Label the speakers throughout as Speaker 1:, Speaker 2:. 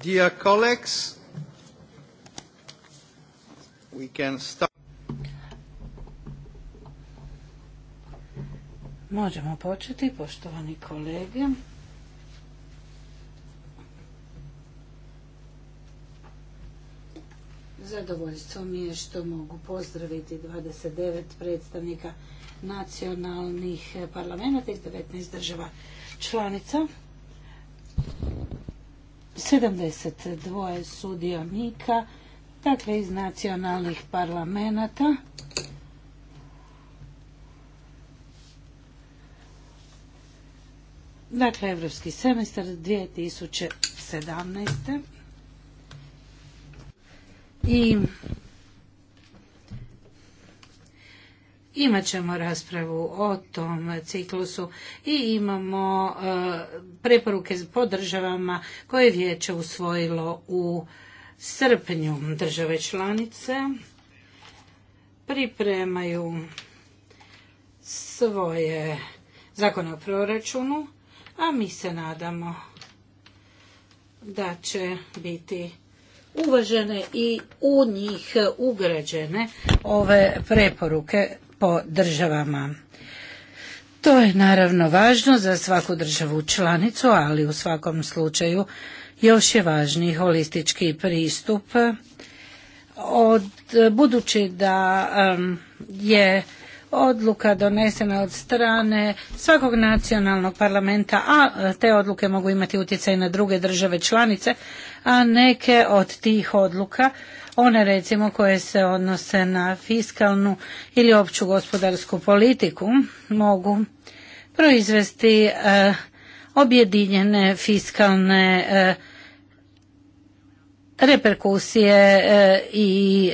Speaker 1: dear colleagues, we can start. Možemo početi, poštovani kolege. Zadovoljstvo mi je što mogu pozdraviti 29 predstavnika nacionalnih parlamenta iz 19 država članica. 72 sudionika, dakle iz nacionalnih parlamenta. Dakle, Evropski semestar 2017. I imat ćemo raspravu o tom ciklusu i imamo e, preporuke po državama koje je vijeće usvojilo u srpnju države članice pripremaju svoje zakone o proračunu, a mi se nadamo da će biti uvažene i u njih ugrađene ove preporuke po državama. To je naravno važno za svaku državu članicu, ali u svakom slučaju još je važniji holistički pristup od budući da je odluka donesena od strane svakog nacionalnog parlamenta, a te odluke mogu imati utjecaj na druge države članice, a neke od tih odluka one recimo koje se odnose na fiskalnu ili opću gospodarsku politiku mogu proizvesti e, objedinjene fiskalne e, reperkusije e, i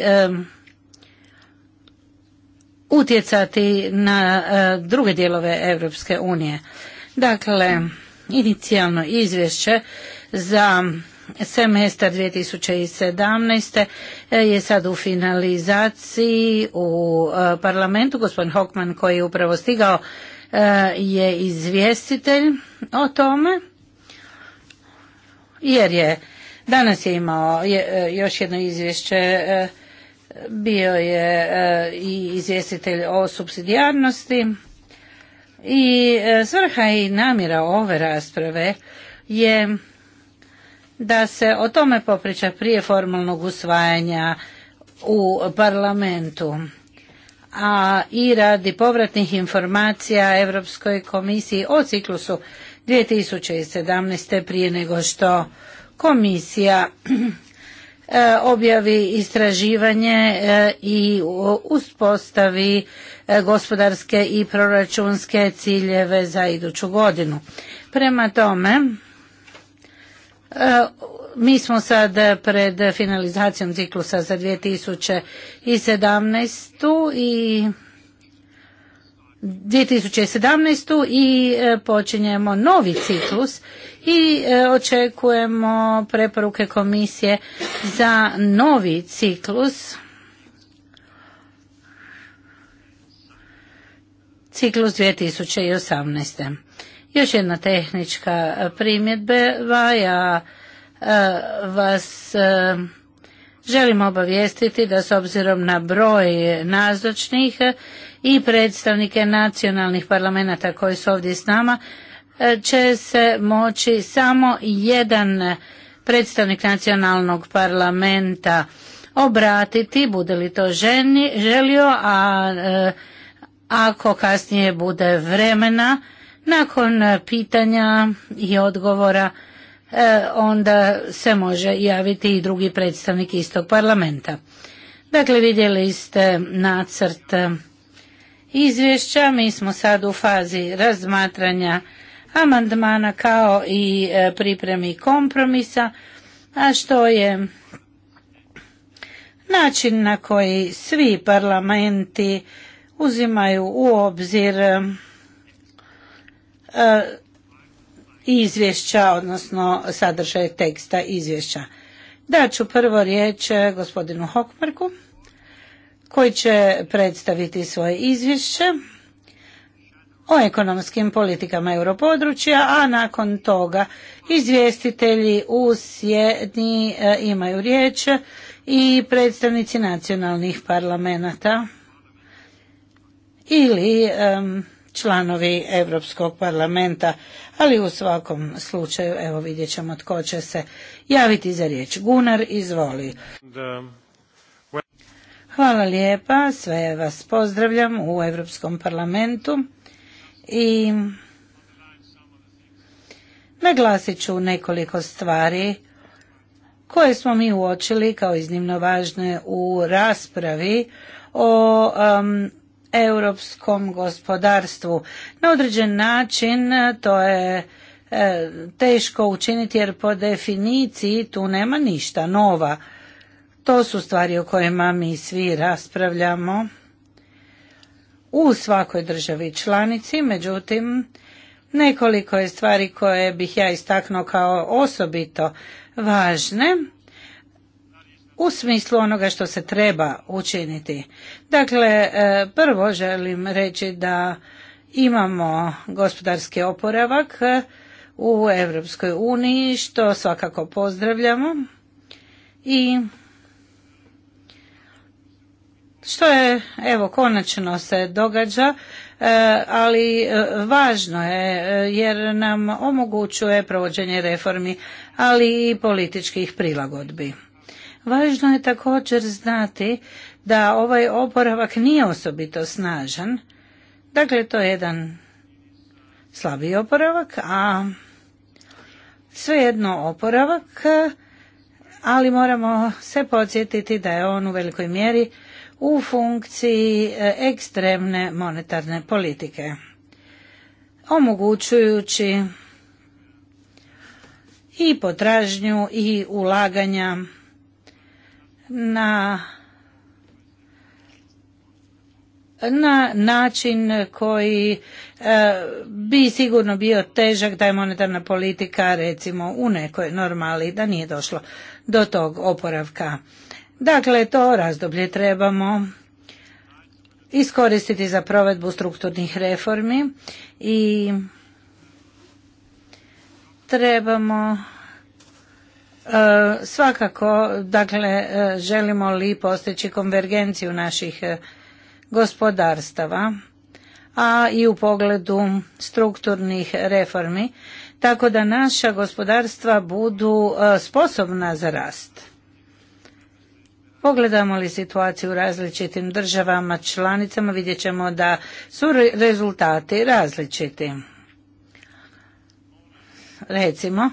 Speaker 1: utjecati na druge dijelove Europske unije. Dakle, inicijalno izvješće za Semestar 2017. E, je sad u finalizaciji u e, parlamentu. Gospodin Hockman koji je upravo stigao e, je izvjestitelj o tome jer je danas je imao još jedno izvješće bio je i izvjestitelj o subsidijarnosti i svrha i namjera ove rasprave je da se o tome popriča prije formalnog usvajanja u parlamentu a i radi povratnih informacija Europskoj komisiji o ciklusu 2017. prije nego što komisija e, objavi istraživanje e, i uspostavi e, gospodarske i proračunske ciljeve za iduću godinu. Prema tome, E, mi smo sad pred finalizacijom ciklusa za 2017. i 2017. i e, počinjemo novi ciklus i e, očekujemo preporuke komisije za novi ciklus. Ciklus 2018. Još jedna tehnička primjedba, ja e, vas e, želim obavijestiti da s obzirom na broj nazočnih i predstavnike nacionalnih parlamenta koji su ovdje s nama, e, će se moći samo jedan predstavnik nacionalnog parlamenta obratiti, bude li to želio, a ako kasnije bude vremena, nakon e, pitanja i odgovora e, onda se može javiti i drugi predstavnik istog parlamenta. Dakle, vidjeli ste nacrt e, izvješća, mi smo sad u fazi razmatranja amandmana kao i pripremi kompromisa, a što je način na koji svi parlamenti uzimaju u obzir E, izvješća, odnosno sadržaj teksta izvješća. Daću prvo riječ e, gospodinu Hokmarku koji će predstaviti svoje izvješće o ekonomskim politikama europodručja, a nakon toga izvjestitelji u sjedni e, imaju riječ i predstavnici nacionalnih parlamenta ili članovi Europskog parlamenta, ali u svakom slučaju evo vidjet ćemo tko će se javiti za riječ. Gunar, izvoli. Hvala lijepa, sve vas pozdravljam u Europskom parlamentu i naglasit ću nekoliko stvari koje smo mi uočili kao iznimno važne u raspravi o um, europskom gospodarstvu. Na određen način to je e, teško učiniti jer po definiciji tu nema ništa nova. To su stvari o kojima mi svi raspravljamo u svakoj državi članici, međutim nekoliko je stvari koje bih ja istaknuo kao osobito važne u smislu onoga što se treba učiniti. Dakle, e, prvo želim reći da imamo gospodarski oporavak e, u Europskoj uniji, što svakako pozdravljamo i što je, evo, konačno se događa, e, ali važno je jer nam omogućuje provođenje reformi, ali i političkih prilagodbi. Važno je također znati da ovaj oporavak nije osobito snažan. Dakle, to je jedan slabiji oporavak, a svejedno oporavak, ali moramo se podsjetiti da je on u velikoj mjeri u funkciji e, ekstremne monetarne politike, omogućujući i potražnju i ulaganja na na način koji e, bi sigurno bio težak da je monetarna politika recimo u nekoj normali da nije došlo do tog oporavka. Dakle, to razdoblje trebamo iskoristiti za provedbu strukturnih reformi i trebamo E, svakako, dakle, e, želimo li postići konvergenciju naših e, gospodarstava, a i u pogledu strukturnih reformi, tako da naša gospodarstva budu sposobna za rast. Pogledamo li situaciju u različitim državama članicama, vidjet ćemo da su rezultati različiti. Recimo,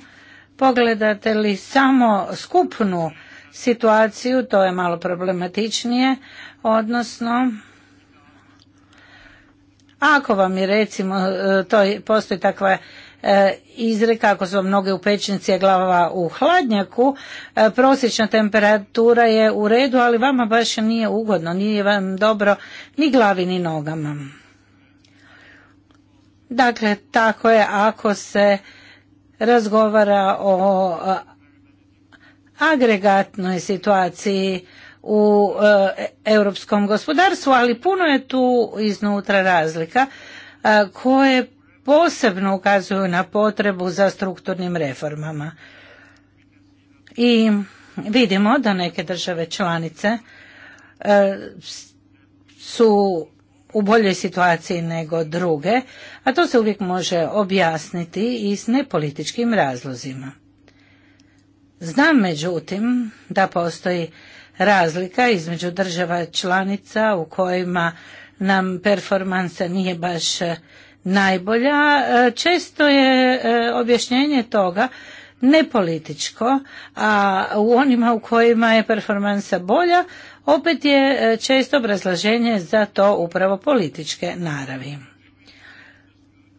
Speaker 1: Pogledate li samo skupnu situaciju, to je malo problematičnije, odnosno ako vam je recimo, e, to postoji takva e, izreka, ako su vam noge u pečnici, glava u hladnjaku, e, prosječna temperatura je u redu, ali vama baš nije ugodno, nije vam dobro ni glavi ni nogama. Dakle, tako je ako se razgovara o agregatnoj situaciji u europskom gospodarstvu, ali puno je tu iznutra razlika koje posebno ukazuju na potrebu za strukturnim reformama. I vidimo da neke države članice su u boljoj situaciji nego druge, a to se uvijek može objasniti i s nepolitičkim razlozima. Znam međutim da postoji razlika između država članica u kojima nam performansa nije baš e, najbolja. E, često je e, objašnjenje toga nepolitičko, a u onima u kojima je performansa bolja, opet je e, često obrazlaženje za to upravo političke naravi.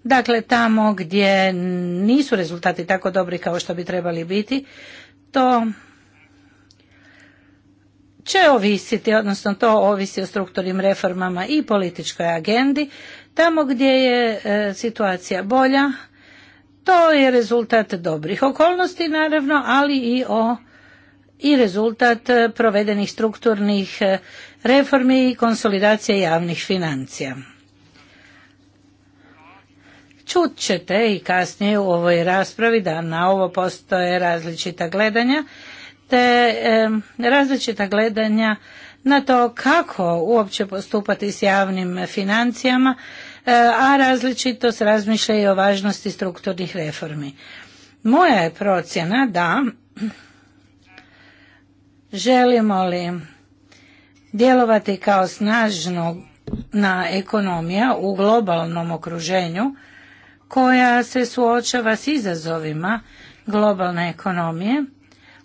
Speaker 1: Dakle, tamo gdje nisu rezultati tako dobri kao što bi trebali biti, to će ovisiti, odnosno to ovisi o strukturnim reformama i političkoj agendi. Tamo gdje je e, situacija bolja, to je rezultat dobrih okolnosti naravno, ali i o i rezultat e, provedenih strukturnih e, reformi i konsolidacije javnih financija. Čut ćete i kasnije u ovoj raspravi da na ovo postoje različita gledanja, te e, različita gledanja na to kako uopće postupati s javnim financijama, a različito se razmišlja i o važnosti strukturnih reformi. Moja je procjena da Želimo li djelovati kao snažno na ekonomija u globalnom okruženju koja se suočava s izazovima globalne ekonomije,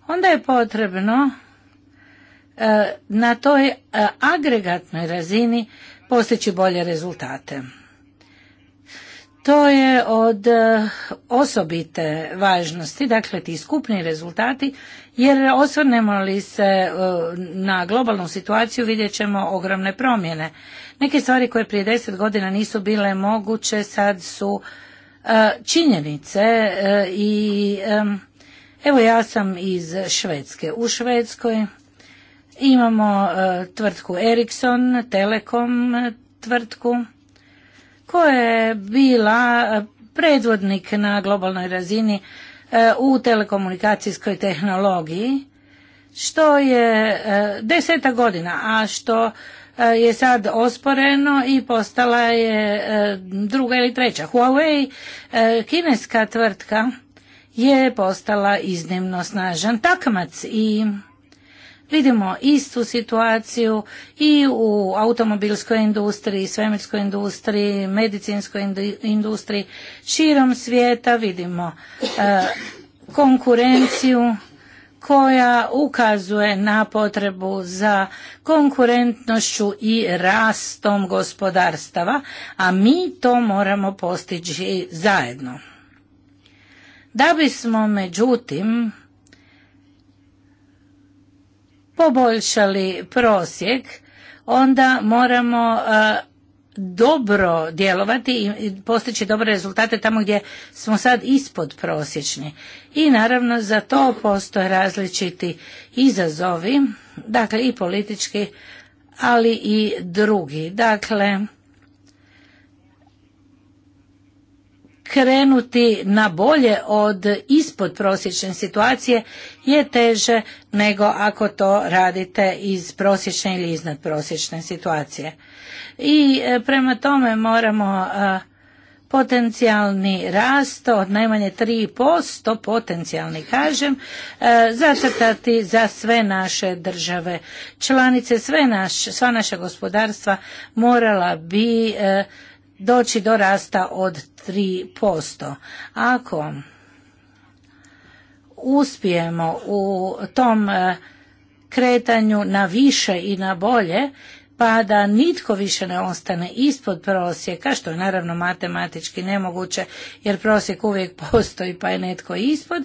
Speaker 1: onda je potrebno e, na toj e, agregatnoj razini postići bolje rezultate to je od eh, osobite važnosti, dakle ti skupni rezultati, jer osvrnemo li se eh, na globalnu situaciju vidjet ćemo ogromne promjene. Neke stvari koje prije deset godina nisu bile moguće sad su eh, činjenice i evo ja sam iz Švedske. U Švedskoj imamo tvrtku Ericsson, Telekom tvrtku koja je bila eh, predvodnik na globalnoj razini eh, u telekomunikacijskoj tehnologiji, što je eh, deseta godina, a što je sad osporeno i postala je druga ili treća. Huawei, kineska tvrtka, je postala iznimno snažan takmac i Vidimo istu situaciju i u automobilskoj industriji, svemirskoj industriji, medicinskoj industriji, širom svijeta vidimo e, konkurenciju koja ukazuje na potrebu za konkurentnošću i rastom gospodarstava, a mi to moramo postići zajedno. Da bismo međutim poboljšali prosjek, onda moramo e, dobro djelovati i postići dobre rezultate tamo gdje smo sad ispod prosječni. I naravno za to postoje različiti izazovi, dakle i politički, ali i drugi. Dakle, krenuti na bolje od ispod prosječne situacije je teže nego ako to radite iz prosječne ili iznad prosječne situacije. I e, prema tome moramo e, potencijalni rast od najmanje 3%, potencijalni kažem, e, zacrtati za sve naše države članice, sve sva naša gospodarstva morala bi doći do rasta od 3%. Ako uspijemo u tom e, kretanju na više i na bolje, pa da nitko više ne ostane ispod prosjeka, što je naravno matematički nemoguće, jer prosjek uvijek postoji pa je netko ispod,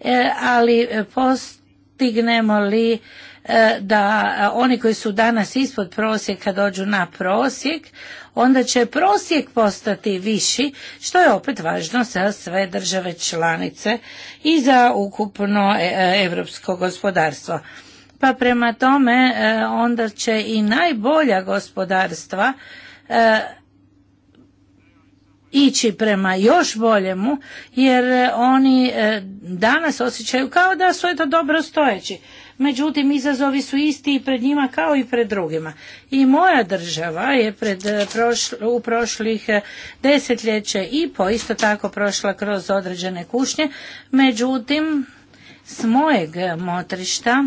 Speaker 1: e, ali postignemo li e, da oni koji su danas ispod prosjeka dođu na prosjek, onda će prosjek postati viši, što je opet važno za sve države članice i za ukupno europsko e, gospodarstvo. Pa prema tome e, onda će i najbolja gospodarstva e, ići prema još boljemu jer oni danas osjećaju kao da su eto dobro stojeći međutim izazovi su isti i pred njima kao i pred drugima. I moja država je pred e, u prošlih e, desetljeće i po isto tako prošla kroz određene kušnje, međutim s mojeg motrišta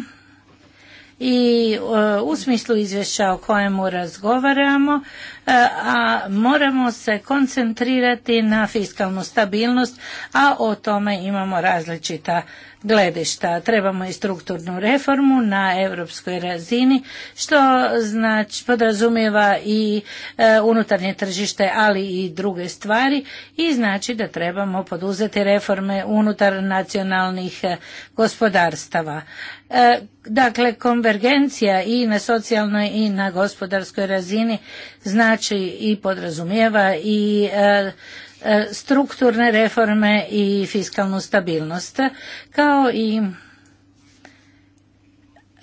Speaker 1: i e, u smislu izvješća o kojemu razgovaramo E, a moramo se koncentrirati na fiskalnu stabilnost, a o tome imamo različita gledišta. Trebamo i strukturnu reformu na europskoj razini, što znači podrazumijeva i e, unutarnje tržište, ali i druge stvari i znači da trebamo poduzeti reforme unutar nacionalnih e, gospodarstava. dakle, konvergencija i na socijalnoj i na gospodarskoj razini znači znači i podrazumijeva i e, e, strukturne reforme i fiskalnu stabilnost, kao i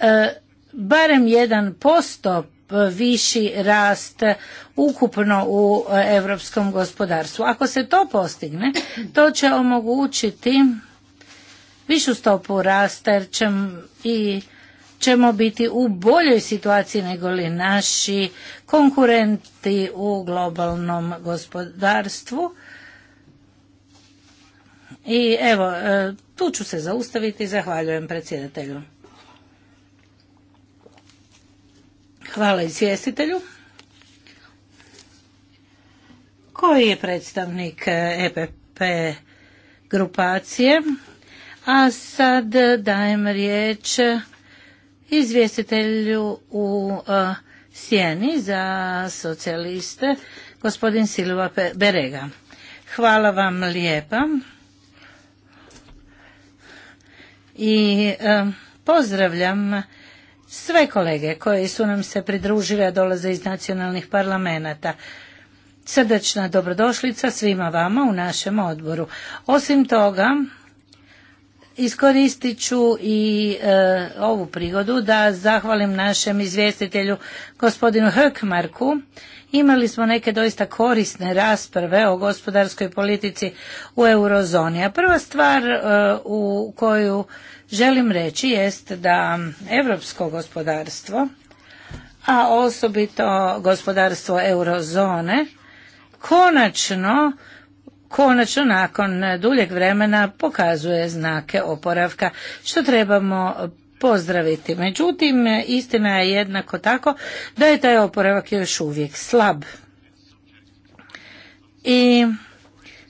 Speaker 1: e, barem jedan postop viši rast ukupno u europskom gospodarstvu. Ako se to postigne, to će omogućiti višu stopu rasta jer i ćemo biti u boljoj situaciji nego li naši konkurenti u globalnom gospodarstvu. I evo, e, tu ću se zaustaviti zahvaljujem predsjedatelju. Hvala izvjestitelju. Koji je predstavnik EPP e grupacije? A sad dajem riječ izvjestitelju u e, sjeni za socijaliste, gospodin Silva Berega. Hvala vam lijepa i pozdravljam sve kolege koji su nam se pridružili, a dolaze iz nacionalnih parlamenta. Srdečna dobrodošlica svima vama u našem odboru. Osim toga, Iskoristit ću i e, ovu prigodu da zahvalim našem izvjestitelju gospodinu Hökmarku. Imali smo neke doista korisne rasprave o gospodarskoj politici u eurozoni. A prva stvar e, u koju želim reći jest da europsko gospodarstvo, a osobito gospodarstvo eurozone, konačno konačno nakon duljeg vremena pokazuje znake oporavka što trebamo pozdraviti. Međutim, istina je jednako tako da je taj oporavak još uvijek slab. I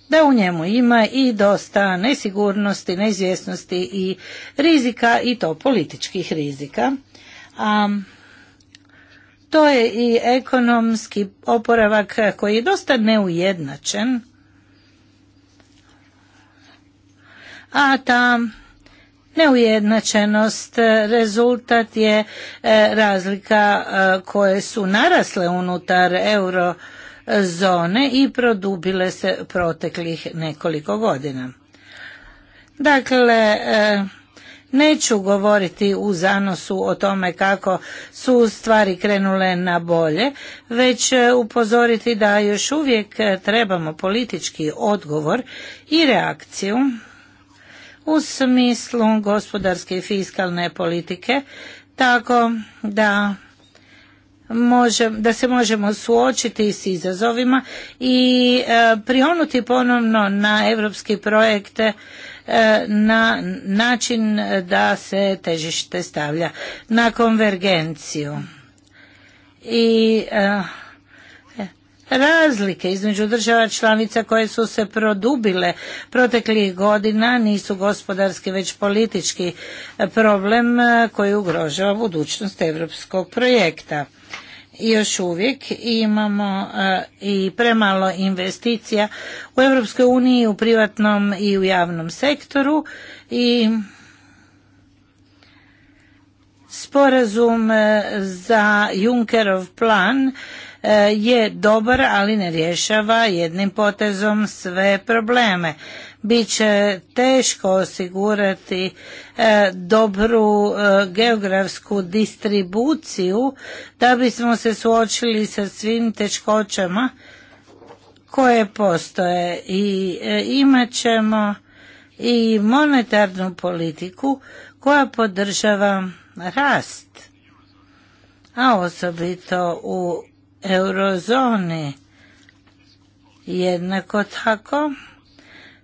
Speaker 1: da u njemu ima i dosta nesigurnosti, neizvjesnosti i rizika i to političkih rizika. A to je i ekonomski oporavak koji je dosta neujednačen a ta neujednačenost e, rezultat je e, razlika e, koje su narasle unutar euro zone i produbile se proteklih nekoliko godina. Dakle, neću govoriti u zanosu o tome kako su stvari krenule na bolje, već upozoriti da još uvijek trebamo politički odgovor i reakciju u smislu gospodarske i fiskalne politike, tako da da se možemo suočiti s izazovima i e, prionuti ponovno na europski projekte e, na način da se težište stavlja na konvergenciju. I e, Razlike između država članica koje su se produbile proteklih godina nisu gospodarski već politički problem koji ugrožava budućnost europskog projekta. Još uvijek imamo i premalo investicija u Europskoj uniji u privatnom i u javnom sektoru i sporazum za Junckerov plan E, je dobar, ali ne rješava jednim potezom sve probleme. Biće teško osigurati e, dobru e, geografsku distribuciju da bismo se suočili sa svim teškoćama koje postoje i imat ćemo i monetarnu politiku koja podržava rast, a osobito u eurozoni. Jednako tako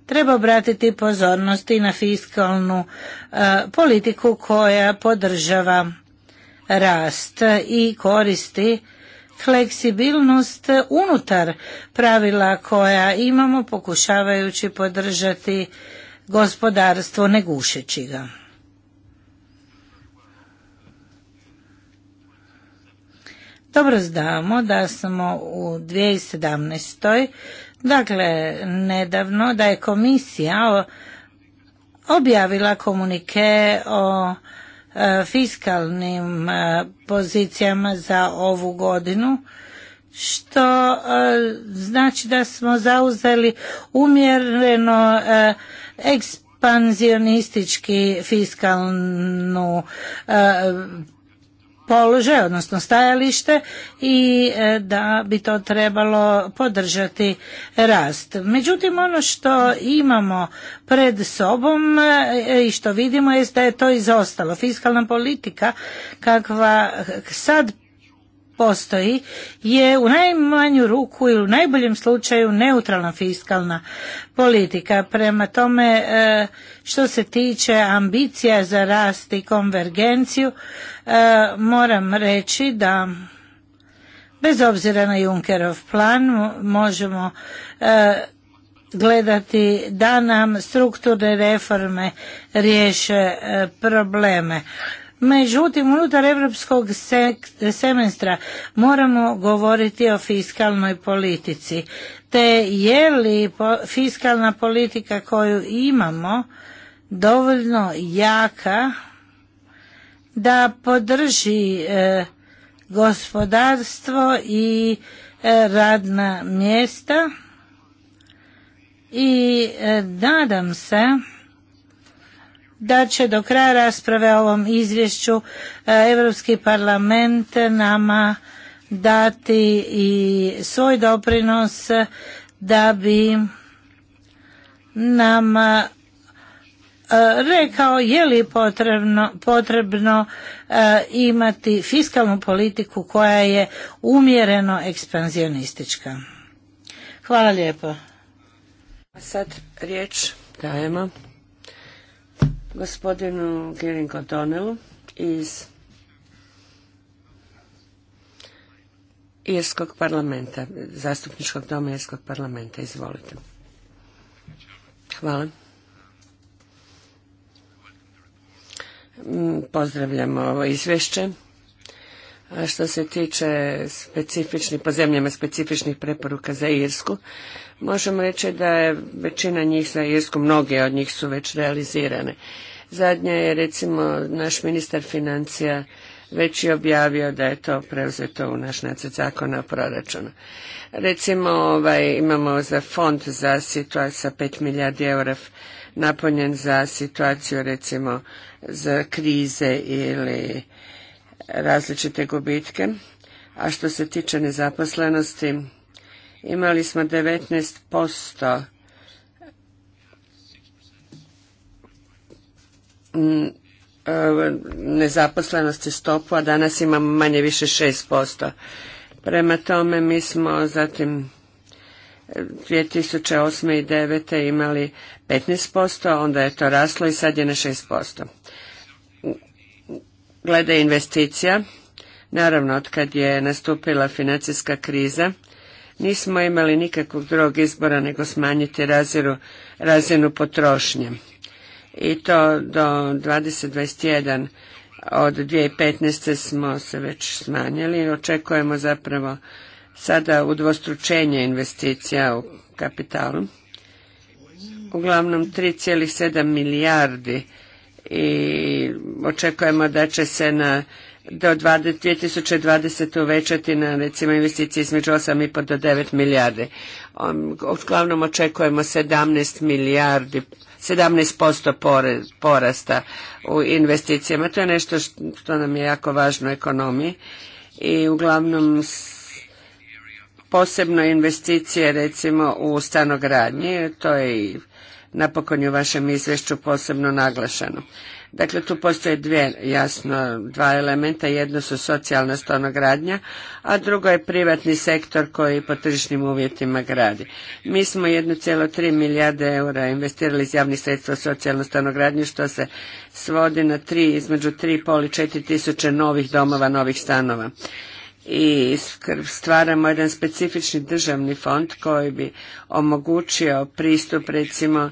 Speaker 1: treba obratiti pozornosti na fiskalnu e, politiku koja podržava rast i koristi fleksibilnost unutar pravila koja imamo pokušavajući podržati gospodarstvo ne ga. Dobro znamo da smo u 2017. dakle nedavno da je komisija objavila komunike o e, fiskalnim e, pozicijama za ovu godinu što e, znači da smo zauzeli umjereno ekspanzionistički fiskalnu položaj, odnosno stajalište i e, da bi to trebalo podržati rast. Međutim, ono što imamo pred sobom e, i što vidimo je da je to izostalo. Fiskalna politika kakva sad postoji je u najmanju ruku ili u najboljem slučaju neutralna fiskalna politika. Prema tome e, što se tiče ambicija za rast i konvergenciju e, moram reći da bez obzira na Junkerov plan možemo e, gledati da nam strukturne reforme riješe probleme. Međutim, unutar europskog semestra moramo govoriti o fiskalnoj politici. Te je li fiskalna politika koju imamo dovoljno jaka da podrži e, gospodarstvo i e, radna mjesta i e, nadam se da će do kraja rasprave o ovom izvješću e, Europski parlament nama dati i svoj doprinos da bi nam e, rekao je li potrebno, potrebno e, imati fiskalnu politiku koja je umjereno ekspanzionistička. Hvala lijepo. A sad riječ dajemo gospodinu
Speaker 2: Kevin Donelu iz Irskog parlamenta, zastupničkog doma Irskog parlamenta. Izvolite. Hvala. Mm, pozdravljamo ovo izvješće. što se tiče specifičnih, po zemljama specifičnih preporuka za Irsku, Možemo reći da je većina njih za Jesku, mnoge od njih su već realizirane. Zadnja je recimo naš ministar financija već je objavio da je to preuzeto u naš nacrt zakona o proračunu. Recimo ovaj, imamo za fond za situaciju sa 5 milijardi eura napunjen za situaciju recimo za krize ili različite gubitke. A što se tiče nezaposlenosti, imali smo 19% mm, e, nezaposlenosti stopu, a danas imamo manje više 6%. Prema tome mi smo zatim 2008. i 2009. imali 15%, onda je to raslo i sad je na 6%. Glede investicija, naravno od kad je nastupila financijska kriza, nismo imali nikakvog drugog izbora nego smanjiti razinu, razinu potrošnje. I to do 2021 od 2015. smo se već smanjili očekujemo zapravo sada udvostručenje investicija u kapitalu. Uglavnom 3,7 milijardi i očekujemo da će se na do 2020. uvećati na recimo investicije između 8,5 do 9 milijarde. Uglavnom očekujemo 17 milijardi 17% porasta u investicijama. To je nešto što nam je jako važno u ekonomiji i uglavnom posebno investicije recimo u stanogradnji, to je i napokon je u vašem izvješću posebno naglašeno. Dakle, tu postoje dvije, jasno, dva elementa. Jedno su socijalna stanogradnja, a drugo je privatni sektor koji po tržišnim uvjetima gradi. Mi smo 1,3 milijarde eura investirali iz javnih sredstva u socijalnu stanogradnju, što se svodi na tri, između 3,5 i 4 tisuće novih domova, novih stanova i stvaramo jedan specifični državni fond koji bi omogućio pristup recimo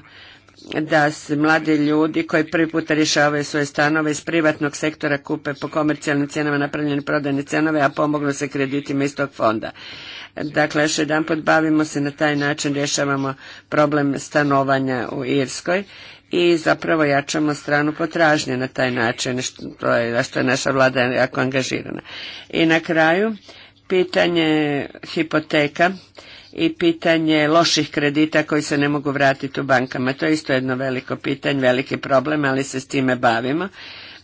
Speaker 2: da se mladi ljudi koji prvi puta rješavaju svoje stanove iz privatnog sektora kupe po komercijalnim cijenama napravljene prodajne cijenove a pomognu se kreditima iz tog fonda. Dakle, još jedan put bavimo se na taj način, rješavamo problem stanovanja u Irskoj i zapravo jačamo stranu potražnje na taj način, što je, što je naša vlada jako angažirana. I na kraju, pitanje hipoteka i pitanje loših kredita koji se ne mogu vratiti u bankama. To je isto jedno veliko pitanje, veliki problem, ali se s time bavimo.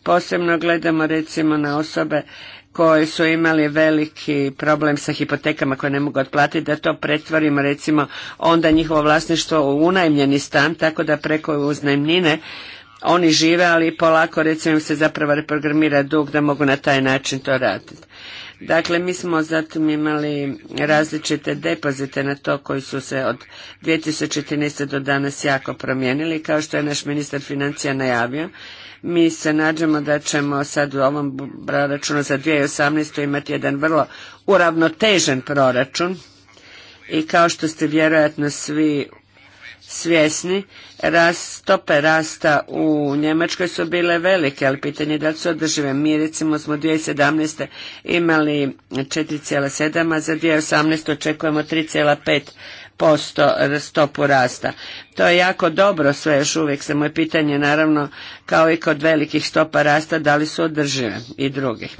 Speaker 2: Posebno gledamo recimo na osobe koji su imali veliki problem sa hipotekama koje ne mogu otplatiti, da to pretvorimo recimo onda njihovo vlasništvo u unajmljeni stan, tako da preko uznajmnine oni žive, ali polako recimo im se zapravo reprogramira dug da mogu na taj način to raditi. Dakle, mi smo zatim imali različite depozite na to koji su se od 2014. do danas jako promijenili, kao što je naš ministar financija najavio mi se nađemo da ćemo sad u ovom proračunu za 2018. imati jedan vrlo uravnotežen proračun i kao što ste vjerojatno svi svjesni, stope rasta u Njemačkoj su bile velike, ali pitanje je da li su održive. Mi recimo smo 2017. imali 4,7, a za 2018. očekujemo 3,5 posto stopu rasta. To je jako dobro sve još uvijek, samo je pitanje naravno kao i kod velikih stopa rasta da li su održive i drugih.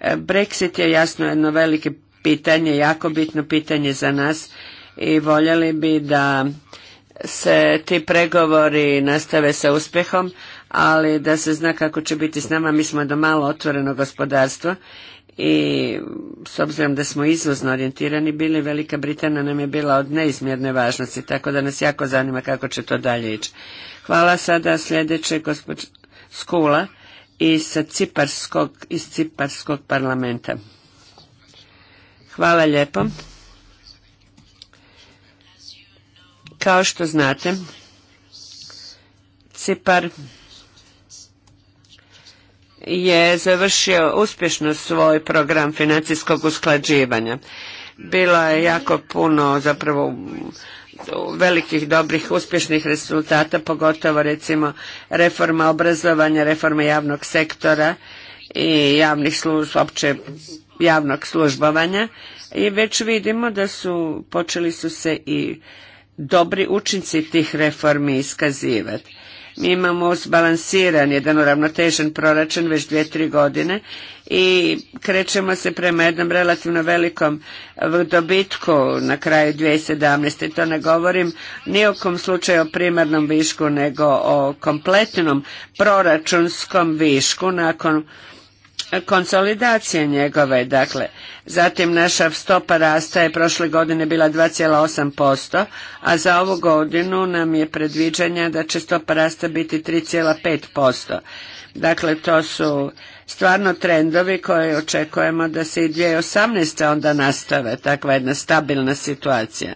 Speaker 2: E, Brexit je jasno jedno veliko pitanje, jako bitno pitanje za nas i voljeli bi da se ti pregovori nastave sa uspjehom, ali da se zna kako će biti s nama, mi smo do malo otvoreno gospodarstvo i s obzirom da smo izvozno orijentirani bili, Velika Britanija nam je bila od neizmjerne važnosti, tako da nas jako zanima kako će to dalje ići. Hvala sada sljedeće gospođa Skula iz Ciparskog, iz Ciparskog parlamenta. Hvala lijepo. Kao što znate, Cipar je završio uspješno svoj program financijskog usklađivanja. Bilo je jako puno zapravo velikih, dobrih, uspješnih rezultata, pogotovo recimo reforma obrazovanja, reforma javnog sektora i javnih opće javnog službovanja i već vidimo da su počeli su se i dobri učinci tih reformi iskazivati. Mi imamo zbalansiran jedan uravnotežen proračun već dvije, tri godine i krećemo se prema jednom relativno velikom dobitku na kraju 2017. to ne govorim ni o kom slučaju o primarnom višku, nego o kompletnom proračunskom višku nakon konsolidacije njegove, dakle. Zatim naša stopa rasta je prošle godine bila 2,8%, a za ovu godinu nam je predviđanja da će stopa rasta biti 3,5%. Dakle, to su stvarno trendovi koje očekujemo da se i 2018. onda nastave, takva jedna stabilna situacija.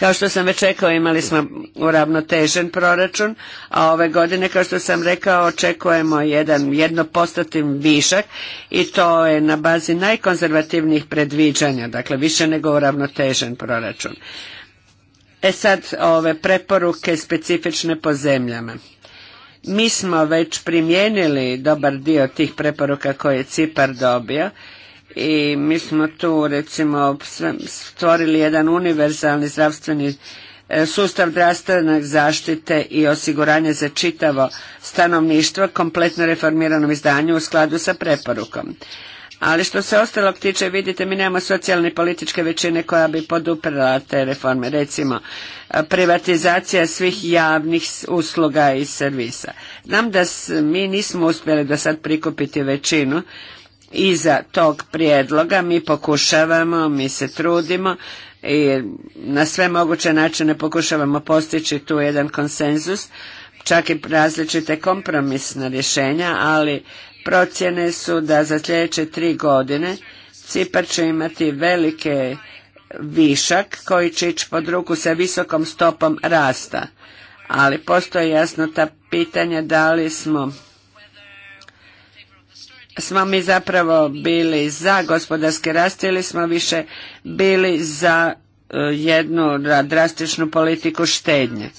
Speaker 2: Kao što sam već rekao, imali smo uravnotežen proračun, a ove godine, kao što sam rekao, očekujemo jedan jednopostatim višak i to je na bazi najkonzervativnijih predviđanja, dakle više nego uravnotežen proračun. E sad ove preporuke specifične po zemljama. Mi smo već primijenili dobar dio tih preporuka koje je Cipar dobio i mi smo tu recimo stvorili jedan univerzalni zdravstveni e, sustav zdravstvene zaštite i osiguranje za čitavo stanovništvo kompletno reformiranom izdanju u skladu sa preporukom. Ali što se ostalog tiče, vidite, mi nemamo socijalne političke većine koja bi poduprala te reforme, recimo privatizacija svih javnih usluga i servisa. Znam da mi nismo uspjeli do sad prikupiti većinu, iza tog prijedloga. Mi pokušavamo, mi se trudimo i na sve moguće načine pokušavamo postići tu jedan konsenzus, čak i različite kompromisna rješenja, ali procjene su da za sljedeće tri godine Cipar će imati velike višak koji će ići pod ruku sa visokom stopom rasta. Ali postoji jasno ta pitanja da li smo smo mi zapravo bili za gospodarski rast ili smo više bili za e, jednu drastičnu politiku štednje.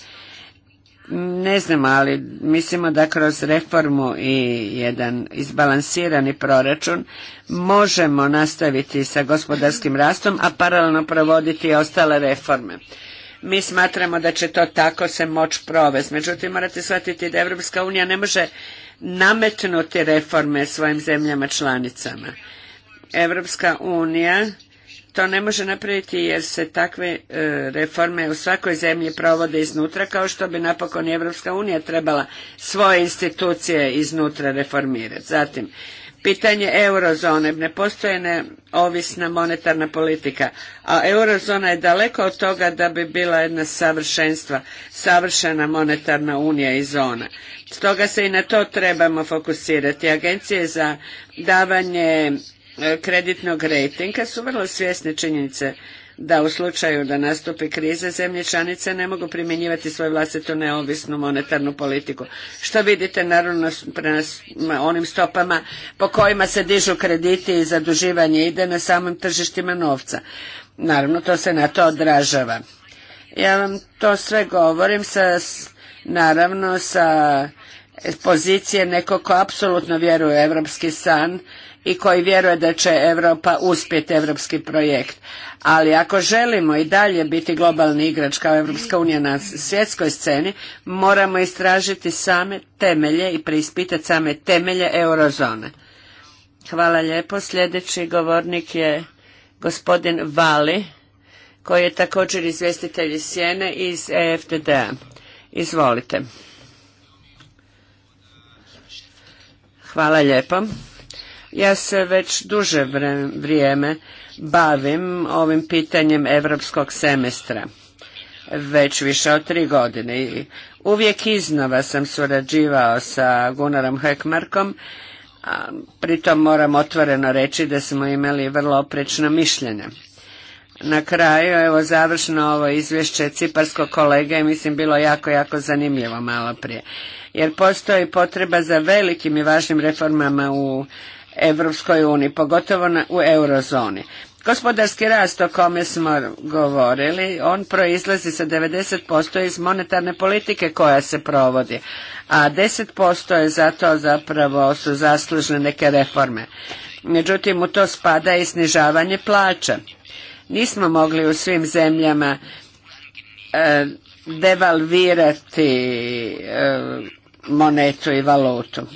Speaker 2: Ne znamo, ali mislimo da kroz reformu i jedan izbalansirani proračun možemo nastaviti sa gospodarskim rastom, a paralelno provoditi i ostale reforme. Mi smatramo da će to tako se moći provesti. Međutim, morate shvatiti da Evropska unija ne može nametnuti reforme svojim zemljama članicama. Evropska unija to ne može napraviti jer se takve e, reforme u svakoj zemlji provode iznutra kao što bi napokon Evropska unija trebala svoje institucije iznutra reformirati. Zatim, pitanje eurozone. Ne postoje neovisna monetarna politika, a eurozona je daleko od toga da bi bila jedna savršenstva, savršena monetarna unija i zona. Stoga se i na to trebamo fokusirati. Agencije za davanje e, kreditnog rejtinga su vrlo svjesne činjenice da u slučaju da nastupi krize zemlje članice ne mogu primjenjivati svoju vlastitu neovisnu monetarnu politiku. Što vidite naravno prema onim stopama po kojima se dižu krediti i zaduživanje ide na samim tržištima novca. Naravno to se na to odražava. Ja vam to sve govorim sa, naravno sa pozicije nekog ko apsolutno vjeruje u evropski san i koji vjeruje da će Europa uspjeti europski projekt. Ali ako želimo i dalje biti globalni igrač kao Europska unija na svjetskoj sceni, moramo istražiti same temelje i preispitati same temelje eurozone. Hvala lijepo. Sljedeći govornik je gospodin Vali, koji je također izvjestitelj Sjene iz EFTDA. Izvolite. Hvala lijepo. Ja se već duže vrijeme bavim ovim pitanjem europskog semestra već više od tri godine. Uvijek iznova sam surađivao sa Gunarom Hekmarkom, pritom moram otvoreno reći da smo imali vrlo oprečno mišljenje. Na kraju, evo završno ovo izvješće Ciparskog kolega i mislim bilo jako, jako zanimljivo malo prije. Jer postoji potreba za velikim i važnim reformama u Evropskoj uniji, pogotovo u eurozoni. Gospodarski rast o kome smo govorili, on proizlazi sa 90% iz monetarne politike koja se provodi, a 10% je zato zapravo su zaslužne neke reforme. Međutim, u to spada i snižavanje plaća. Nismo mogli u svim zemljama e, devalvirati e, monetu i valutu.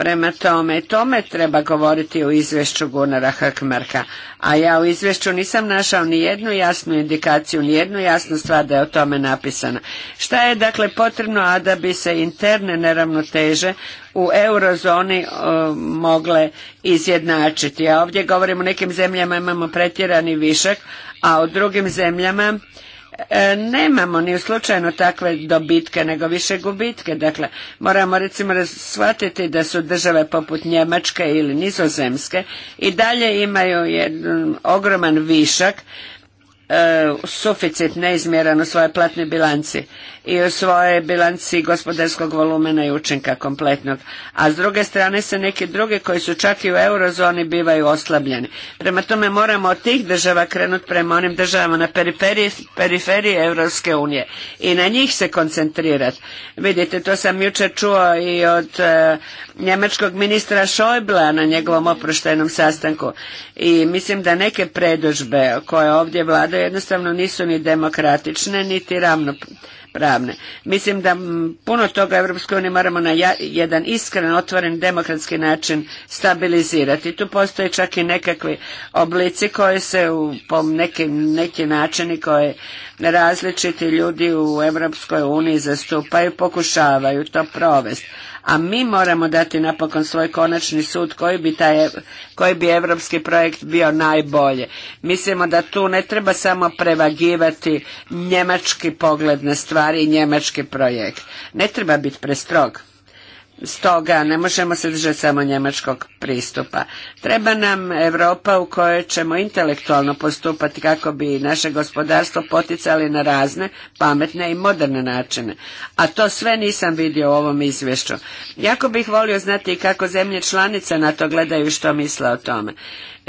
Speaker 2: Prema tome, tome treba govoriti u izvješću Gunara Hakmarka. A ja u izvješću nisam našao ni jednu jasnu indikaciju, ni jednu jasnu stvar da je o tome napisana. Šta je dakle potrebno, a da bi se interne neravnoteže u eurozoni e, mogle izjednačiti? A ja ovdje govorim o nekim zemljama imamo pretjerani višak, a u drugim zemljama E, nemamo ni u slučajno takve dobitke, nego više gubitke. Dakle, moramo recimo shvatiti da su države poput Njemačke ili Nizozemske i dalje imaju jedan ogroman višak E, suficit neizmjeran u svojoj platnoj bilanci i u svojoj bilanci gospodarskog volumena i učinka kompletnog. A s druge strane se neki drugi koji su čak i u eurozoni bivaju oslabljeni. Prema tome moramo od tih država krenuti prema onim državama na periferiji, EU unije i na njih se koncentrirati. Vidite, to sam jučer čuo i od e, njemačkog ministra Šojbla na njegovom oproštajnom sastanku i mislim da neke predužbe koje ovdje vlada jednostavno nisu ni demokratične niti ravnopravne. Mislim da puno toga u uniji moramo na jedan iskren, otvoren, demokratski način stabilizirati. Tu postoje čak i nekakvi oblici koje se u, po neki, neki načini koje različiti ljudi u Europskoj uniji zastupaju, pokušavaju to provesti a mi moramo dati napokon svoj konačni sud koji bi, taj, koji bi evropski projekt bio najbolje. Mislimo da tu ne treba samo prevagivati njemački pogled na stvari i njemački projekt. Ne treba biti prestrog. Stoga ne možemo se držati samo njemačkog pristupa. Treba nam Europa u kojoj ćemo intelektualno postupati kako bi naše gospodarstvo poticali na razne pametne i moderne načine. A to sve nisam vidio u ovom izvješću. Jako bih volio znati kako zemlje članice na to gledaju i što misle o tome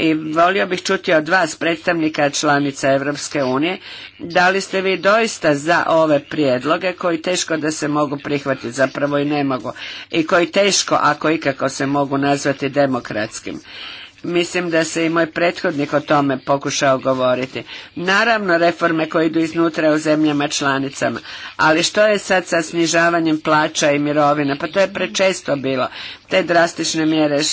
Speaker 2: i volio bih čuti od vas predstavnika članica Europske unije da li ste vi doista za ove prijedloge koji teško da se mogu prihvatiti zapravo i ne mogu i koji teško ako ikako se mogu nazvati demokratskim. Mislim da se i moj prethodnik o tome pokušao govoriti. Naravno reforme koje idu iznutra u zemljama članicama, ali što je sad sa snižavanjem plaća i mirovina? Pa to je prečesto bilo. Te drastične mjere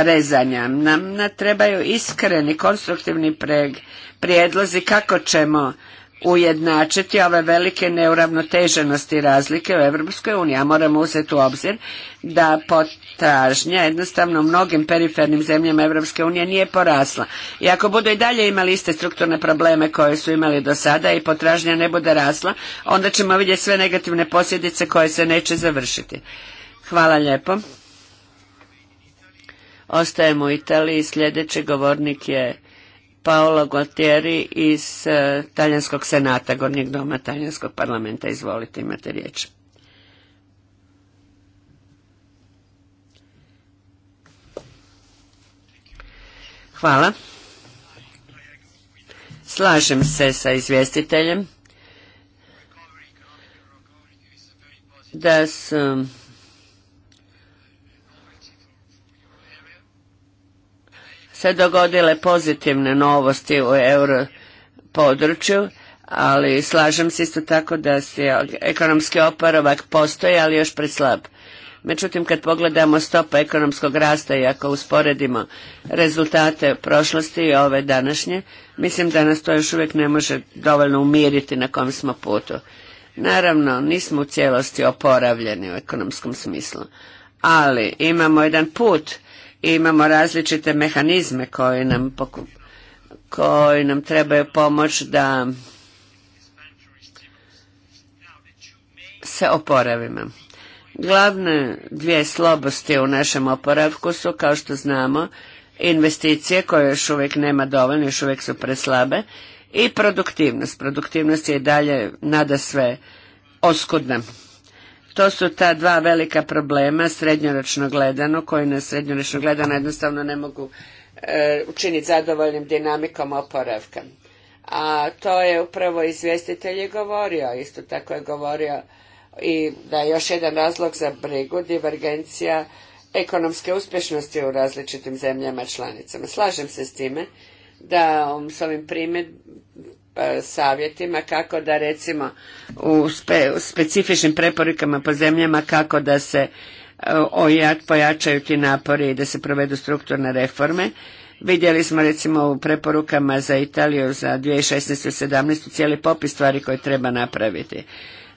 Speaker 2: rezanja. Nam trebaju iskreni, konstruktivni prijedlozi kako ćemo ujednačiti ove velike neuravnoteženosti i razlike u Europskoj uniji, a moramo uzeti u obzir da potražnja jednostavno u mnogim perifernim zemljama Europske unije nije porasla. I ako budu i dalje imali iste strukturne probleme koje su imali do sada i potražnja ne bude rasla, onda ćemo vidjeti sve negativne posljedice koje se neće završiti. Hvala lijepo. Ostajemo u Italiji, sljedeći govornik je Paolo Gualtieri iz e, Talijanskog senata, Gornjeg doma Talijanskog parlamenta. Izvolite, imate riječ. Hvala. Slažem se sa izvjestiteljem da su se dogodile pozitivne novosti u euro području, ali slažem se isto tako da se ekonomski oporavak postoji, ali još preslab. Međutim, kad pogledamo stopa ekonomskog rasta i ako usporedimo rezultate prošlosti i ove današnje, mislim da nas to još uvijek ne može dovoljno umiriti na kom smo putu. Naravno, nismo u cijelosti oporavljeni u ekonomskom smislu, ali imamo jedan put imamo različite mehanizme koji nam, koji nam trebaju pomoć da se oporavimo. Glavne dvije slobosti u našem oporavku su, kao što znamo, investicije koje još uvijek nema dovoljno, još uvijek su preslabe, i produktivnost. Produktivnost je i dalje nada sve oskudna. To su ta dva velika problema srednjoročno gledano, koji na srednjoročno gledano jednostavno ne mogu e, učiniti zadovoljnim dinamikom oporavka. A to je upravo izvjestitelj je govorio, isto tako je govorio i da je još jedan razlog za brigu, divergencija ekonomske uspješnosti u različitim zemljama članicama. Slažem se s time da um, s ovim primjer, pa, savjetima kako da recimo u, specifičnim preporukama po zemljama kako da se e, pojačaju ti napori i da se provedu strukturne reforme. Vidjeli smo recimo u preporukama za Italiju za 2016. i 2017. cijeli popis stvari koje treba napraviti.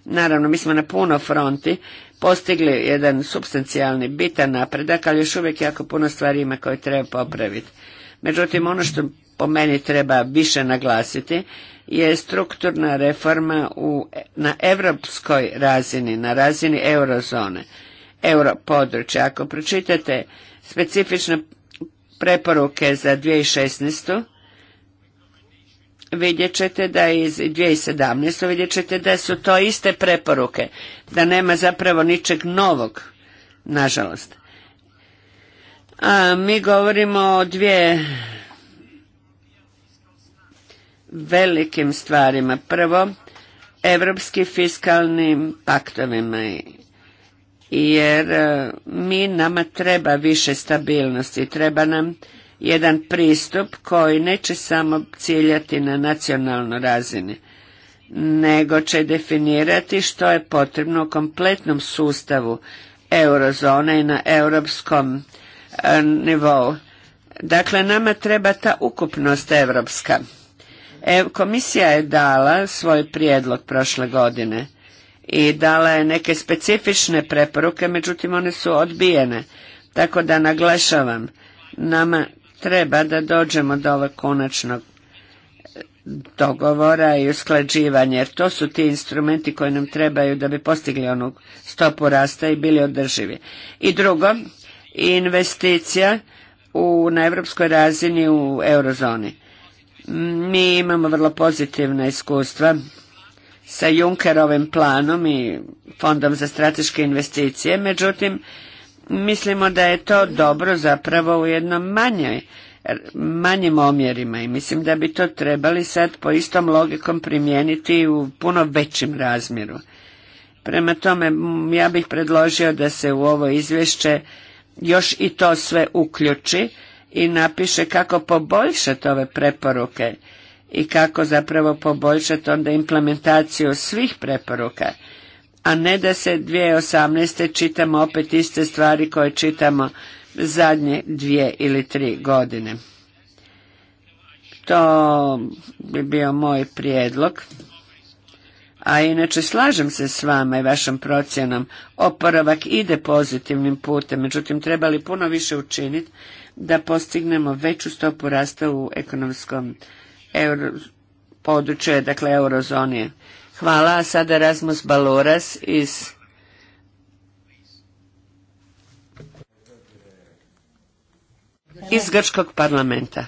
Speaker 2: Naravno, mi smo na puno fronti postigli jedan substancijalni bitan napredak, ali još uvijek jako puno stvari ima koje treba popraviti. Međutim, ono što po meni treba više naglasiti je strukturna reforma u, na europskoj razini, na razini eurozone, europodručja. Ako pročitate specifične preporuke za 2016. vidjet ćete da iz 2017. vidjet ćete da su to iste preporuke, da nema zapravo ničeg novog, nažalost. A mi govorimo o dvije velikim stvarima. Prvo, evropski fiskalnim paktovima jer e, mi nama treba više stabilnosti, treba nam jedan pristup koji neće samo ciljati na nacionalno razini, nego će definirati što je potrebno u kompletnom sustavu eurozone i na europskom e, nivou. Dakle, nama treba ta ukupnost evropska. Komisija je dala svoj prijedlog prošle godine i dala je neke specifične preporuke, međutim one su odbijene. Tako da naglašavam, nama treba da dođemo do ovog konačnog dogovora i usklađivanja, jer to su ti instrumenti koji nam trebaju da bi postigli onu stopu rasta i bili održivi. I drugo, investicija na evropskoj razini u eurozoni. Mi imamo vrlo pozitivna iskustva sa Junkerovim planom i Fondom za strateške investicije, međutim, mislimo da je to dobro zapravo u jednom manjoj, manjim omjerima i mislim da bi to trebali sad po istom logikom primijeniti u puno većim razmjeru. Prema tome, ja bih predložio da se u ovo izvješće još i to sve uključi, i napiše kako poboljšati ove preporuke i kako zapravo poboljšati onda implementaciju svih preporuka, a ne da se 2018. čitamo opet iste stvari koje čitamo zadnje dvije ili tri godine. To bi bio moj prijedlog. A inače slažem se s vama i vašom procjenom. Oporavak ide pozitivnim putem, međutim trebali puno više učiniti da postignemo veću stopu rasta u ekonomskom području, dakle eurozoni. Hvala, a sada Rasmus Baloras iz iz Grčkog parlamenta.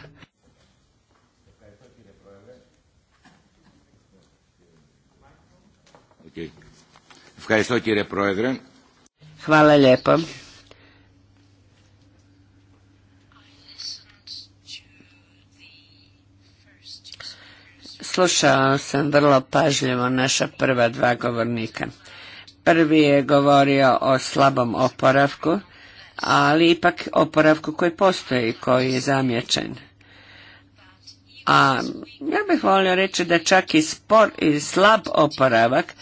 Speaker 2: Hvala lijepo. Slušao sam vrlo pažljivo naša prva dva govornika. Prvi je govorio o slabom oporavku, ali ipak oporavku koji postoji, koji je zamječen. A ja bih volio reći da čak i spor i slab oporavak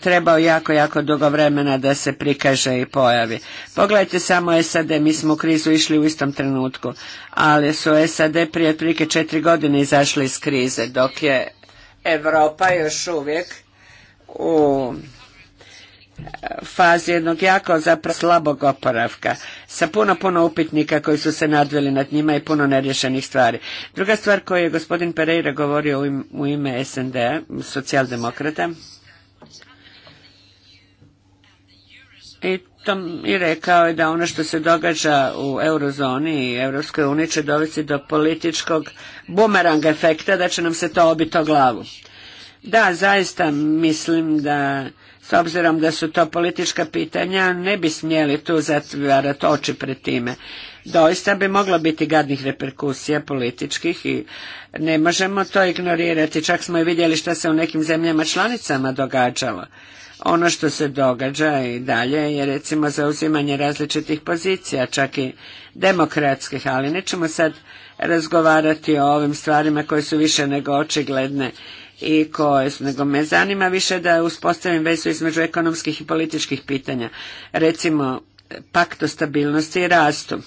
Speaker 2: trebao jako, jako dugo vremena da se prikaže i pojavi. Pogledajte samo SAD, mi smo u krizu išli u istom trenutku, ali su SAD prije otprilike četiri godine izašli iz krize, dok je Evropa još uvijek u e, fazi jednog jako zapravo slabog oporavka sa puno, puno upitnika koji su se nadveli nad njima i puno nerješenih stvari. Druga stvar koju je gospodin Pereira govorio u ime SND, socijaldemokrata, I, tom, I rekao je da ono što se događa u eurozoni i Europskoj uniji će dovesti do političkog bumerang efekta, da će nam se to obiti o glavu. Da, zaista mislim da s obzirom da su to politička pitanja, ne bi smjeli tu zatvarati oči pred time. Doista bi moglo biti gadnih reperkusija političkih i ne možemo to ignorirati. Čak smo i vidjeli što se u nekim zemljama članicama događalo. Ono što se događa i dalje je recimo zauzimanje različitih pozicija, čak i demokratskih, ali nećemo sad razgovarati o ovim stvarima koje su više nego očigledne i koje, nego me zanima više da uspostavim vezu između ekonomskih i političkih pitanja, recimo pakt o stabilnosti i rastu.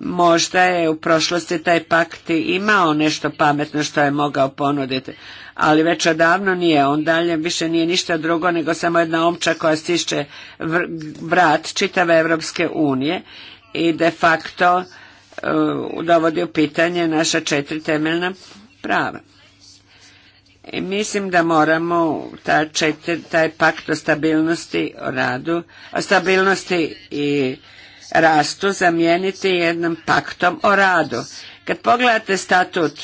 Speaker 2: Možda je u prošlosti taj pakt imao nešto pametno što je mogao ponuditi, ali već odavno nije. On dalje više nije ništa drugo nego samo jedna omča koja stišće vrat čitave Evropske unije i de facto uh, dovodi u pitanje naša četiri temeljna prava. I mislim da moramo taj pakt o stabilnosti o radu, o stabilnosti i rastu zamijeniti jednom paktom o radu. Kad pogledate statut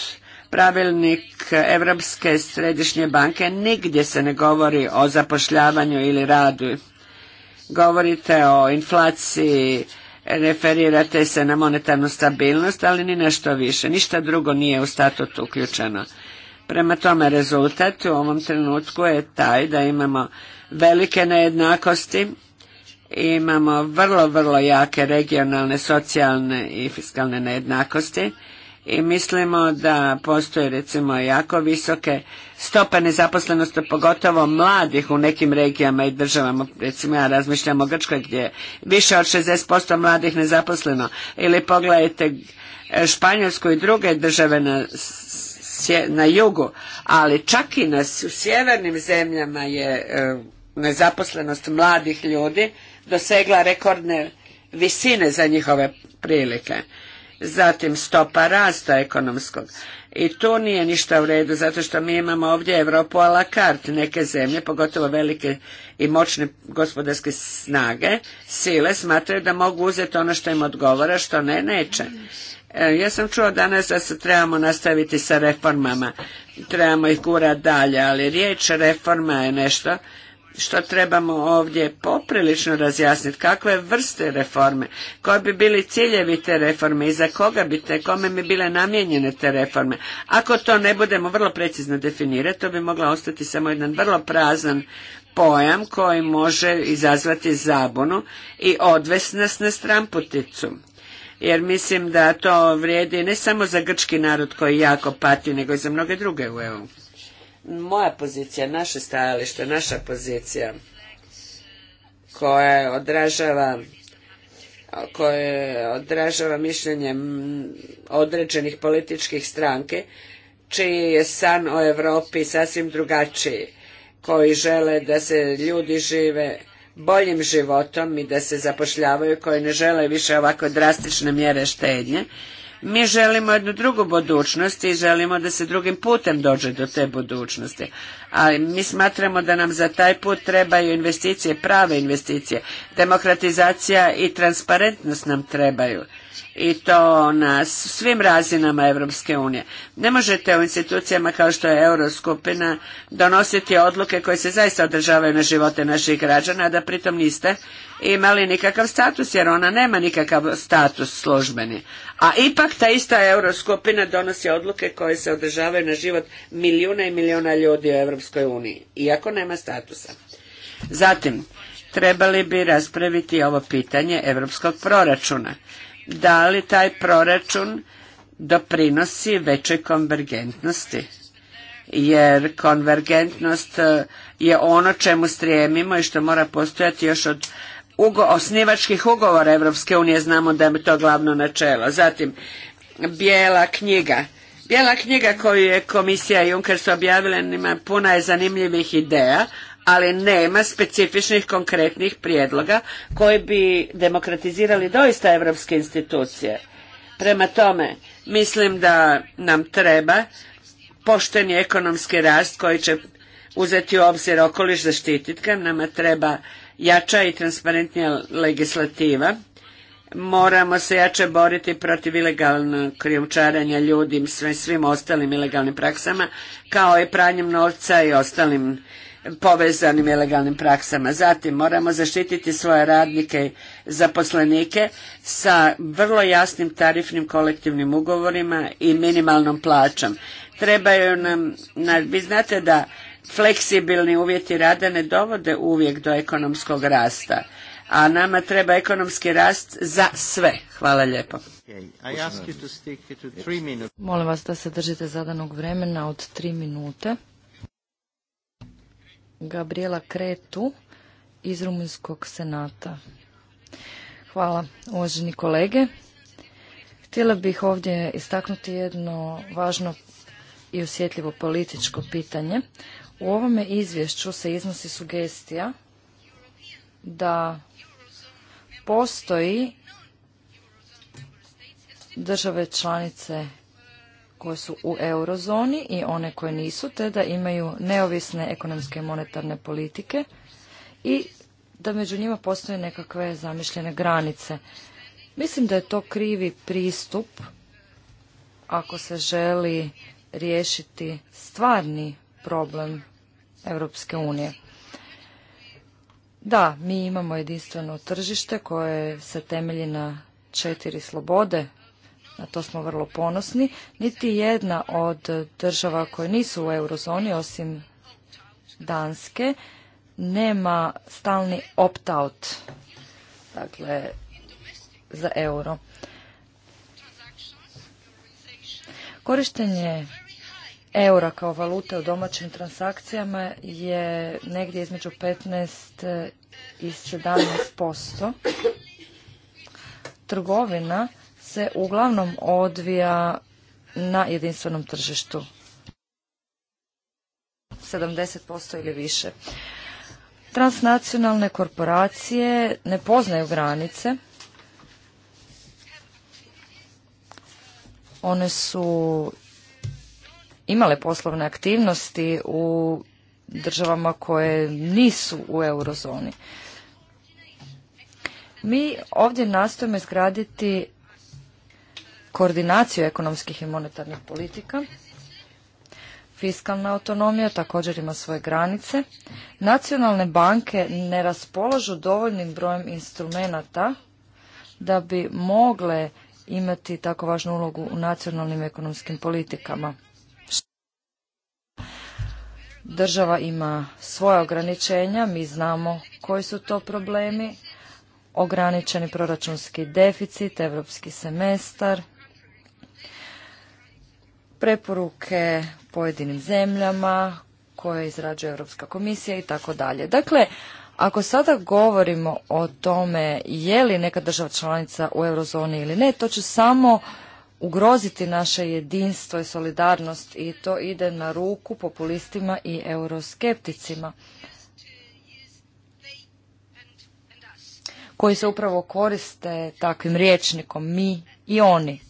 Speaker 2: pravilnik Europske središnje banke, nigdje se ne govori o zapošljavanju ili radu. Govorite o inflaciji, referirate se na monetarnu stabilnost, ali ni nešto više. Ništa drugo nije u statut uključeno. Prema tome rezultat u ovom trenutku je taj da imamo velike nejednakosti imamo vrlo, vrlo jake regionalne, socijalne i fiskalne nejednakosti i mislimo da postoje recimo jako visoke stope nezaposlenosti, pogotovo mladih u nekim regijama i državama. Recimo ja razmišljam o Grčkoj gdje je više od 60% mladih nezaposleno. Ili pogledajte e, Španjolsku i druge države na, jugu, ali čak i na, u sjevernim zemljama je e, nezaposlenost mladih ljudi dosegla rekordne visine za njihove prilike. Zatim stopa rasta ekonomskog. I tu nije ništa u redu, zato što mi imamo ovdje Europu a la carte, neke zemlje, pogotovo velike i moćne gospodarske snage, sile, smatraju da mogu uzeti ono što im odgovara, što ne, neće. E, ja sam čuo danas da se trebamo nastaviti sa reformama, trebamo ih gurati dalje, ali riječ reforma je nešto što trebamo ovdje poprilično razjasniti, kakve vrste reforme, koji bi bili ciljevi te reforme i za koga bi te, kome bi bile namijenjene te reforme. Ako to ne budemo vrlo precizno definirati, to bi mogla ostati samo jedan vrlo prazan pojam koji može izazvati zabunu i odvesti nas na stramputicu jer mislim da to vrijedi ne samo za grčki narod koji jako pati, nego i za mnoge druge u EU. Moja pozicija, naše stajalište, naša pozicija koja odražava koje odražava mišljenje određenih političkih stranke, čiji je san o Europi sasvim drugačiji, koji žele da se ljudi žive boljim životom i da se zapošljavaju, koji ne žele više ovako drastične mjere štednje mi želimo jednu drugu budućnost i želimo da se drugim putem dođe do te budućnosti. a mi smatramo da nam za taj put trebaju investicije, prave investicije. Demokratizacija i transparentnost nam trebaju i to na svim razinama Europske unije. Ne možete u institucijama kao što je Euroskupina donositi odluke koje se zaista održavaju na živote naših građana, a da pritom niste imali nikakav status, jer ona nema nikakav status službeni. A ipak ta ista Euroskupina donosi odluke koje se održavaju na život milijuna i milijuna ljudi u Europskoj uniji, iako nema statusa. Zatim, trebali bi raspraviti ovo pitanje europskog proračuna da li taj proračun doprinosi većoj konvergentnosti jer konvergentnost e, je ono čemu strijemimo i što mora postojati još od osnivačkih ugovora Evropske unije, znamo da je to glavno načelo. Zatim, bijela knjiga. Bijela knjiga koju je komisija Junkers objavila, puna je zanimljivih ideja, ali nema specifičnih konkretnih prijedloga koji bi demokratizirali doista evropske institucije. Prema tome, mislim da nam treba pošteni ekonomski rast koji će uzeti u obzir okoliš, zaštititi ga, nama treba jača i transparentnija legislativa, moramo se jače boriti protiv ilegalnog krijučaranja ljudi svim, svim ostalim ilegalnim praksama, kao i pranjem novca i ostalim povezanim ilegalnim praksama. Zatim moramo zaštititi svoje radnike i zaposlenike sa vrlo jasnim tarifnim kolektivnim ugovorima i minimalnom plaćom. Trebaju nam, vi znate da fleksibilni uvjeti rada ne dovode uvijek do ekonomskog rasta, a nama treba ekonomski rast za sve. Hvala lijepo.
Speaker 3: Molim vas da se držite zadanog vremena od tri minute. Gabriela Kretu iz Rumunjskog senata. Hvala, uvaženi kolege. Htjela bih ovdje istaknuti jedno važno i osjetljivo političko pitanje. U ovome izvješću se iznosi sugestija da postoji države članice koje su u eurozoni i one koje nisu, te da imaju neovisne ekonomske i monetarne politike i da među njima postoje nekakve zamišljene granice. Mislim da je to krivi pristup ako se želi riješiti stvarni problem Europske unije. Da, mi imamo jedinstveno tržište koje se temelji na četiri slobode na to smo vrlo ponosni. Niti jedna od država koje nisu u eurozoni, osim Danske, nema stalni opt-out dakle, za euro. Korištenje eura kao valute u domaćim transakcijama je negdje između 15 i 17 posto. Trgovina se uglavnom odvija na jedinstvenom tržištu. 70% ili više. Transnacionalne korporacije ne poznaju granice. One su imale poslovne aktivnosti u državama koje nisu u eurozoni. Mi ovdje nastojimo izgraditi koordinaciju ekonomskih i monetarnih politika. Fiskalna autonomija također ima svoje granice. Nacionalne banke ne raspolažu dovoljnim brojem instrumenata da bi mogle imati tako važnu ulogu u nacionalnim ekonomskim politikama. Država ima svoja ograničenja, mi znamo koji su to problemi, ograničeni proračunski deficit, evropski semestar, preporuke pojedinim zemljama koje izrađuje Europska komisija i tako dalje. Dakle, ako sada govorimo o tome je li neka država članica u eurozoni ili ne, to će samo ugroziti naše jedinstvo i solidarnost i to ide na ruku populistima i euroskepticima koji se upravo koriste takvim rječnikom mi i oni.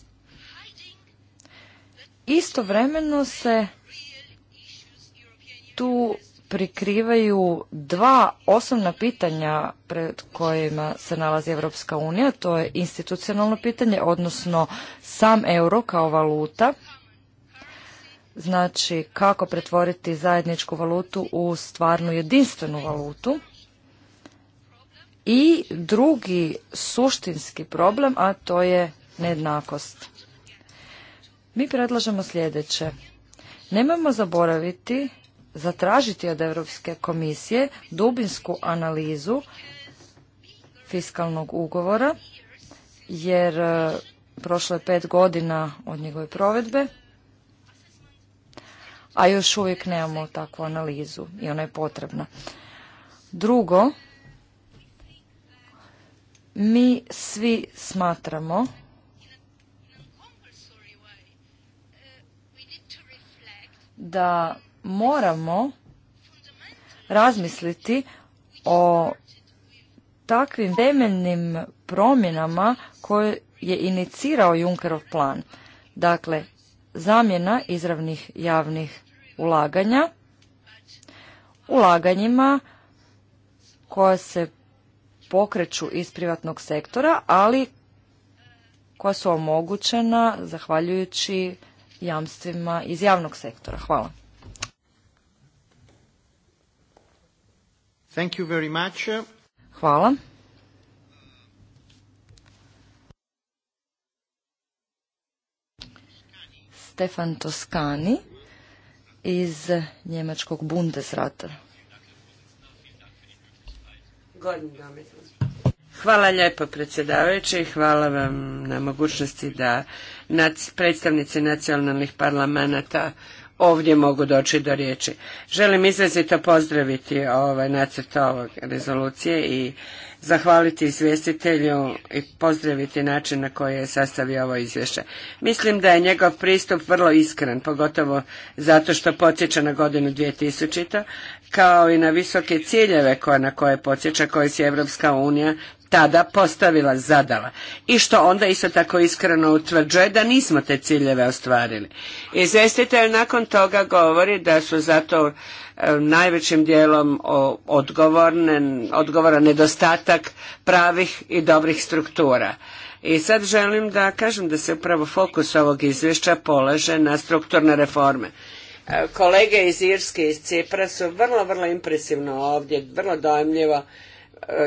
Speaker 3: Istovremeno se tu prikrivaju dva osnovna pitanja pred kojima se nalazi Europska unija, to je institucionalno pitanje, odnosno sam euro kao valuta, znači kako pretvoriti zajedničku valutu u stvarnu jedinstvenu valutu. I drugi suštinski problem, a to je nejednakost. Mi predlažemo sljedeće. Nemojmo zaboraviti zatražiti od Europske komisije dubinsku analizu fiskalnog ugovora, jer e, prošlo je pet godina od njegove provedbe, a još uvijek nemamo takvu analizu i ona je potrebna. Drugo, mi svi smatramo da moramo razmisliti o takvim temeljnim promjenama koje je inicirao Junkerov plan. Dakle, zamjena izravnih javnih ulaganja ulaganjima koja se pokreću iz privatnog sektora, ali koja su omogućena zahvaljujući jamstvima iz javnog sektora. Hvala. Thank you very much. Hvala. Stefan Toskani iz njemačkog Bundesrata. Godin Hvala
Speaker 2: lijepo predsjedavajući, hvala vam na mogućnosti da predstavnici nacionalnih parlamenta ovdje mogu doći do riječi. Želim izrazito pozdraviti ovaj nacrt ovog rezolucije i zahvaliti izvjestitelju i pozdraviti način na koji je sastavio ovo izvješće. Mislim da je njegov pristup vrlo iskren, pogotovo zato što podsjeća na godinu 2000. kao i na visoke ciljeve na koje podsjeća, koje se Evropska unija tada postavila, zadala i što onda isto tako iskreno utvrđuje da nismo te ciljeve ostvarili. Izvestitelj nakon toga govori da su zato e, najvećim dijelom odgovorne, odgovora nedostatak pravih i dobrih struktura. I sad želim da kažem da se upravo fokus ovog izvješća polaže na strukturne reforme. E, kolege iz Irske i iz Cipra su vrlo, vrlo impresivno ovdje, vrlo dojemljivo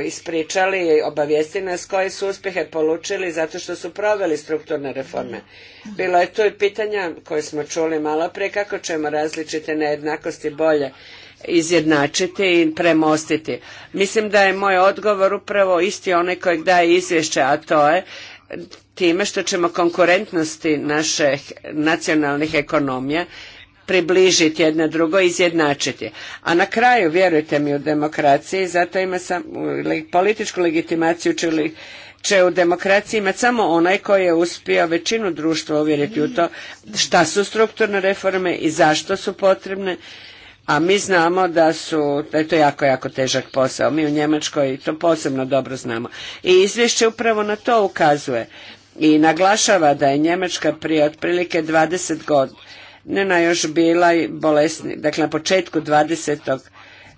Speaker 2: ispričali i obavijesti nas koje su uspjehe polučili zato što su proveli strukturne reforme. Bilo je tu i pitanja koje smo čuli malo prije kako ćemo različite nejednakosti bolje izjednačiti i premostiti. Mislim da je moj odgovor upravo isti onaj koji daje izvješće, a to je time što ćemo konkurentnosti naših nacionalnih ekonomija približiti jedna drugo, izjednačiti. A na kraju, vjerujte mi, u demokraciji, zato ima sam, političku legitimaciju čuli će u demokraciji imati samo onaj koji je uspio većinu društva uvjeriti u to šta su strukturne reforme i zašto su potrebne, a mi znamo da su, da je to jako, jako težak posao. Mi u Njemačkoj to posebno dobro znamo. I izvješće upravo na to ukazuje i naglašava da je Njemačka prije otprilike 20 godina Nena još bila i bolesni, dakle na početku 20.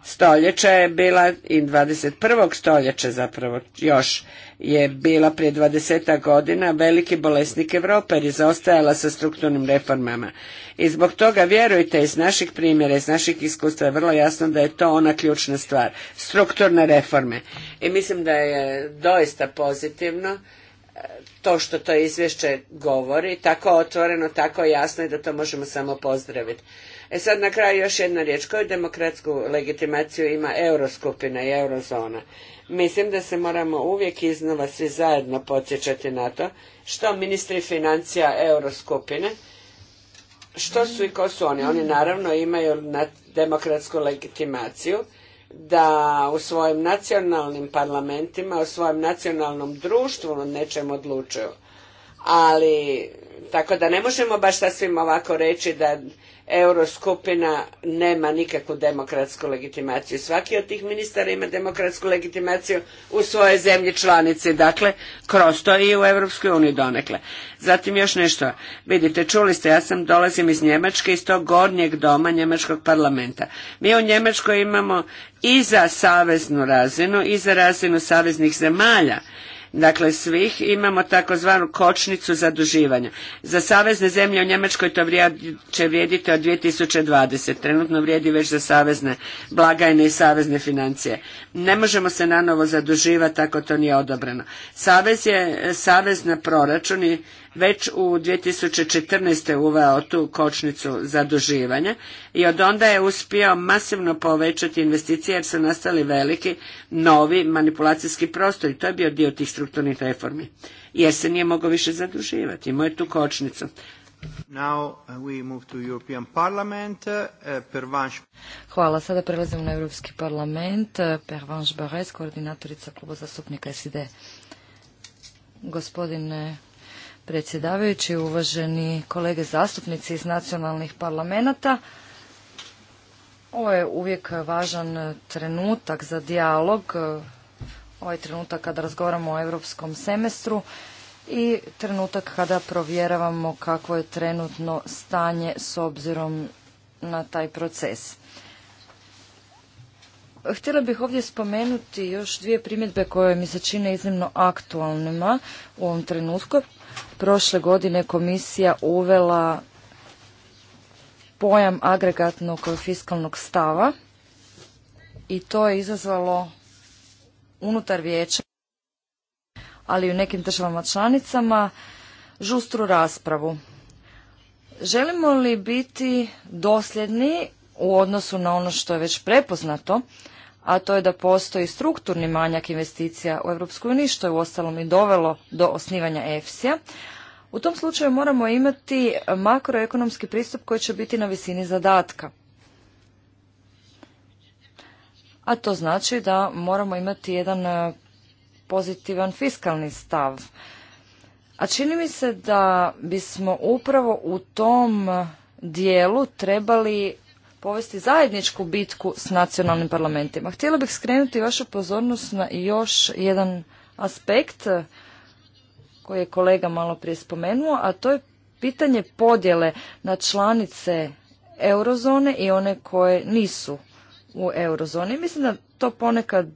Speaker 2: stoljeća je bila i 21. stoljeća zapravo još je bila prije 20. godina veliki bolesnik Europe jer je zaostajala sa strukturnim reformama. I zbog toga vjerujte iz naših primjera, iz naših iskustva je vrlo jasno da je to ona ključna stvar. Strukturne reforme. I mislim da je doista pozitivno to što to izvješće govori, tako otvoreno, tako jasno i da to možemo samo pozdraviti. E sad na kraju još jedna riječ. Koju demokratsku legitimaciju ima euroskupina i eurozona? Mislim da se moramo uvijek iznova svi zajedno podsjećati na to što ministri financija euroskupine, što su i ko su oni. Oni naravno imaju na demokratsku legitimaciju, da u svojim nacionalnim parlamentima, u svojem nacionalnom društvu nečem odlučuju. Ali, tako da ne možemo baš sasvim ovako reći da euroskupina nema nikakvu demokratsku legitimaciju. Svaki od tih ministara ima demokratsku legitimaciju u svojoj zemlji članici, dakle, kroz to i u Europskoj uniji donekle. Zatim još nešto. Vidite, čuli ste, ja sam dolazim iz Njemačke, iz tog gornjeg doma Njemačkog parlamenta. Mi u Njemačkoj imamo i za saveznu razinu i za razinu saveznih zemalja dakle svih, imamo takozvanu kočnicu zaduživanja. Za savezne zemlje u Njemačkoj to će vrijediti od 2020. Trenutno vrijedi već za savezne blagajne i savezne financije. Ne možemo se nanovo zaduživati ako to nije odobreno. Savez je, savez na proračun i već u 2014. uveo tu kočnicu zaduživanja i od onda je uspio masivno povećati investicije jer su nastali veliki novi manipulacijski prostor i to je bio dio tih strukturnih reformi jer se nije mogao više zaduživati. Imao je tu kočnicu.
Speaker 3: Now uh, we move to European uh, Hvala. Sada prelazimo na Europski parlament. Uh, Pervanš Barres, koordinatorica kluba zastupnika SID. Gospodine predsjedavajući, uvaženi kolege zastupnici iz nacionalnih parlamenta. Ovo je uvijek važan trenutak za dijalog, ovaj trenutak kada razgovaramo o europskom semestru i trenutak kada provjeravamo kakvo je trenutno stanje s obzirom na taj proces. Htjela bih ovdje spomenuti još dvije primjedbe koje mi se čine iznimno aktualnima u ovom trenutku prošle godine komisija uvela pojam agregatnog fiskalnog stava i to je izazvalo unutar vijeća, ali i u nekim državama članicama, žustru raspravu. Želimo li biti dosljedni u odnosu na ono što je već prepoznato, a to je da postoji strukturni manjak investicija u EU, što je uostalom i dovelo do osnivanja EFSI-a. U tom slučaju moramo imati makroekonomski pristup koji će biti na visini zadatka. A to znači da moramo imati jedan e, pozitivan fiskalni stav. A čini mi se da bismo upravo u tom e, dijelu trebali povesti zajedničku bitku s nacionalnim parlamentima. Htjela bih skrenuti vašu pozornost na još jedan aspekt koji je kolega malo prije spomenuo, a to je pitanje podjele na članice eurozone i one koje nisu u eurozoni. Mislim da to ponekad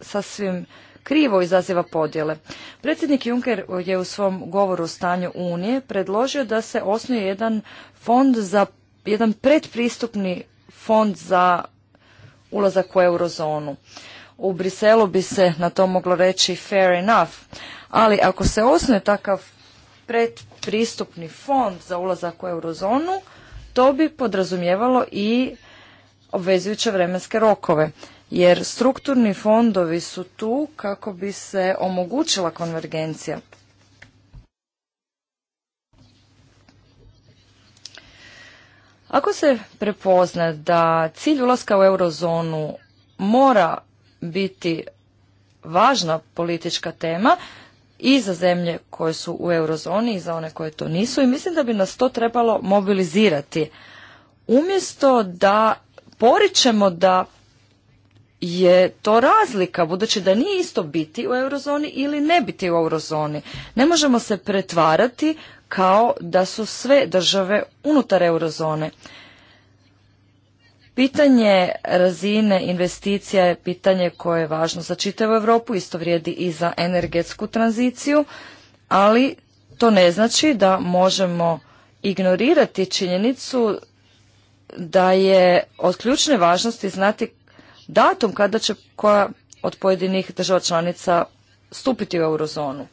Speaker 3: sasvim krivo izaziva podjele. Predsjednik Juncker je u svom govoru o stanju Unije predložio da se osnuje jedan fond za jedan predpristupni fond za ulazak u eurozonu. U Briselu bi se na to moglo reći fair enough, ali ako se osnuje takav predpristupni fond za ulazak u eurozonu, to bi podrazumijevalo i obvezujuće vremenske rokove. Jer strukturni fondovi su tu kako bi se omogućila konvergencija. Ako se prepozna da cilj ulaska u eurozonu mora biti važna politička tema i za zemlje koje su u eurozoni i za one koje to nisu i mislim da bi nas to trebalo mobilizirati. Umjesto da poričemo da je to razlika, budući da nije isto biti u eurozoni ili ne biti u eurozoni. Ne možemo se pretvarati kao da su sve države unutar eurozone. Pitanje razine investicija je pitanje koje je važno za čitavu Europu, isto vrijedi i za energetsku tranziciju, ali to ne znači da možemo ignorirati činjenicu da je od ključne važnosti znati datum kada će koja od pojedinih država članica stupiti u eurozonu.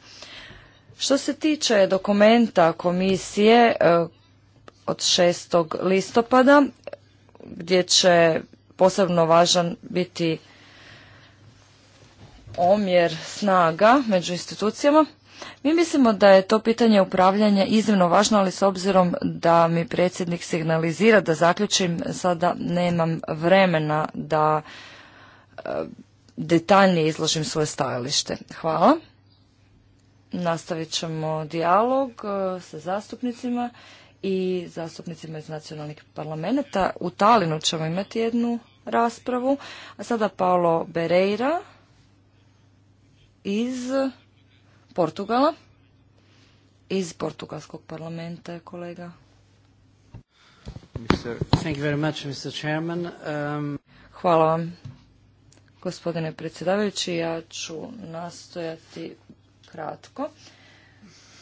Speaker 3: Što se tiče dokumenta komisije e, od 6. listopada, gdje će posebno važan biti omjer snaga među institucijama, mi mislimo da je to pitanje upravljanja iznimno važno, ali s obzirom da mi predsjednik signalizira da zaključim, sada nemam vremena da e, detaljnije izložim svoje stajalište. Hvala. Nastavit ćemo dijalog e, sa zastupnicima i zastupnicima iz nacionalnih parlamenta. U Talinu ćemo imati jednu raspravu. A sada Paolo Bereira iz Portugala. Iz portugalskog parlamenta je kolega. Um, Hvala vam. Gospodine predsjedavajući, ja ću nastojati kratko.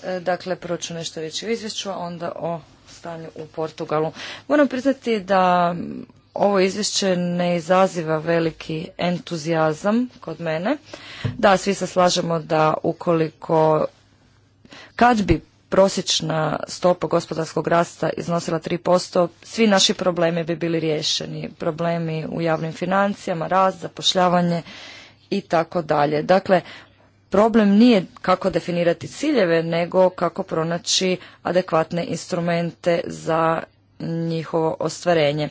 Speaker 3: E, dakle, prvo ću nešto reći o izvješću, a onda o stanju u Portugalu. Moram priznati da ovo izvješće ne izaziva veliki entuzijazam kod mene. Da, svi se slažemo da ukoliko kad bi prosječna stopa gospodarskog rasta iznosila 3%, svi naši problemi bi bili riješeni. Problemi u javnim financijama, rast, zapošljavanje i tako dalje. Dakle, problem nije kako definirati ciljeve, nego kako pronaći adekvatne instrumente za njihovo ostvarenje.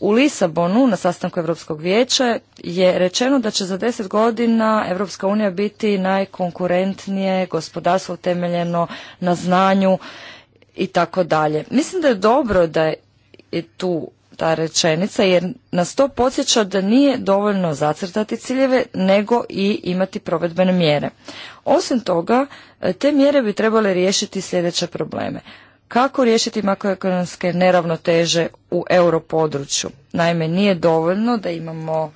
Speaker 3: U Lisabonu na sastanku Europskog vijeća je rečeno da će za deset godina Europska unija biti najkonkurentnije gospodarstvo utemeljeno na znanju i tako dalje. Mislim da je dobro da je tu ta rečenica jer nas to podsjeća da nije dovoljno zacrtati ciljeve nego i imati provedbene mjere. Osim toga, te mjere bi trebale riješiti sljedeće probleme kako riješiti makroekonomske neravnoteže u europodručju. Naime, nije dovoljno da imamo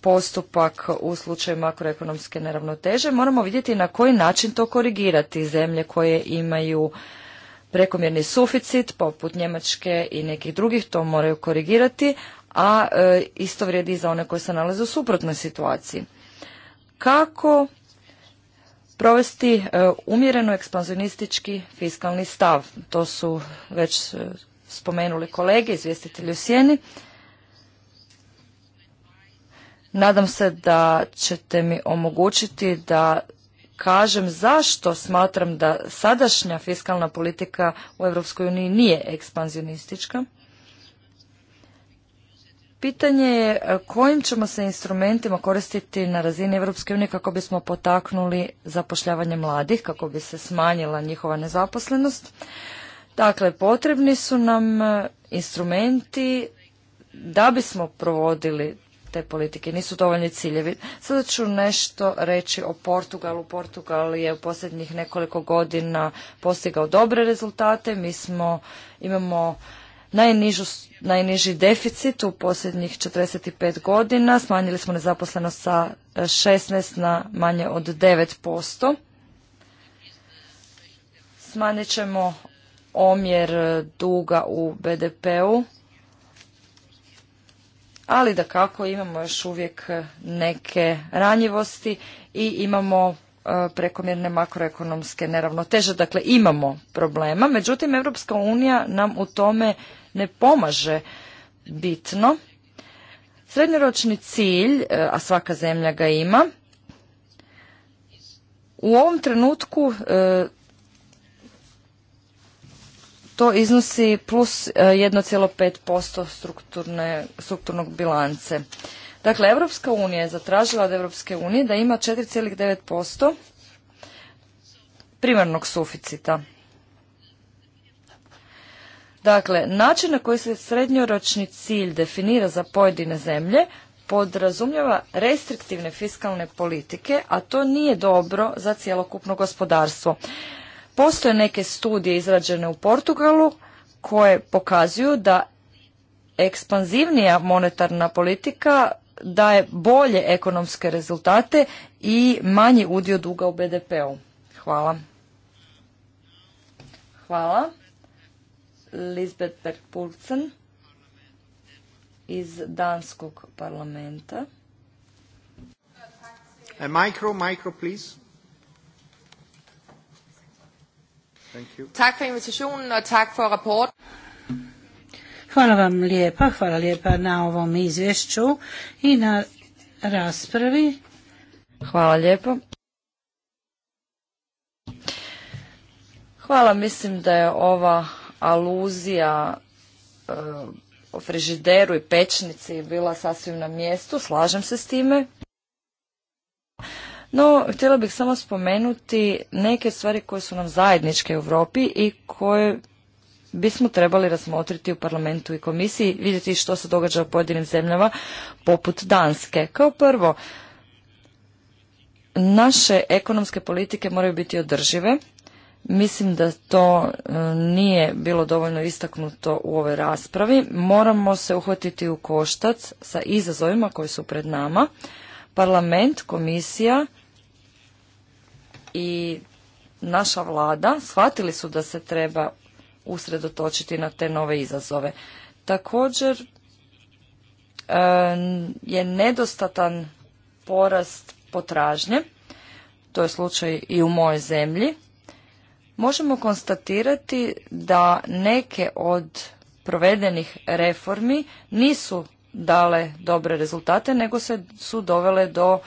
Speaker 3: postupak u slučaju makroekonomske neravnoteže. Moramo vidjeti na koji način to korigirati. Zemlje koje imaju prekomjerni suficit, poput Njemačke i nekih drugih, to moraju korigirati, a e, isto vrijedi i za one koje se nalaze u suprotnoj situaciji. Kako provesti e, umjereno ekspanzionistički fiskalni stav. To su već e, spomenuli kolege, izvjestitelji u sjeni. Nadam se da ćete mi omogućiti da kažem zašto smatram da sadašnja fiskalna politika u EU nije ekspanzionistička. Pitanje je e, kojim ćemo se instrumentima koristiti na razini Europske unije kako bismo potaknuli zapošljavanje mladih, kako bi se smanjila njihova nezaposlenost. Dakle, potrebni su nam e, instrumenti da bismo provodili te politike, nisu dovoljni ciljevi. Sada ću nešto reći o Portugalu. Portugal je u posljednjih nekoliko godina postigao dobre rezultate. Mi smo, imamo najnižu, najniži deficit u posljednjih 45 godina. Smanjili smo nezaposlenost sa 16 e, na manje od 9%. Smanjit ćemo omjer e, duga u BDP-u. Ali da kako imamo još uvijek e, neke ranjivosti i imamo E, prekomjerne makroekonomske neravnoteže. Dakle, imamo problema, međutim, Europska unija nam u tome ne pomaže bitno. Srednjoročni cilj, e, a svaka zemlja ga ima, u ovom trenutku e, to iznosi plus 1,5% strukturne, strukturnog bilance. Dakle, Europska unija je zatražila od Europske unije da ima 4,9% primarnog suficita. Dakle, način na koji se srednjoročni cilj definira za pojedine zemlje podrazumljava restriktivne fiskalne politike, a to nije dobro za cjelokupno gospodarstvo. Postoje neke studije izrađene u Portugalu koje pokazuju da ekspanzivnija monetarna politika daje bolje ekonomske rezultate i manji udio duga u BDP-u. Hvala. Hvala. Lisbeth berg iz Danskog parlamenta. A micro, micro, please. Thank you. Tak for invitationen og tak for rapporten.
Speaker 1: Hvala vam lijepa, hvala lijepa na ovom izvješću i na
Speaker 3: raspravi. Hvala lijepo. Hvala, mislim da je ova aluzija eh, o frižideru i pečnici bila sasvim na mjestu, slažem se s time. No, htjela bih samo spomenuti neke stvari koje su nam zajedničke u Europi i koje bismo trebali razmotriti u parlamentu i komisiji, vidjeti što se događa u pojedinim zemljama poput Danske. Kao prvo, naše ekonomske politike moraju biti održive. Mislim da to e, nije bilo dovoljno istaknuto u ovoj raspravi. Moramo se uhvatiti u koštac sa izazovima koji su pred nama. Parlament, komisija i naša vlada shvatili su da se treba usredotočiti na te nove izazove. Također e, je nedostatan porast potražnje, to je slučaj i u mojoj zemlji, možemo konstatirati da neke od provedenih reformi nisu dale dobre rezultate, nego se su dovele do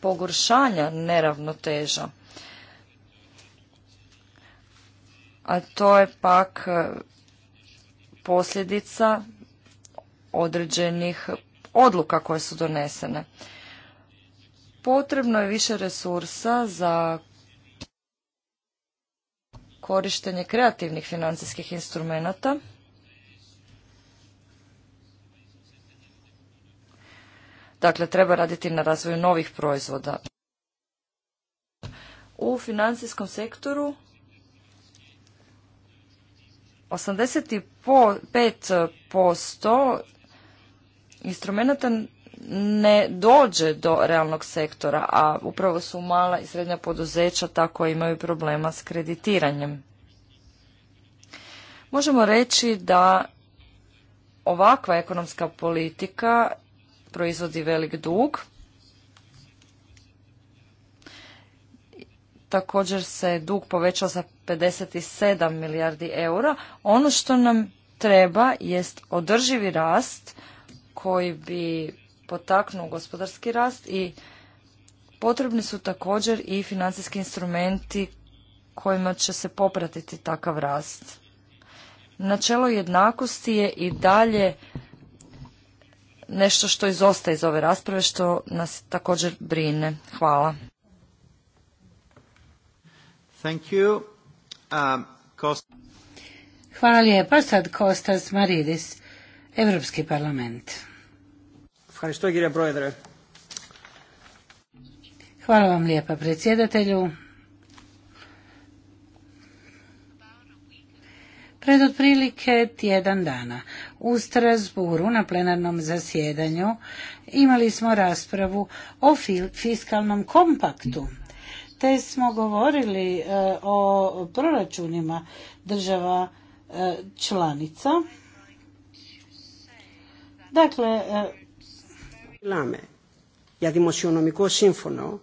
Speaker 3: pogoršanja neravnoteža. a to je pak e, posljedica određenih odluka koje su donesene. Potrebno je više resursa za korištenje kreativnih financijskih instrumenata. Dakle, treba raditi na razvoju novih proizvoda. U financijskom sektoru 85% instrumenta ne dođe do realnog sektora, a upravo su mala i srednja poduzeća koja imaju problema s kreditiranjem. Možemo reći da ovakva ekonomska politika proizvodi velik dug, također se dug povećao za 57 milijardi eura. Ono što nam treba jest održivi rast koji bi potaknuo gospodarski rast i potrebni su također i financijski instrumenti kojima će se popratiti takav rast. Načelo jednakosti je i dalje nešto što izostaje iz ove rasprave, što nas također brine. Hvala.
Speaker 1: Thank you. Um, Hvala lijepa. Sad Kostas Maridis, Europski parlament. Hvala vam lijepa predsjedatelju. Pred otprilike tjedan dana u Strasburu na plenarnom zasjedanju imali smo raspravu o fiskalnom kompaktu te smo govorili e, o proračunima država e, članica. Dakle, e, lame. Ja ono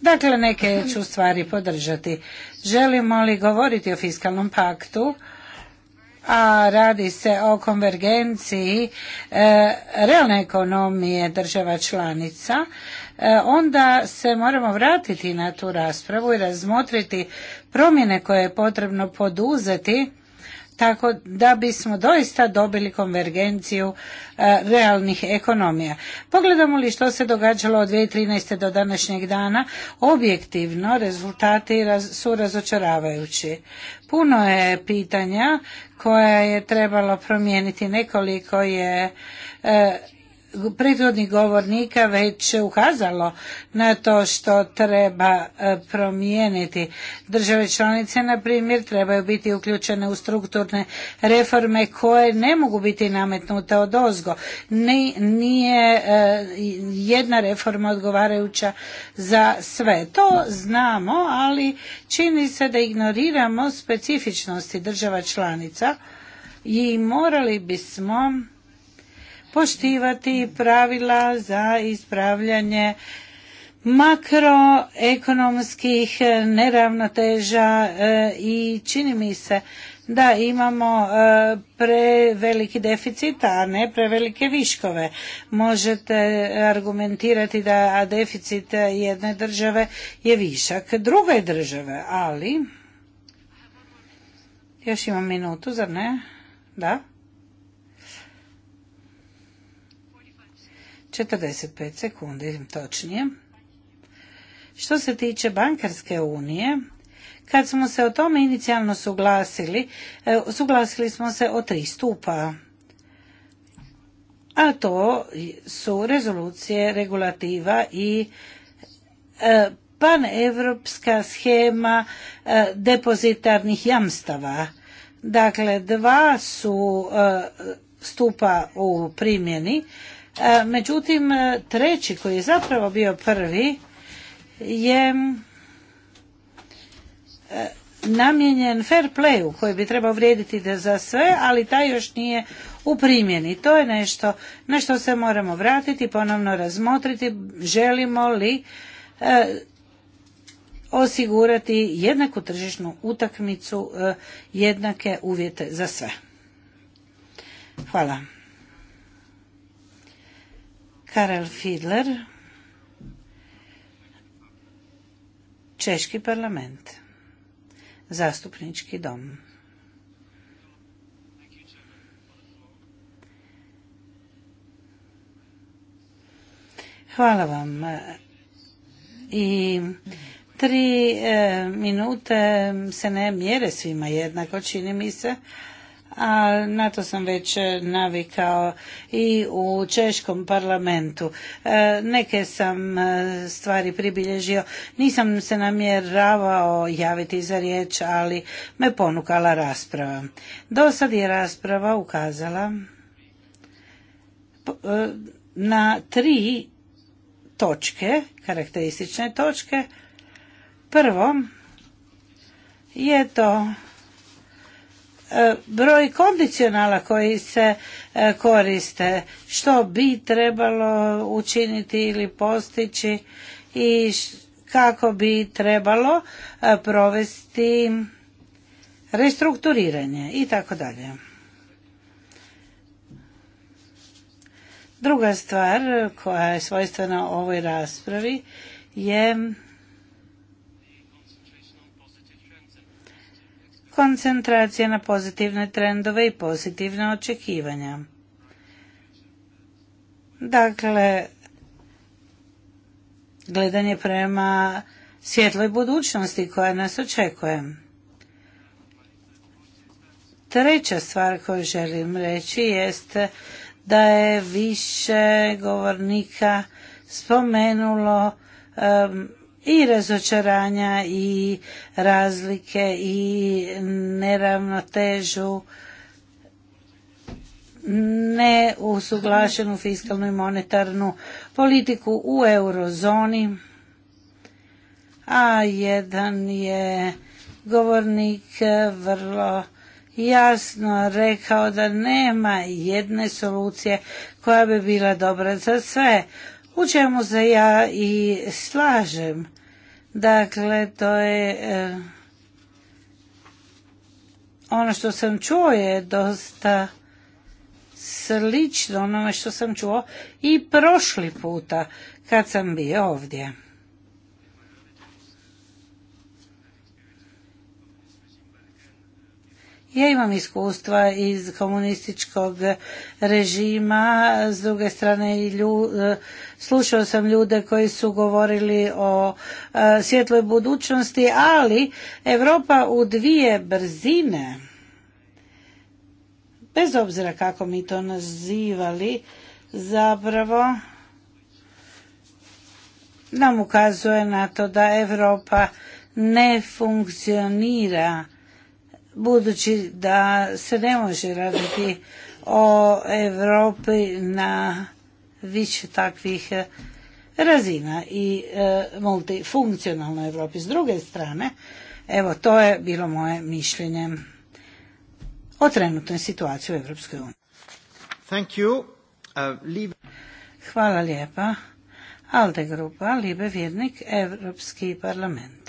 Speaker 1: Dakle, neke ću stvari podržati. Želimo li govoriti o fiskalnom paktu, a radi se o konvergenciji e, realne ekonomije država članica, e, onda se moramo vratiti na tu raspravu i razmotriti promjene koje je potrebno poduzeti tako da bismo doista dobili konvergenciju e, realnih ekonomija. Pogledamo li što se događalo od 2013. do današnjeg dana, objektivno rezultati su razočaravajući. Puno je pitanja koja je trebalo promijeniti, nekoliko je e, prethodnih govornika već ukazalo na to što treba e, promijeniti. Države članice, na primjer, trebaju biti uključene u strukturne reforme koje ne mogu biti nametnute od ozgo. Nije e, jedna reforma odgovarajuća za sve. To znamo, ali čini se da ignoriramo specifičnosti država članica i morali bismo poštivati pravila za ispravljanje makroekonomskih neravnoteža e, i čini mi se da imamo e, preveliki deficit, a ne prevelike viškove. Možete argumentirati da deficit jedne države je višak druge države, ali... Još imam minutu, zar ne? Da? 45 sekundi točnije. Što se tiče bankarske unije, kad smo se o tome inicijalno suglasili, e, suglasili smo se o tri stupa. A to su rezolucije, regulativa i e, panevropska schema e, depozitarnih jamstava. Dakle, dva su stupa u primjeni, E, međutim, e, treći koji je zapravo bio prvi je e, namijenjen fair playu koji bi trebao vrijediti da za sve, ali taj još nije u primjeni. To je nešto na što se moramo vratiti, ponovno razmotriti, želimo li osigurati jednaku tržišnu utakmicu, jednake uvjete za sve. Hvala. Karel Fidler, Češki parlament, zastupnički dom. Hvala vam. I tri eh, minute se ne mjere svima jednako, čini mi se a na to sam već e, navikao i u Češkom parlamentu. E, neke sam e, stvari pribilježio, nisam se namjeravao javiti za riječ, ali me ponukala rasprava. Do sad je rasprava ukazala na tri točke, karakteristične točke. Prvo je to broj kondicionala koji se e, koriste, što bi trebalo učiniti ili postići i kako bi trebalo e, provesti restrukturiranje i tako dalje. Druga stvar koja je svojstvena ovoj raspravi je koncentracija na pozitivne trendove i pozitivne očekivanja. Dakle, gledanje prema svjetloj budućnosti koja nas očekuje. Treća stvar koju želim reći jest da je više govornika spomenulo i razočaranja i razlike i neravnotežu neusuglašenu fiskalnu i monetarnu politiku u eurozoni a jedan je govornik vrlo jasno rekao da nema jedne solucije koja bi bila dobra za sve u čemu se ja i slažem. Dakle, to je e, ono što sam čuo je dosta slično onome što sam čuo i prošli puta kad sam bio ovdje. Ja imam iskustva iz komunističkog režima, s druge strane i e, slušao sam ljude koji su govorili o e, svjetloj budućnosti, ali Europa u dvije brzine, bez obzira kako mi to nazivali, zapravo nam ukazuje na to da Europa ne funkcionira budući da se ne može raditi o Evropi na više takvih e, razina i e, multifunkcionalnoj Evropi. S druge strane, evo to je bilo moje mišljenje o trenutnoj situaciji u Europskoj uniji. Uh, Hvala lijepa. Alde Grupa, Libe Vjernik, Europski parlament.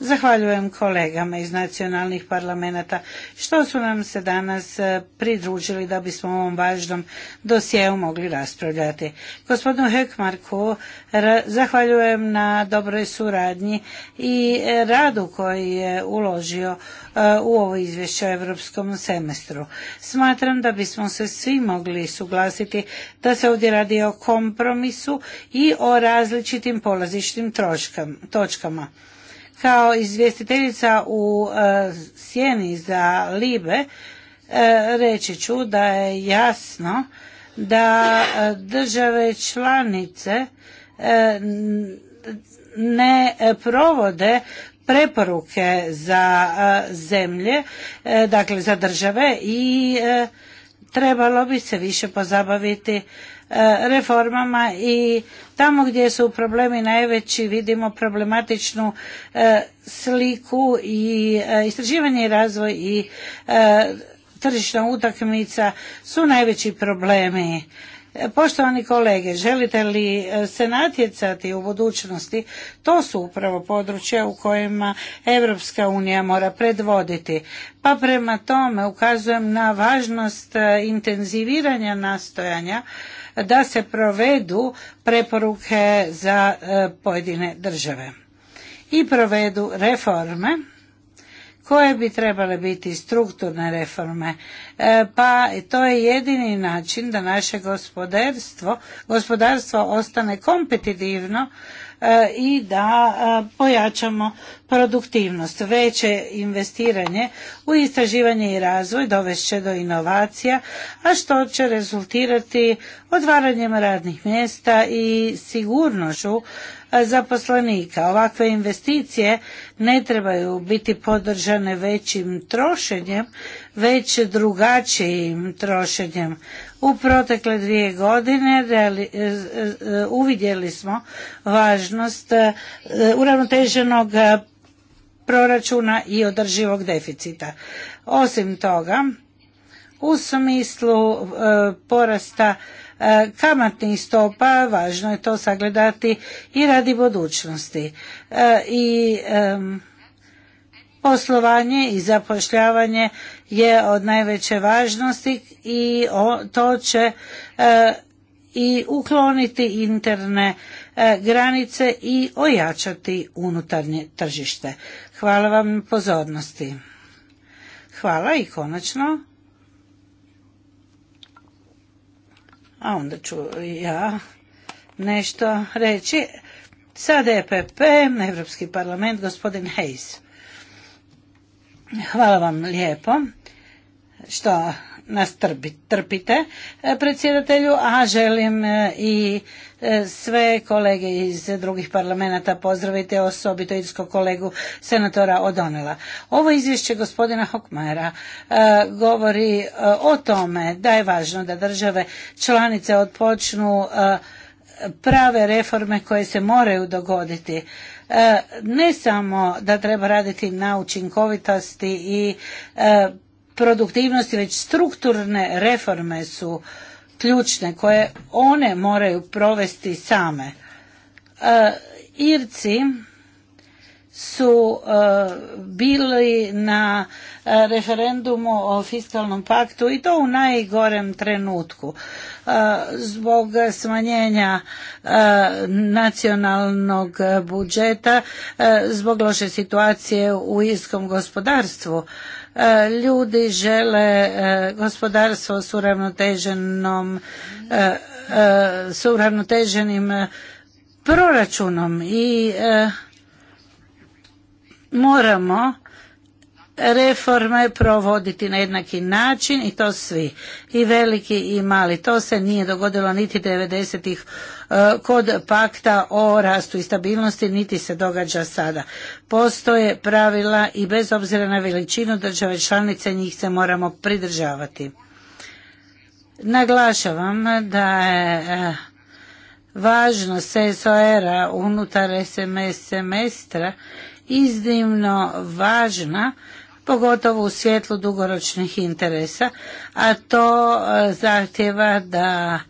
Speaker 1: Zahvaljujem kolegama iz nacionalnih parlamenta što su nam se danas e, pridružili da bismo ovom važnom dosjeu mogli raspravljati. Gospodinu Hekmarku zahvaljujem na dobroj suradnji i radu koji je uložio e, u ovo izvješće o europskom semestru. Smatram da bismo se svi mogli suglasiti da se ovdje radi o kompromisu i o različitim polazišnim točkama kao izvjestiteljica u e, sjeni za Libe e, reći ću da je jasno da e, države članice ne provode preporuke za zemlje, dakle za države i trebalo bi se više pozabaviti E, reformama i tamo gdje su problemi najveći vidimo problematičnu e, sliku i e, istraživanje i razvoj i tržišna utakmica su najveći problemi. Poštovani kolege, želite li se natjecati u budućnosti? To su upravo područja u kojima Europska unija mora predvoditi. Pa prema tome ukazujem na važnost intenziviranja nastojanja da se provedu preporuke za e, pojedine države i provedu reforme koje bi trebale biti strukturne reforme. E, pa to je jedini način da naše gospodarstvo, gospodarstvo ostane kompetitivno E, i da e, pojačamo produktivnost. Veće investiranje u istraživanje i razvoj će do inovacija, a što će rezultirati otvaranjem radnih mjesta i sigurnošću e, zaposlenika. Ovakve investicije ne trebaju biti podržane većim trošenjem, već drugačijim trošenjem. U protekle dvije godine e, e, uvidjeli smo važnost e, uravnoteženog proračuna i održivog deficita. Osim toga, u smislu porasta kamatnih stopa, važno je to sagledati i radi budućnosti. I poslovanje i zapošljavanje je od najveće važnosti i to će e, i ukloniti interne e, granice i ojačati unutarnje tržište. Hvala vam na pozornosti. Hvala i konačno. A onda ću ja nešto reći. Sad EPP, Evropski parlament, gospodin Hayes. Hvala vam lijepo što nas trpite e, predsjedatelju, a želim e, i e, sve kolege iz drugih parlamenta pozdraviti, osobito irskog kolegu senatora Odonela. Ovo izvješće gospodina Hokmara govori o tome da je važno da države članice odpočnu prave reforme koje se moraju dogoditi E, ne samo da treba raditi na učinkovitosti i e, produktivnosti, već strukturne reforme su ključne koje one moraju provesti same. E, Irci su bili na referendumu o fiskalnom paktu i to u najgorem trenutku zbog smanjenja nacionalnog budžeta, zbog loše situacije u iskom gospodarstvu. Ljudi žele gospodarstvo s uravnoteženom s uravnoteženim proračunom i moramo reforme provoditi na jednaki način i to svi i veliki i mali. To se nije dogodilo niti 90-ih e, kod pakta o rastu i stabilnosti niti se događa sada. Postoje pravila i bez obzira na veličinu države članice njih se moramo pridržavati. Naglašavam da je e, važnost SOR-a unutar SMS semestra iznimno važna pogotovo u svjetlu dugoročnih interesa, a to e, zahtjeva da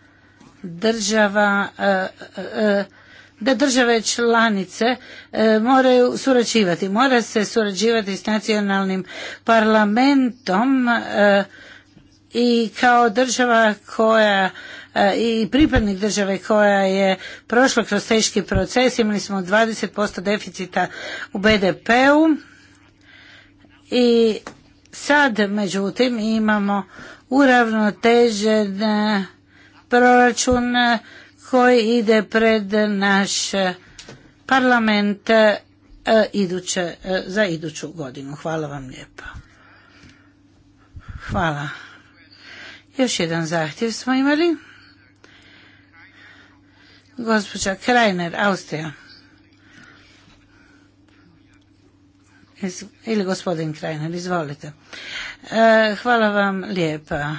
Speaker 1: država e, e, da države članice moraju surađivati. Mora se surađivati s nacionalnim parlamentom i kao država koja i pripadnik države koja je prošla kroz teški proces, imali smo 20% deficita u BDP-u i sad, međutim, imamo uravnotežen proračun koji ide pred naš parlament e, iduće, e, za iduću godinu. Hvala vam lijepa. Hvala. Još jedan zahtjev smo imali. Gospođa Krajner, Austrija. Ili gospodin Krajner, izvolite. E, hvala vam lijepa.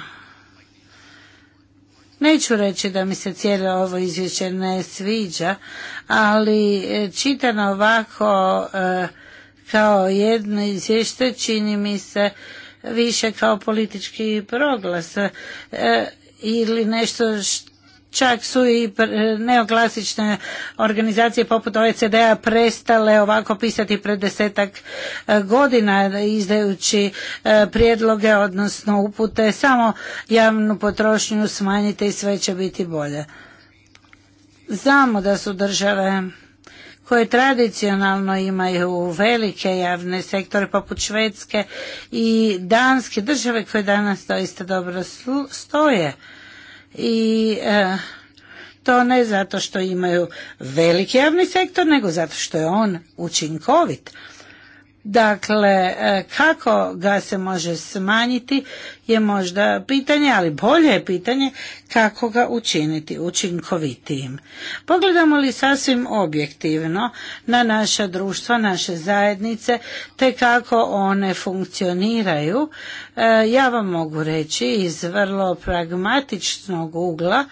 Speaker 1: Neću reći da mi se cijelo ovo izvješće ne sviđa, ali e, čitano ovako e, kao jedno izvješće čini mi se više kao politički proglas ili nešto što čak su i neoklasične organizacije poput OECD-a prestale ovako pisati pred desetak e, godina izdajući e, prijedloge odnosno upute samo javnu potrošnju smanjite i sve će biti bolje. Znamo da su države koje tradicionalno imaju velike javne sektore poput Švedske i Danske države koje danas doista dobro stoje i e, to ne zato što imaju veliki javni sektor, nego zato što je on učinkovit Dakle, e, kako ga se može smanjiti je možda pitanje, ali bolje je pitanje kako ga učiniti učinkovitijim. Pogledamo li sasvim objektivno na naša društva, naše zajednice, te kako one funkcioniraju, e, ja vam mogu reći iz vrlo pragmatičnog ugla,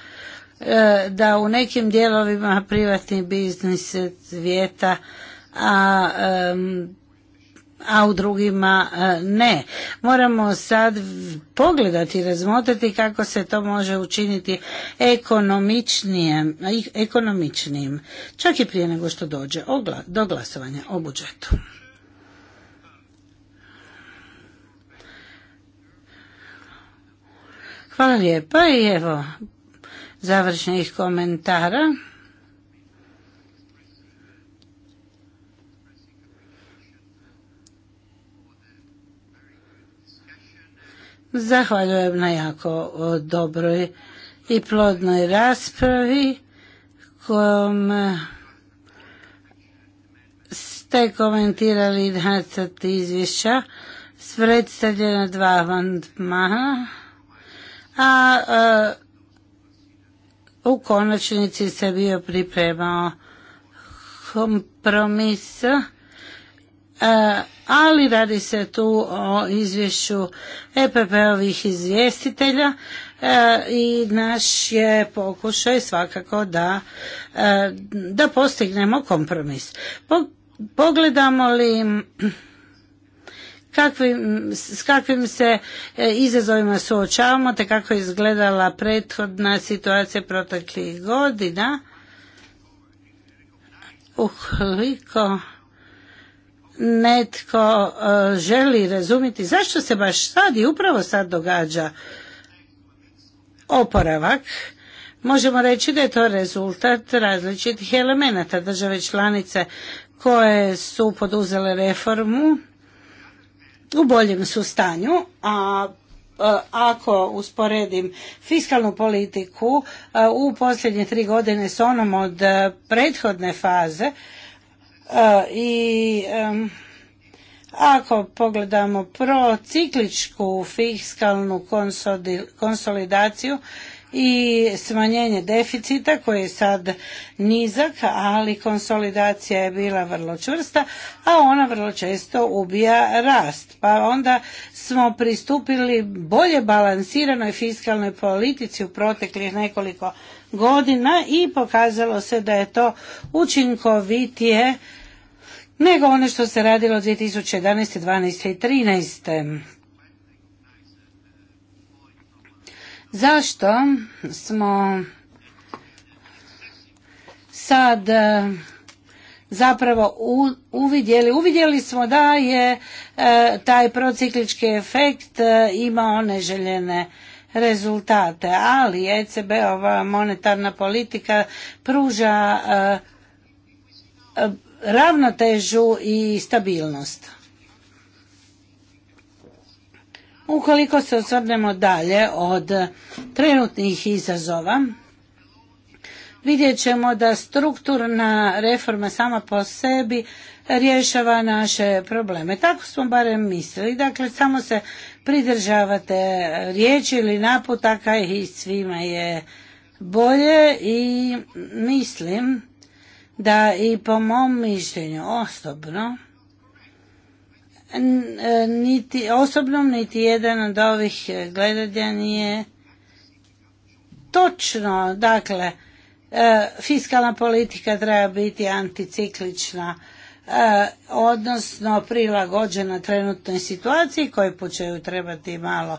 Speaker 1: e, da u nekim dijelovima privatni biznis svijeta a a u drugima e, ne. Moramo sad pogledati i razmotriti kako se to može učiniti ekonomičnijem, ekonomičnijim, čak i prije nego što dođe do glasovanja o budžetu. Hvala lijepa i evo završnih komentara. Zahvaljujem na jako dobroj i plodnoj raspravi kojom e, ste komentirali nacrt izvješća s predstavljena dva van a, a e, u konačnici se bio pripremao kompromis E, ali radi se tu o izvješću EPP-ovih izvjestitelja e, i naš je pokušaj svakako da, e, da postignemo kompromis. Pogledamo li kakvim, s kakvim se izazovima suočavamo te kako je izgledala prethodna situacija proteklih godina, ukoliko netko e, želi razumjeti zašto se baš sad i upravo sad događa oporavak, možemo reći da je to rezultat različitih elemenata države članice koje su poduzele reformu u boljem su stanju, a e, ako usporedim fiskalnu politiku e, u posljednje tri godine s onom od prethodne faze, E, i ako pogledamo procikličku fiskalnu konsolidaciju i smanjenje deficita koji je sad nizak, ali konsolidacija je bila vrlo čvrsta, a ona vrlo često ubija rast. Pa onda smo pristupili bolje balansiranoj fiskalnoj politici u proteklih nekoliko godina i pokazalo se da je to učinkovitije nego ono što se radilo 2011. 12. i 13. Zašto smo sad e, zapravo uvidjeli. Uvidjeli smo da je e, taj prociklički efekt e, imao neželjene rezultate, ali ECB-ova monetarna politika pruža e, e, ravnotežu i stabilnost. Ukoliko se osvrnemo dalje od trenutnih izazova, vidjet ćemo da strukturna reforma sama po sebi rješava naše probleme. Tako smo barem mislili. Dakle, samo se pridržavate riječi ili naputaka i svima je bolje i mislim da i po mom mišljenju osobno e, niti osobno niti jedan od ovih gledanja nije točno dakle e, fiskalna politika treba biti anticiklična E, odnosno prilagođena trenutnoj situaciji koji put će ju trebati malo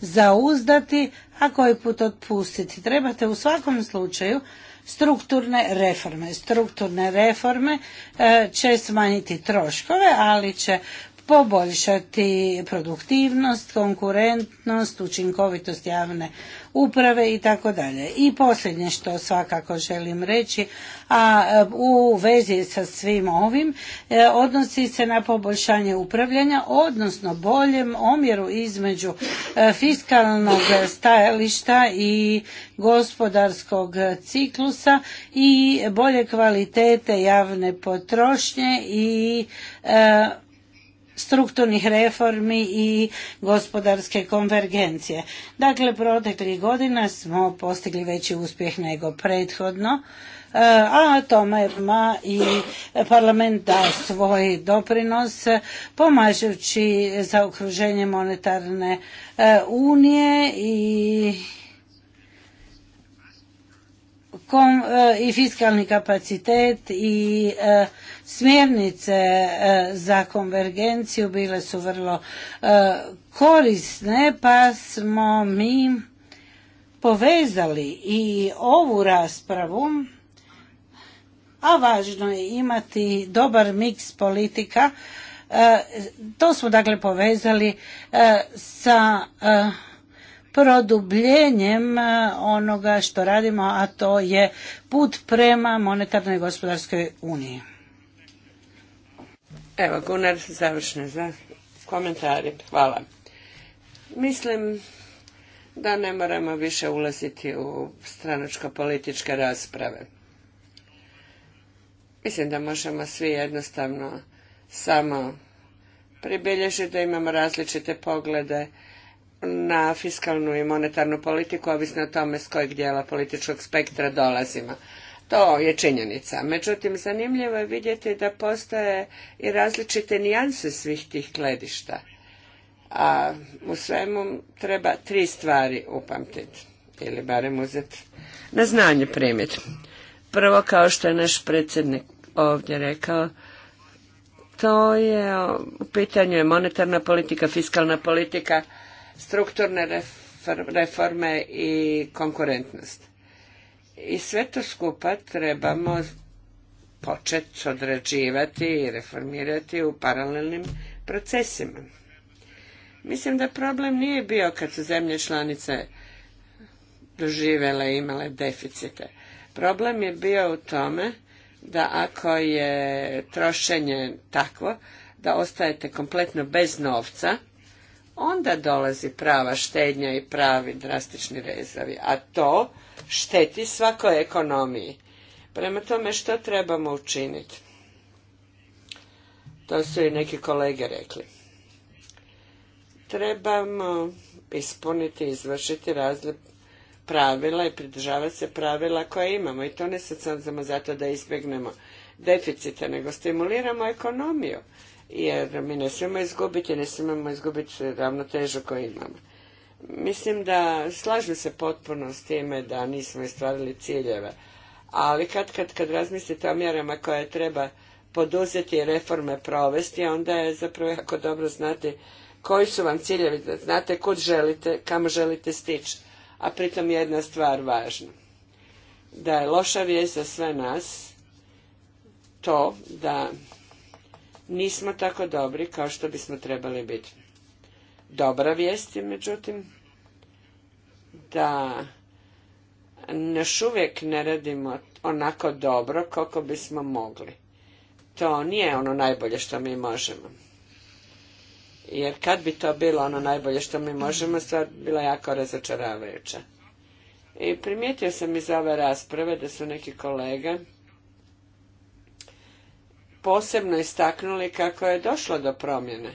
Speaker 1: zauzdati, a koji put otpustiti. Trebate u svakom slučaju strukturne reforme. Strukturne reforme e, će smanjiti troškove, ali će poboljšati produktivnost, konkurentnost, učinkovitost javne uprave i tako dalje. I posljednje što svakako želim reći, a e, u vezi sa svim ovim, e, odnosi se na poboljšanje upravljanja, odnosno boljem omjeru između e, fiskalnog stajališta i gospodarskog ciklusa i bolje kvalitete javne potrošnje i strukturnih reformi i gospodarske konvergencije. Dakle, proteklih godina smo postigli veći uspjeh nego prethodno, e, a tome ma i parlament dao svoj doprinos pomažući za okruženje monetarne e, unije i e, i fiskalni kapacitet i smjernice e, za konvergenciju bile su vrlo e, korisne pa smo mi povezali i ovu raspravu a važno je imati dobar miks politika e, to smo dakle povezali sa produbljenjem onoga što radimo, a to je put prema monetarnoj gospodarskoj uniji.
Speaker 2: Evo, Gunar, završne za komentari. Hvala. Mislim da ne moramo više ulaziti u stranačko-političke rasprave. Mislim da možemo svi jednostavno samo pribilježiti da imamo različite poglede na fiskalnu i monetarnu politiku, ovisno o tome s kojeg dijela političkog spektra dolazimo. To je činjenica. Međutim, zanimljivo je vidjeti da postoje i različite nijanse svih tih gledišta. A u svemu treba tri stvari upamtiti ili barem uzeti na znanje primjet. Prvo, kao što je naš predsjednik ovdje rekao, to je, u pitanju je monetarna politika, fiskalna politika, strukturne reforme i konkurentnost. I sve to skupa trebamo početi određivati i reformirati u paralelnim procesima. Mislim da problem nije bio kad su zemlje članice doživjele i imale deficite. Problem je bio u tome da ako je trošenje takvo da ostajete kompletno bez novca, onda dolazi prava štednja i pravi drastični rezavi. A to šteti svakoj ekonomiji. Prema tome što trebamo učiniti? To su i neki kolege rekli. Trebamo ispuniti, i izvršiti razlip pravila i pridržavati se pravila koja imamo. I to ne sad samo zato da izbjegnemo deficite, nego stimuliramo ekonomiju. Jer mi ne smijemo izgubiti, ne smijemo izgubiti ravnotežu koju imamo. Mislim da slažem se potpuno s time da nismo istvarili ciljeve, ali kad, kad, kad razmislite o mjerama koje treba poduzeti i reforme provesti, onda je zapravo jako dobro znati koji su vam ciljevi, da znate kud želite, kamo želite stići. A pritom je jedna stvar važna. Da je loša vijest za sve nas to da nismo tako dobri kao što bismo trebali biti. Dobra vijest je, međutim, da još uvijek ne radimo onako dobro koliko bismo mogli. To nije ono najbolje što mi možemo. Jer kad bi to bilo ono najbolje što mi možemo, stvar bila jako razočaravajuća. I primijetio sam iz ove rasprave da su neki kolega posebno istaknuli kako je došlo do promjene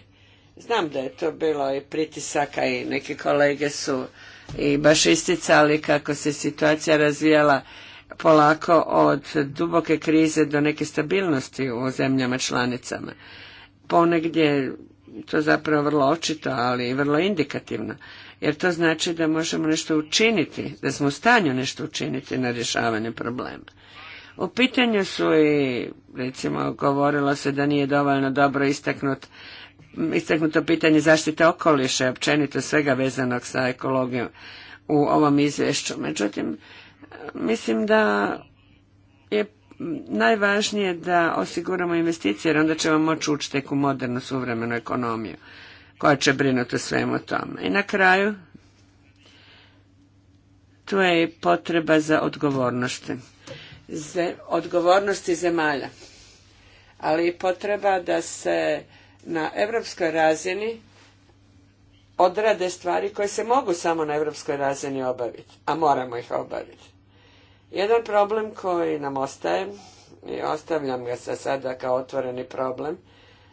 Speaker 2: Znam da je to bilo i pritisaka i neki kolege su i baš isticali kako se situacija razvijala polako od duboke krize do neke stabilnosti u zemljama članicama. Ponegdje to zapravo vrlo očito, ali i vrlo indikativno, jer to znači da možemo nešto učiniti, da smo u stanju nešto učiniti na rješavanje problema. U pitanju su i, recimo, govorilo se da nije dovoljno dobro istaknut istaknuto pitanje zaštite okoliša i općenito svega vezanog sa ekologijom u ovom izvješću. Međutim, mislim da je najvažnije da osiguramo investicije jer onda ćemo moći ući tek u modernu suvremenu ekonomiju koja će brinuti o svemu tome. I na kraju, tu je potreba za odgovornosti. odgovornosti zemalja. Ali i potreba da se na europskoj razini odrade stvari koje se mogu samo na europskoj razini obaviti, a moramo ih obaviti. Jedan problem koji nam ostaje, i ostavljam ga sa sada kao otvoreni problem,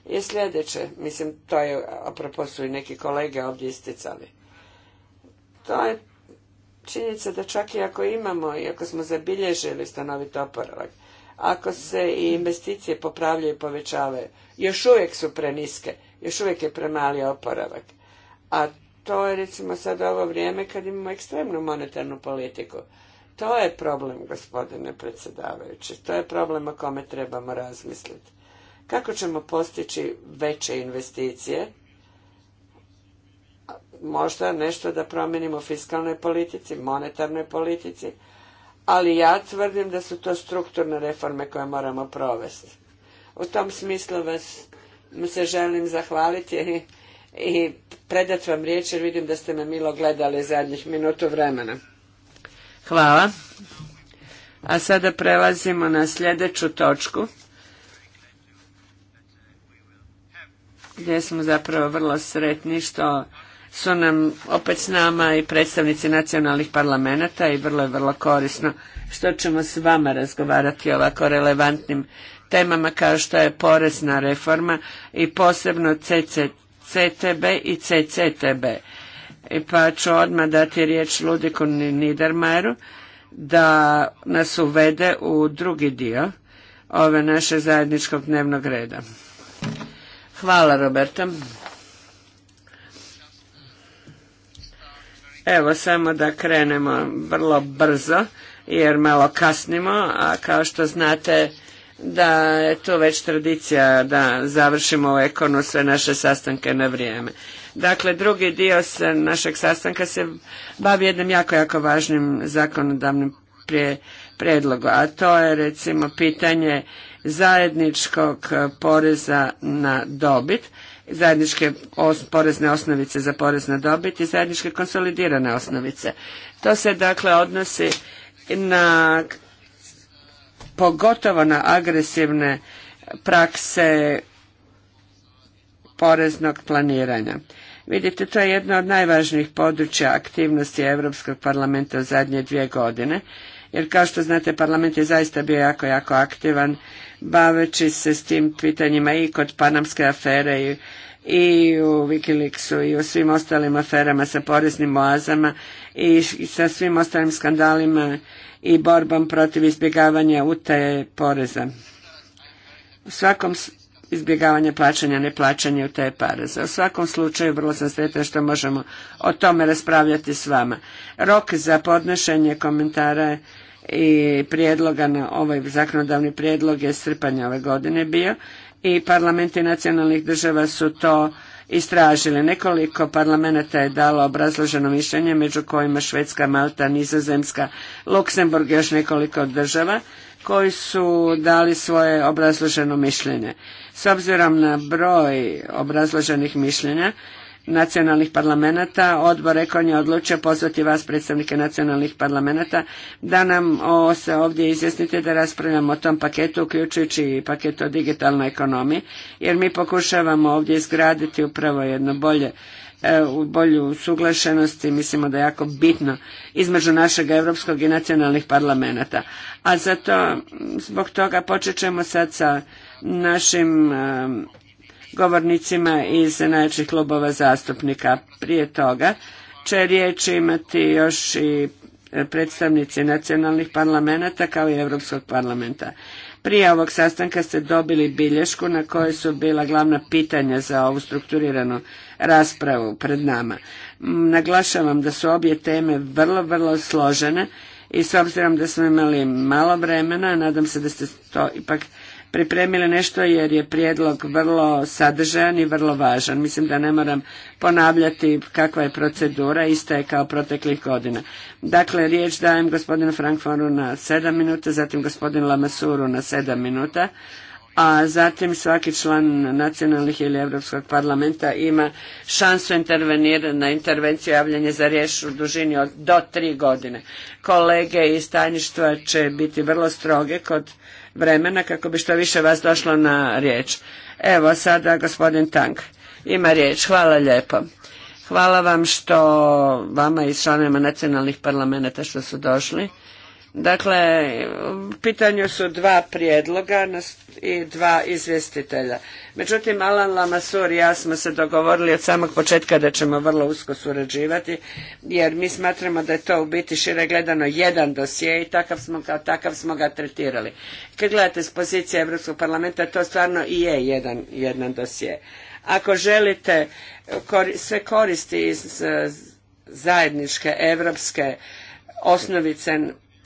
Speaker 2: je sljedeće. Mislim, to je, apropo su i neki kolege ovdje isticali. To je činjenica da čak i ako imamo i ako smo zabilježili stanovit oporavak, ako se i investicije popravljaju i povećavaju, još uvijek su preniske, još uvijek je premali oporavak. A to je recimo sad ovo vrijeme kad imamo ekstremnu monetarnu politiku. To je problem, gospodine predsjedavajući. To je problem o kome trebamo razmisliti. Kako ćemo postići veće investicije? Možda nešto da promijenimo u fiskalnoj politici, monetarnoj politici, ali ja tvrdim da su to strukturne reforme koje moramo provesti. U tom smislu vas se želim zahvaliti i predat vam riječ jer vidim da ste me milo gledali zadnjih minutu vremena. Hvala. A sada prelazimo na sljedeću točku gdje smo zapravo vrlo sretni što su nam opet s nama i predstavnici nacionalnih parlamenta i vrlo je vrlo korisno što ćemo s vama razgovarati o ovako relevantnim temama kao što je porezna reforma i posebno CCTB i CCTB. Pa ću odmah dati riječ Ludiku Niedermajeru da nas uvede u drugi dio ove naše zajedničkog dnevnog reda. Hvala Roberta. Evo samo da krenemo vrlo brzo jer malo kasnimo, a kao što znate da je to već tradicija da završimo u Ekonu sve naše sastanke na vrijeme. Dakle, drugi dio se, našeg sastanka se bavi jednim jako, jako važnim zakonodavnim prije a to je recimo pitanje zajedničkog poreza na dobit, zajedničke porezne osnovice za porez na dobit i zajedničke konsolidirane osnovice. To se dakle odnosi na pogotovo na agresivne prakse poreznog planiranja. Vidite, to je jedno od najvažnijih područja aktivnosti Europskog parlamenta u zadnje dvije godine, jer kao što znate parlament je zaista bio jako, jako aktivan, baveći se s tim pitanjima i kod panamske afere i, u Wikileaksu i u svim ostalim aferama sa poreznim oazama i sa svim ostalim skandalima i borbom protiv izbjegavanja utaje poreza. U svakom izbjegavanje plaćanja, neplaćanja utaje poreza. U svakom slučaju vrlo sam sretan što možemo o tome raspravljati s vama. Rok za podnošenje komentara i prijedloga na ovaj zakonodavni prijedlog je srpanj ove godine bio i parlamenti nacionalnih država su to istražili. Nekoliko parlamenta je dalo obrazloženo mišljenje, među kojima Švedska, Malta, Nizozemska, Luksemburg i još nekoliko država koji su dali svoje obrazloženo mišljenje. S obzirom na broj obrazloženih mišljenja, nacionalnih parlamenta, odbor Ekon je odlučio pozvati vas predstavnike nacionalnih parlamenta da nam o, se ovdje izjasnite da raspravljamo o tom paketu, uključujući i paket o digitalnoj ekonomiji, jer mi pokušavamo ovdje izgraditi upravo jedno bolje e, u bolju suglašenosti i mislimo da je jako bitno između našeg europskog i nacionalnih parlamenta. A zato, zbog toga počet ćemo sad sa našim govornicima iz najjačih klubova zastupnika. Prije toga će riječ imati još i predstavnici nacionalnih parlamenta kao i Europskog parlamenta. Prije ovog sastanka ste dobili bilješku na kojoj su bila glavna pitanja za ovu strukturiranu raspravu pred nama. Naglašavam da su obje teme vrlo, vrlo složene i s obzirom da smo imali malo vremena, nadam se da ste to ipak pripremili nešto jer je prijedlog vrlo sadržajan i vrlo važan. Mislim da ne moram ponavljati kakva je procedura, ista je kao proteklih godina. Dakle, riječ dajem gospodinu frankfuru na sedam minuta, zatim gospodinu Lamasuru na sedam minuta, a zatim svaki član nacionalnih ili Europskog parlamenta ima šansu intervenirati na intervenciju javljanje za riješ u dužini do tri godine. Kolege iz tajništva će biti vrlo stroge kod vremena kako bi što više vas došlo na riječ. Evo sada gospodin Tank ima riječ. Hvala lijepo. Hvala vam što vama i članovima nacionalnih parlamenta što su došli Dakle, u pitanju su dva prijedloga i dva izvjestitelja. Međutim, Alan Lamassur i ja smo se dogovorili od samog početka da ćemo vrlo usko surađivati, jer mi smatramo da je to u biti šire gledano jedan dosje i takav smo, takav smo ga tretirali. Kad gledate s pozicije Europskog parlamenta, to stvarno i je jedan, jedan dosje. Ako želite sve koristi iz zajedničke europske osnovice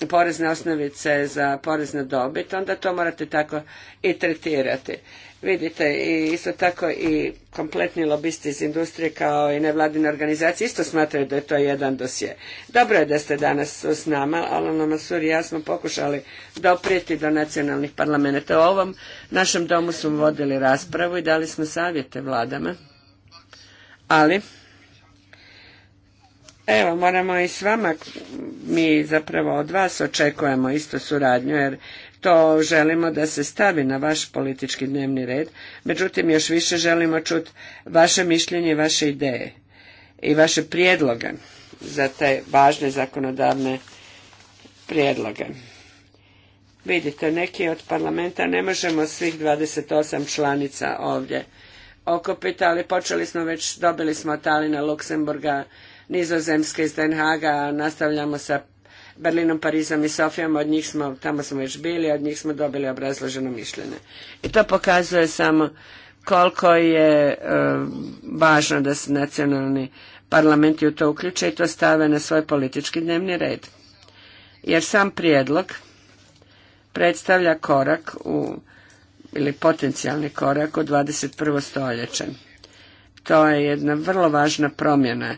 Speaker 2: porezne osnovice za porez na dobit, onda to morate tako i tretirati. Vidite, i isto tako i kompletni lobisti iz industrije kao i nevladine organizacije isto smatraju da je to jedan dosje. Dobro je da ste danas s nama, Alana Masur i ja smo pokušali doprijeti do nacionalnih parlamenta. U ovom našem domu smo vodili raspravu i dali smo savjete vladama, ali Evo, moramo i s vama, mi zapravo od vas očekujemo isto suradnju, jer to želimo da se stavi na vaš politički dnevni red, međutim još više želimo čuti vaše mišljenje i vaše ideje i vaše prijedloge za te važne zakonodavne prijedloge. Vidite, neki od parlamenta ne možemo svih 28 članica ovdje okupiti, ali počeli smo već, dobili smo Talina, Luksemburga, Nizozemske iz Den nastavljamo sa Berlinom, Parizom i Sofijom, od njih smo, tamo smo već bili, od njih smo dobili obrazloženo mišljenje. I to pokazuje samo koliko je e, važno da se nacionalni parlamenti u to uključe i to stave na svoj politički dnevni red. Jer sam prijedlog predstavlja korak u, ili potencijalni korak u 21. stoljeće. To je jedna vrlo važna promjena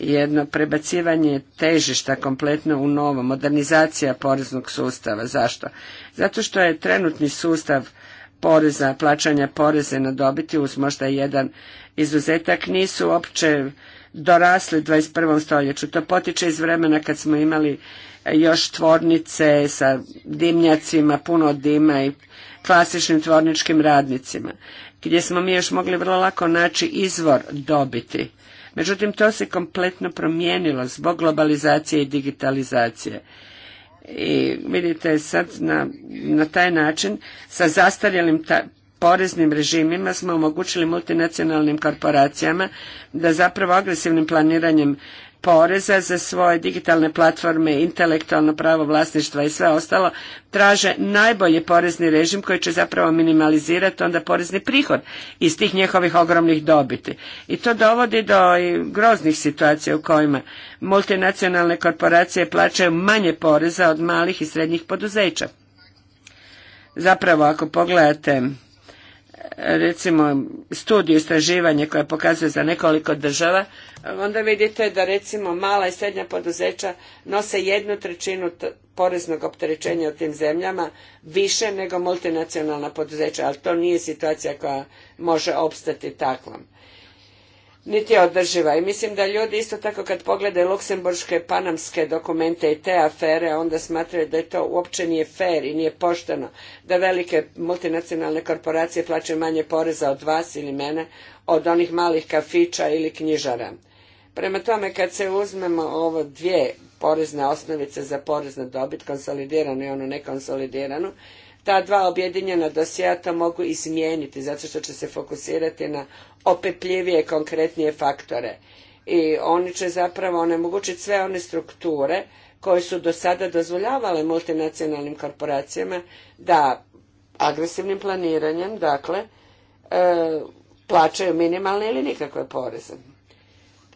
Speaker 2: jedno prebacivanje težišta kompletno u novo, modernizacija poreznog sustava. Zašto? Zato što je trenutni sustav poreza, plaćanja poreze na dobiti uz možda jedan izuzetak nisu uopće dorasli 21. stoljeću. To potiče iz vremena kad smo imali još tvornice sa dimnjacima, puno dima i klasičnim tvorničkim radnicima, gdje smo mi još mogli vrlo lako naći izvor dobiti Međutim, to se kompletno promijenilo zbog globalizacije i digitalizacije. I vidite sad na, taj način sa zastarjelim poreznim režimima smo omogućili multinacionalnim korporacijama da zapravo agresivnim planiranjem poreza za svoje digitalne platforme, intelektualno pravo vlasništva i sve ostalo, traže najbolji porezni režim koji će zapravo minimalizirati onda porezni prihod iz tih njihovih ogromnih dobiti. I to dovodi do groznih situacija u kojima multinacionalne korporacije plaćaju manje poreza od malih i srednjih poduzeća. Zapravo, ako pogledate recimo studiju istraživanja koje pokazuje za nekoliko država, onda vidite da recimo mala i srednja poduzeća nose jednu trećinu poreznog opterećenja u tim zemljama više nego multinacionalna poduzeća, ali to nije situacija koja može opstati takvom niti je održiva. I mislim da ljudi isto tako kad pogledaju luksemburške, panamske dokumente i te afere, onda smatraju da to uopće nije fair i nije pošteno da velike multinacionalne korporacije plaćaju manje poreza od vas ili mene, od onih malih kafića ili knjižara. Prema tome, kad se uzmemo ovo dvije porezne osnovice za porez na dobit, konsolidiranu i onu nekonsolidiranu, ta dva objedinjena dosjea to mogu izmijeniti zato što će se fokusirati na opetljivije, konkretnije faktore. I oni će zapravo onemogućiti sve one strukture koje su do sada dozvoljavale multinacionalnim korporacijama da agresivnim planiranjem, dakle, e, plaćaju minimalne ili nikakve poreze.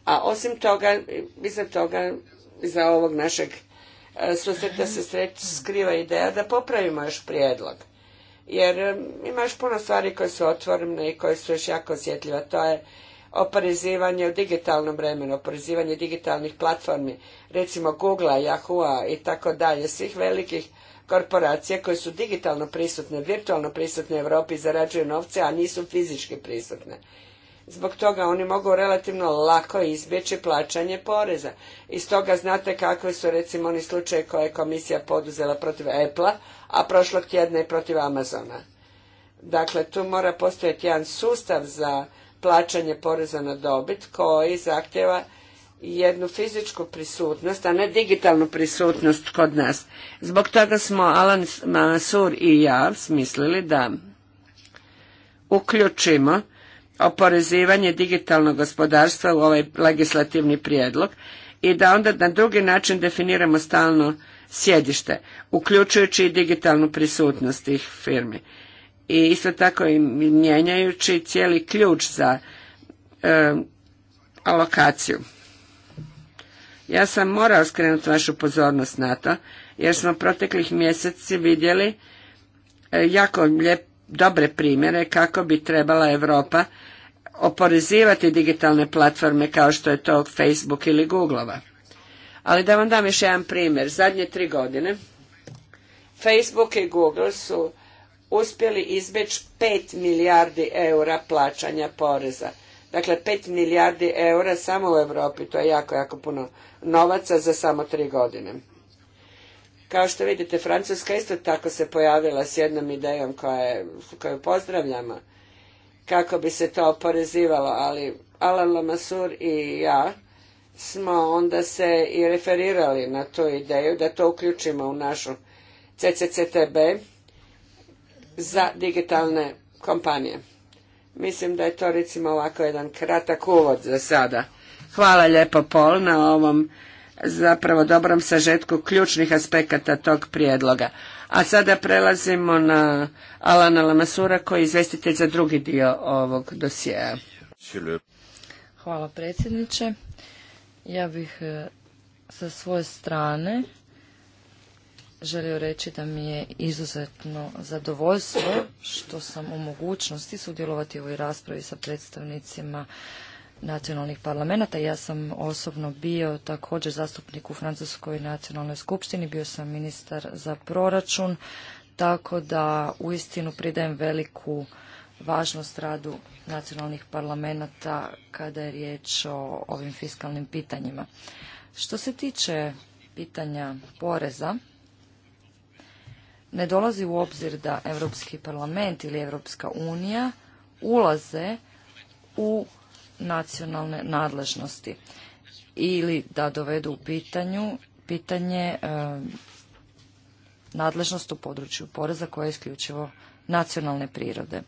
Speaker 2: A osim toga, iza toga, ovog našeg da se sreć, skriva ideja da popravimo još prijedlog. Jer ima još puno stvari koje su otvorene i koje su još jako osjetljive. To je oporezivanje u digitalnom vremenu, oporezivanje digitalnih platformi, recimo google yahoo i tako dalje, svih velikih korporacija koje su digitalno prisutne, virtualno prisutne u Europi zarađuju novce, a nisu fizički prisutne. Zbog toga oni mogu relativno lako izbjeći plaćanje poreza. I stoga znate kakve su recimo oni slučaje koje je komisija poduzela protiv Apple-a, a prošlog tjedna i protiv Amazona. Dakle, tu mora postojati jedan sustav za plaćanje poreza na dobit koji zahtjeva jednu fizičku prisutnost, a ne digitalnu prisutnost kod nas. Zbog toga smo Alan Masur i ja smislili da uključimo oporezivanje digitalnog gospodarstva u ovaj legislativni prijedlog i da onda na drugi način definiramo stalno sjedište, uključujući i digitalnu prisutnost tih firmi. I isto tako i mijenjajući cijeli ključ za alokaciju. Ja sam morao skrenuti vašu pozornost na to, jer smo proteklih mjeseci vidjeli e, jako lijep, dobre primjere kako bi trebala Europa oporezivati digitalne platforme kao što je to Facebook ili Googleova. Ali da vam dam još jedan primjer. Zadnje tri godine Facebook i Google su uspjeli izbjeći 5 milijardi eura plaćanja poreza. Dakle, 5 milijardi eura samo u Europi. To je jako, jako puno novaca za samo tri godine. Kao što vidite, Francuska isto tako se pojavila s jednom idejom koja koju pozdravljamo kako bi se to oporezivalo, ali Alan Lamassur i ja smo onda se i referirali na tu ideju da to uključimo u našu CCCTB za digitalne kompanije. Mislim da je to recimo ovako jedan kratak uvod za sada. Hvala lijepo Pol na ovom zapravo dobrom sažetku ključnih aspekata tog prijedloga. A sada prelazimo na Alana Lamasura koji je izvestitelj za drugi dio ovog dosjeja.
Speaker 3: Hvala predsjedniče. Ja bih e, sa svoje strane želio reći da mi je izuzetno zadovoljstvo što sam u mogućnosti sudjelovati u ovoj raspravi sa predstavnicima nacionalnih parlamenta. Ja sam osobno bio također zastupnik u Francuskoj nacionalnoj skupštini, bio sam ministar za proračun, tako da uistinu pridajem veliku važnost radu nacionalnih parlamenta kada je riječ o ovim fiskalnim pitanjima. Što se tiče pitanja poreza, ne dolazi u obzir da Europski parlament ili Europska unija ulaze u nacionalne nadležnosti ili da dovedu u pitanju pitanje e, nadležnost u području poreza koja je isključivo nacionalne prirode.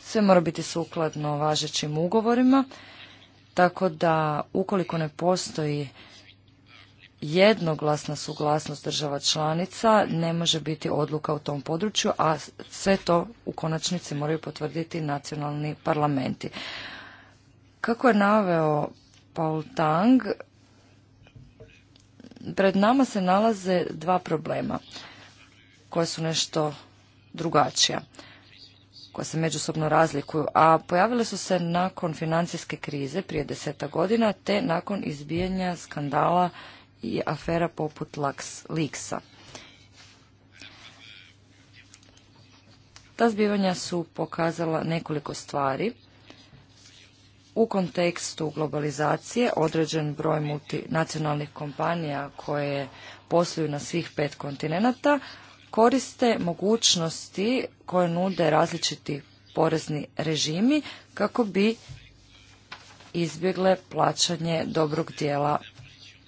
Speaker 3: Sve mora biti sukladno važećim ugovorima, tako da ukoliko ne postoji jednoglasna suglasnost država članica ne može biti odluka u tom području, a sve to u konačnici moraju potvrditi nacionalni parlamenti. Kako je naveo Paul Tang, pred nama se nalaze dva problema koja su nešto drugačija, koja se međusobno razlikuju, a pojavile su se nakon financijske krize prije deseta godina, te nakon izbijanja skandala i afera poput Lux Leaksa. Ta zbivanja su pokazala nekoliko stvari. U kontekstu globalizacije određen broj multinacionalnih kompanija koje posluju na svih pet kontinenata koriste mogućnosti koje nude različiti porezni režimi kako bi izbjegle plaćanje dobrog dijela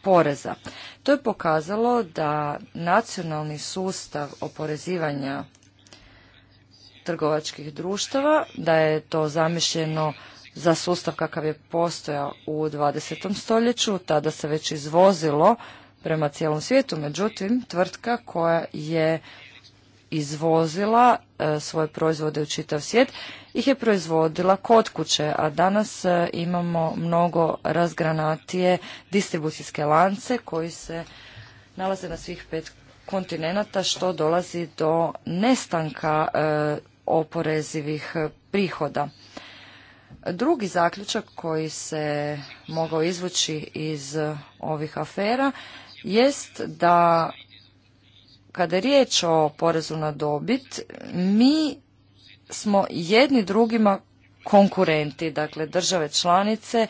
Speaker 3: poreza. To je pokazalo da nacionalni sustav oporezivanja trgovačkih društava, da je to zamišljeno za sustav kakav je postojao u 20. stoljeću, tada se već izvozilo prema cijelom svijetu, međutim tvrtka koja je izvozila e, svoje proizvode u čitav svijet, ih je proizvodila kod kuće, a danas e, imamo mnogo razgranatije distribucijske lance koji se nalaze na svih pet kontinenta, što dolazi do nestanka e, oporezivih prihoda. Drugi zaključak koji se mogao izvući iz ovih afera jest da kada je riječ o porezu na dobit, mi smo jedni drugima konkurenti, dakle države članice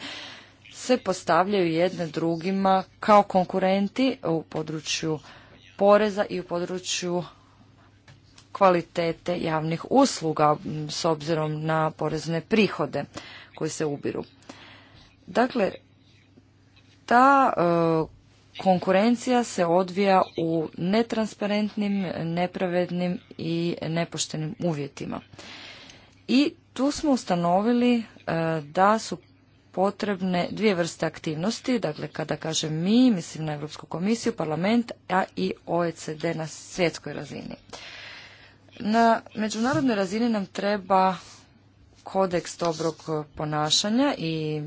Speaker 3: se postavljaju jedne drugima kao konkurenti u području poreza i u području kvalitete javnih usluga s obzirom na porezne prihode koji se ubiru. Dakle, ta e, Konkurencija se odvija u netransparentnim, nepravednim i nepoštenim uvjetima. I tu smo ustanovili e, da su potrebne dvije vrste aktivnosti, dakle kada kažem mi, mislim na Europsku komisiju, parlament, a i OECD na svjetskoj razini. Na međunarodnoj razini nam treba kodeks dobrog ponašanja i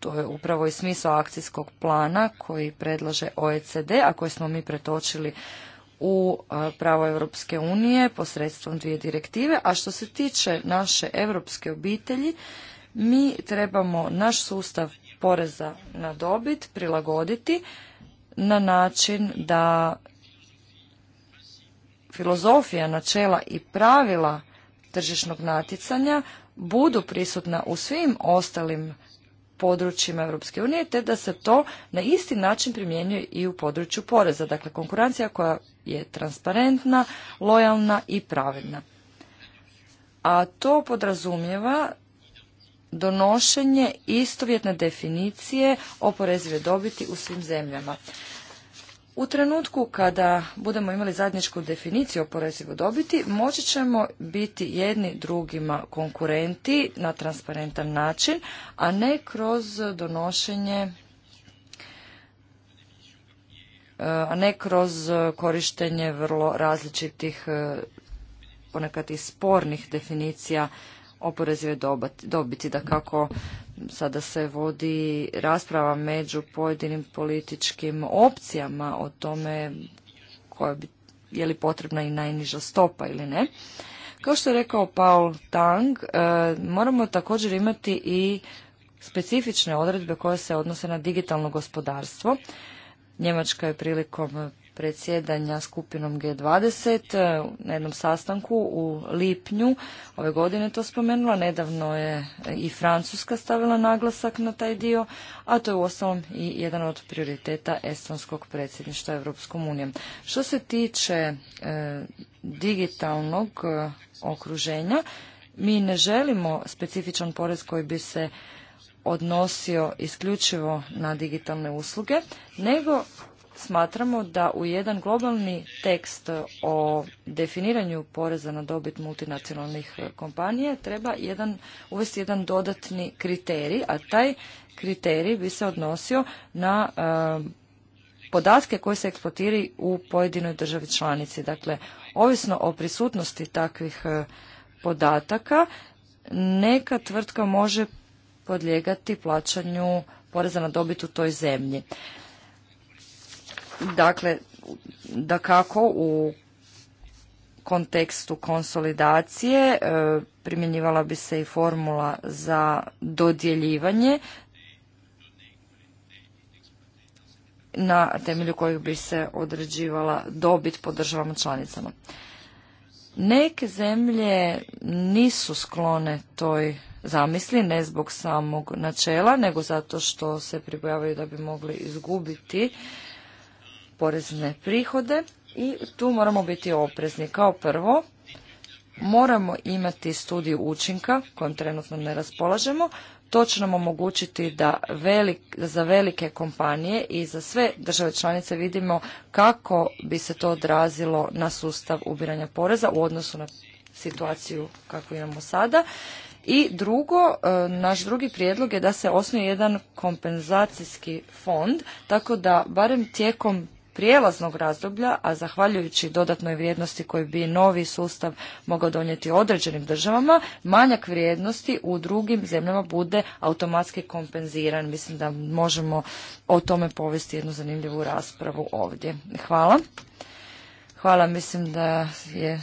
Speaker 3: to je upravo i smisao akcijskog plana koji predlaže OECD, a koji smo mi pretočili u e, pravo Europske unije posredstvom dvije direktive. A što se tiče naše europske obitelji, mi trebamo naš sustav poreza na dobit prilagoditi na način da filozofija, načela i pravila tržišnog naticanja budu prisutna u svim ostalim područjima Europske unije, te da se to na isti način primjenjuje i u području poreza. Dakle, konkurencija koja je transparentna, lojalna i pravedna. A to podrazumijeva donošenje istovjetne definicije oporezive dobiti u svim zemljama. U trenutku kada budemo imali zajedničku definiciju oporezivo dobiti, moći ćemo biti jedni drugima konkurenti na transparentan način, a ne kroz donošenje a ne kroz korištenje vrlo različitih e, ponekad i spornih definicija oporezive dobiti, da kako sada se vodi rasprava među pojedinim političkim opcijama o tome koja bi, je li potrebna i najniža stopa ili ne. Kao što je rekao Paul Tang, e, moramo također imati i specifične odredbe koje se odnose na digitalno gospodarstvo. Njemačka je prilikom predsjedanja skupinom G20 e, na jednom sastanku u lipnju ove godine to spomenula. Nedavno je e, i Francuska stavila naglasak na taj dio, a to je uostalom i jedan od prioriteta estonskog predsjedništva Europskom unijom. Što se tiče e, digitalnog okruženja, mi ne želimo specifičan porez koji bi se odnosio isključivo na digitalne usluge, nego smatramo da u jedan globalni tekst o definiranju poreza na dobit multinacionalnih e, kompanija treba jedan, uvesti jedan dodatni kriterij, a taj kriterij bi se odnosio na e, podatke koje se eksploatiraju u pojedinoj državi članici. Dakle, ovisno o prisutnosti takvih e, podataka, neka tvrtka može podlijegati plaćanju poreza na dobit u toj zemlji. Dakle, da kako u kontekstu konsolidacije e, primjenjivala bi se i formula za dodjeljivanje na temelju kojih bi se određivala dobit po državama članicama. Neke zemlje nisu sklone toj zamisli, ne zbog samog načela, nego zato što se pribojavaju da bi mogli izgubiti porezne prihode i tu moramo biti oprezni. Kao prvo, moramo imati studiju učinka kojom trenutno ne raspolažemo. To će nam omogućiti da za velike kompanije i za sve države članice vidimo kako bi se to odrazilo na sustav ubiranja poreza u odnosu na situaciju kakvu imamo sada. I drugo, e, naš drugi prijedlog je da se osnuje jedan kompenzacijski fond, tako da barem tijekom prijelaznog razdoblja, a zahvaljujući dodatnoj vrijednosti koju bi novi sustav mogao donijeti određenim državama, manjak vrijednosti u drugim zemljama bude automatski kompenziran. Mislim da možemo o tome povesti jednu zanimljivu raspravu ovdje. Hvala. Hvala, mislim da je e,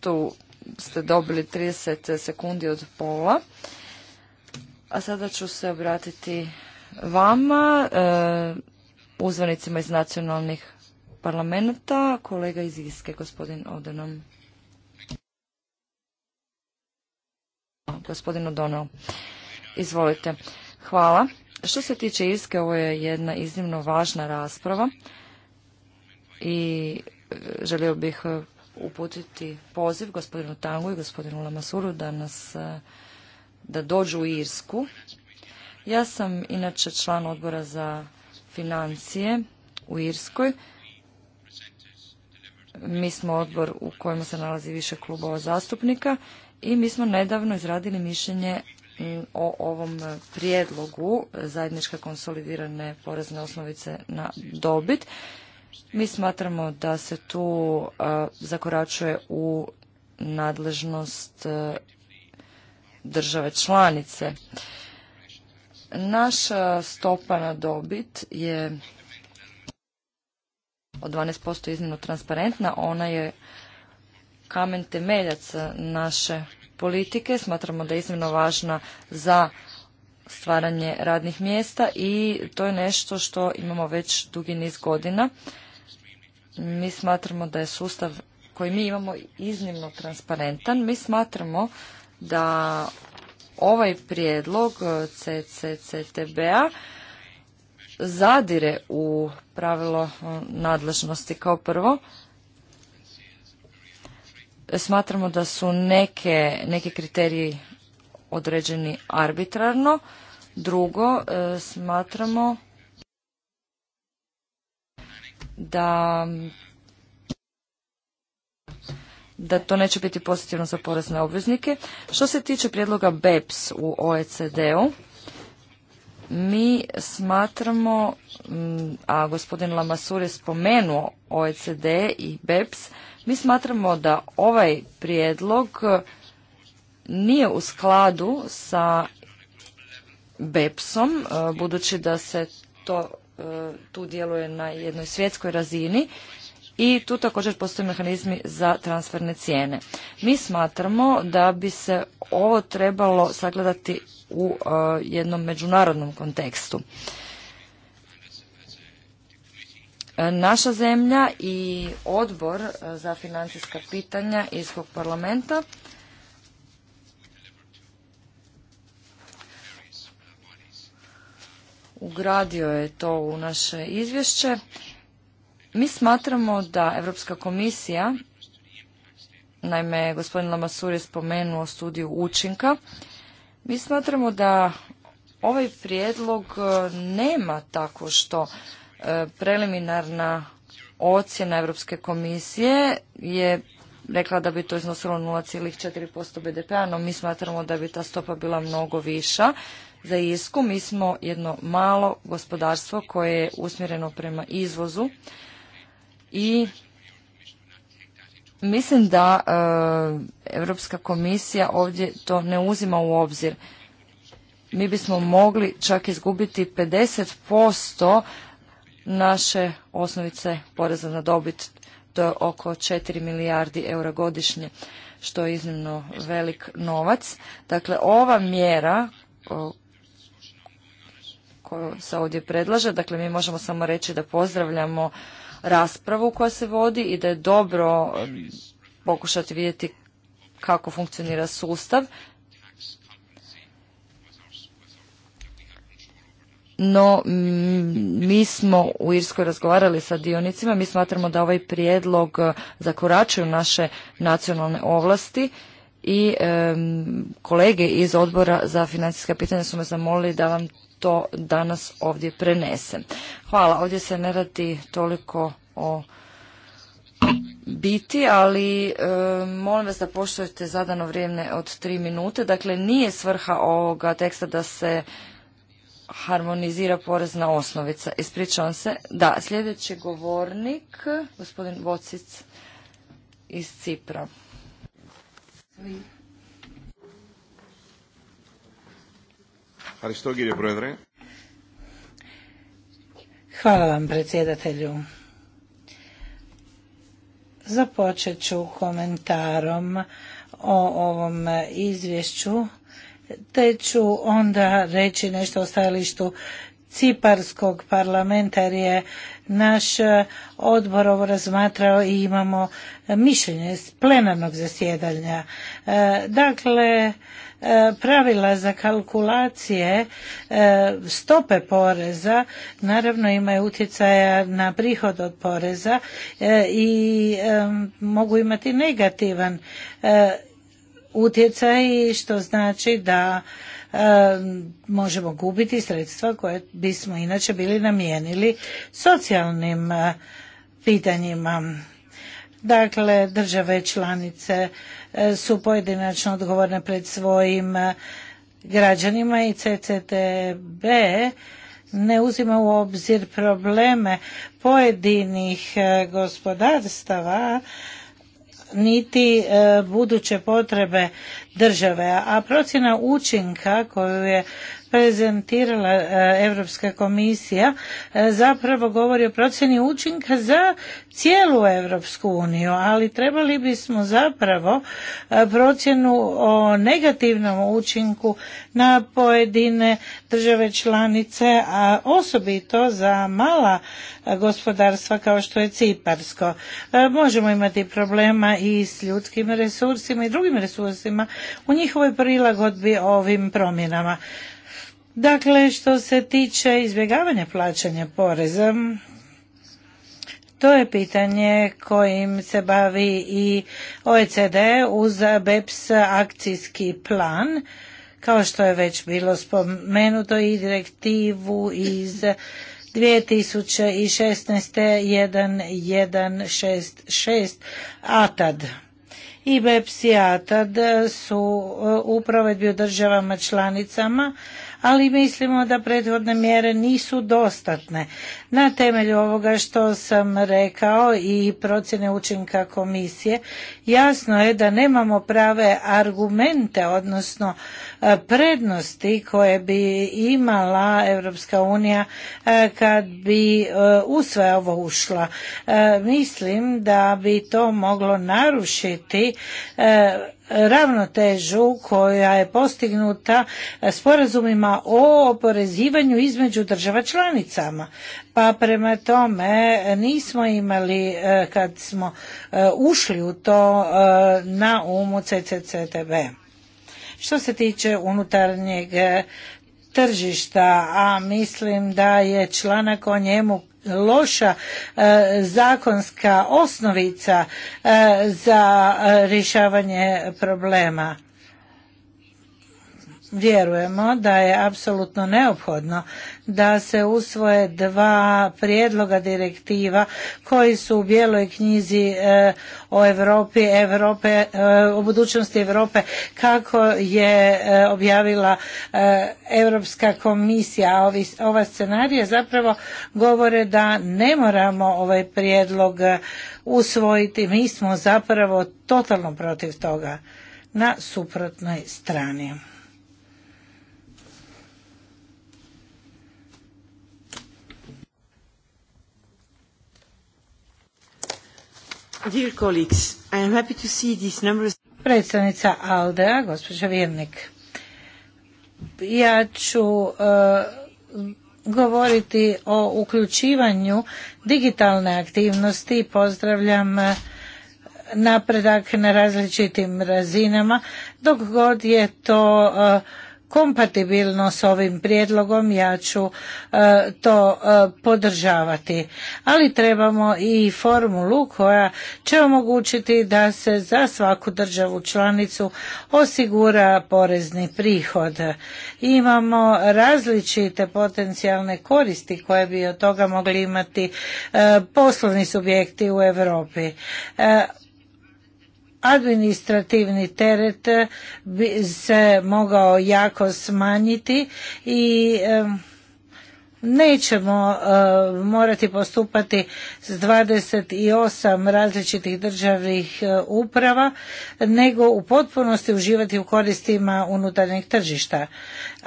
Speaker 3: tu ste dobili 30 sekundi od pola. A sada ću se obratiti vama. E, uzvanicima iz nacionalnih parlamenta. Kolega iz Iske, gospodin Odenom. Gospodin O'Donnell, izvolite. Hvala. Što se tiče Irske, ovo je jedna iznimno važna rasprava i e, želio bih e, uputiti poziv gospodinu Tangu i gospodinu Lamasuru da nas e, da dođu u Irsku. Ja sam inače član odbora za financije u Irskoj. Mi smo odbor u kojem se nalazi više klubova zastupnika i mi smo nedavno izradili mišljenje mm, o ovom prijedlogu zajedničke konsolidirane porezne osnovice na dobit. Mi smatramo da se tu e, zakoračuje u nadležnost e, države članice. Naša e, stopa na dobit je od 12% iznimno transparentna. Ona je kamen temeljac naše politike. Smatramo da je iznimno važna za stvaranje radnih mjesta i to je nešto što imamo već dugi niz godina. Mi smatramo da je sustav koji mi imamo iznimno transparentan. Mi smatramo da ovaj prijedlog e, CCCTB-a zadire u pravilo e, nadležnosti kao prvo. Smatramo da su neke, neke kriteriji određeni arbitrarno. Drugo, e, smatramo da da to neće biti pozitivno za porezne obveznike. Što se tiče prijedloga BEPS u OECD-u, mi smatramo, a gospodin Lamasur je spomenuo OECD i BEPS, mi smatramo da ovaj prijedlog nije u skladu sa BEPS-om, e, budući da se to e, tu djeluje na jednoj svjetskoj razini i tu također postoje mehanizmi za transferne cijene. Mi smatramo da bi se ovo trebalo sagledati u e, jednom međunarodnom kontekstu. E, naša zemlja i odbor e, za financijska pitanja Iskog parlamenta ugradio je to u naše izvješće mi smatramo da Europska komisija, naime gospodin Lamasur je spomenuo studiju učinka, mi smatramo da ovaj prijedlog e, nema tako što e, preliminarna ocjena Europske komisije je rekla da bi to iznosilo 0,4% BDP-a, no mi smatramo da bi ta stopa bila mnogo viša. Za isku. mi smo jedno malo gospodarstvo koje je usmjereno prema izvozu, i mislim da e, Europska komisija ovdje to ne uzima u obzir. Mi bismo mogli čak izgubiti 50% naše osnovice poreza na dobit. To je oko 4 milijardi eura godišnje, što je iznimno velik novac. Dakle, ova mjera koju se ovdje predlaže, dakle mi možemo samo reći da pozdravljamo raspravu koja se vodi i da je dobro um, pokušati vidjeti kako funkcionira sustav. No, mi smo u Irskoj razgovarali sa dionicima, mi smatramo da ovaj prijedlog uh, zakoračuje naše nacionalne ovlasti i um, kolege iz odbora za financijska pitanja su me zamolili da vam to danas ovdje prenesem. Hvala, ovdje se ne radi toliko o biti, ali e, molim vas da poštujete zadano vrijeme od tri minute. Dakle, nije svrha ovoga teksta da se harmonizira porezna osnovica. Ispričavam se. Da, sljedeći govornik, gospodin Vocic iz Cipra.
Speaker 1: Hvala vam predsjedatelju. Započet ću komentarom o ovom izvješću te ću onda reći nešto o stajalištu Ciparskog parlamenta je naš e, odbor ovo razmatrao i imamo e, mišljenje s plenarnog zasjedanja. E, dakle, pravila za kalkulacije stope poreza naravno imaju utjecaja na prihod od poreza i mogu imati negativan utjecaj što znači da možemo gubiti sredstva koje bismo inače bili namijenili socijalnim eh, pitanjima. Dakle, države članice eh, su pojedinačno odgovorne pred svojim eh, građanima i CCTB ne uzima u obzir probleme pojedinih gospodarstava niti buduće potrebe države. A procjena učinka koju je prezentirala e, Europska komisija e, zapravo govori o procjeni učinka za cijelu Europsku uniju, ali trebali bismo zapravo e, procjenu o negativnom učinku na pojedine države članice, a osobito za mala gospodarstva kao što je Ciparsko. Možemo imati problema i s ljudskim resursima i drugim resursima u njihovoj prilagodbi ovim promjenama. Dakle, što se tiče izbjegavanja plaćanja poreza, to je pitanje kojim se bavi i OECD uz BEPS akcijski plan, kao što je već bilo spomenuto i direktivu iz 2016. 1166 ATAD i BEPS su e, u provedbi u državama članicama, ali mislimo da prethodne mjere nisu dostatne. Na temelju ovoga što sam rekao i procjene učinka komisije, jasno je da nemamo prave argumente, odnosno e, prednosti koje bi imala Europska unija e, kad bi e, u sve ovo ušla. Mislim da bi to moglo narušiti ravnotežu koja je postignuta sporazumima o oporezivanju između država članicama pa prema tome nismo imali e, kad smo e, ušli u to e, na umu CCCTB. Što se tiče unutarnjeg tržišta, a mislim da je članak o njemu loša zakonska osnovica za rješavanje problema vjerujemo da je apsolutno neophodno da se usvoje dva prijedloga direktiva koji su u bijeloj knjizi eh, o Europi, Europe, eh, o budućnosti Europe kako je eh, objavila Europska komisija. Ovi, ova scenarija zapravo govore da ne moramo ovaj prijedlog usvojiti. Mi smo zapravo totalno protiv toga na suprotnoj strani. Dear colleagues, I gospođa Vjernik. Ja ću e, govoriti o uključivanju digitalne aktivnosti pozdravljam e, napredak na različitim razinama dok god je to e, kompatibilno s ovim prijedlogom ja ću e, to e, podržavati ali trebamo i formulu koja će omogućiti da se za svaku državu članicu osigura porezni prihod imamo različite potencijalne koristi koje bi od toga mogli imati e, poslovni subjekti u Europi administrativni teret bi se mogao jako smanjiti i nećemo e, morati postupati s 28 različitih državnih e, uprava, nego u potpunosti uživati u koristima unutarnjeg tržišta.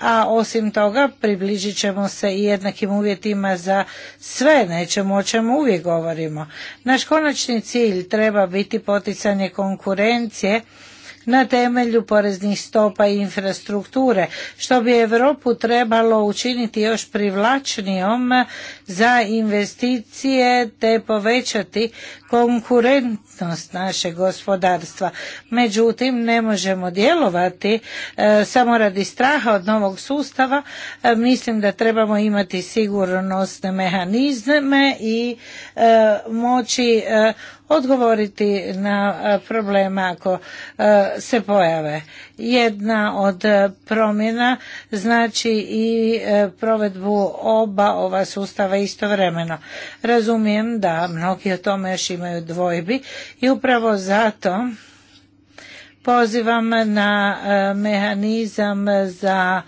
Speaker 1: A osim toga, približit ćemo se i jednakim uvjetima za sve nečemu o čemu uvijek govorimo. Naš konačni cilj treba biti poticanje konkurencije na temelju poreznih stopa i infrastrukture, što bi Europu trebalo učiniti još privlačnijom za investicije te povećati konkurentnost našeg gospodarstva. Međutim, ne možemo djelovati e, samo radi straha od novog sustava. E, mislim da trebamo imati sigurnosne mehanizme i e, moći odgovoriti na e, probleme ako e, se pojave. Jedna od e, promjena znači i provedbu oba ova sustava istovremeno. Razumijem da mnogi o tome još imaju dvojbi i upravo zato pozivam na mehanizam za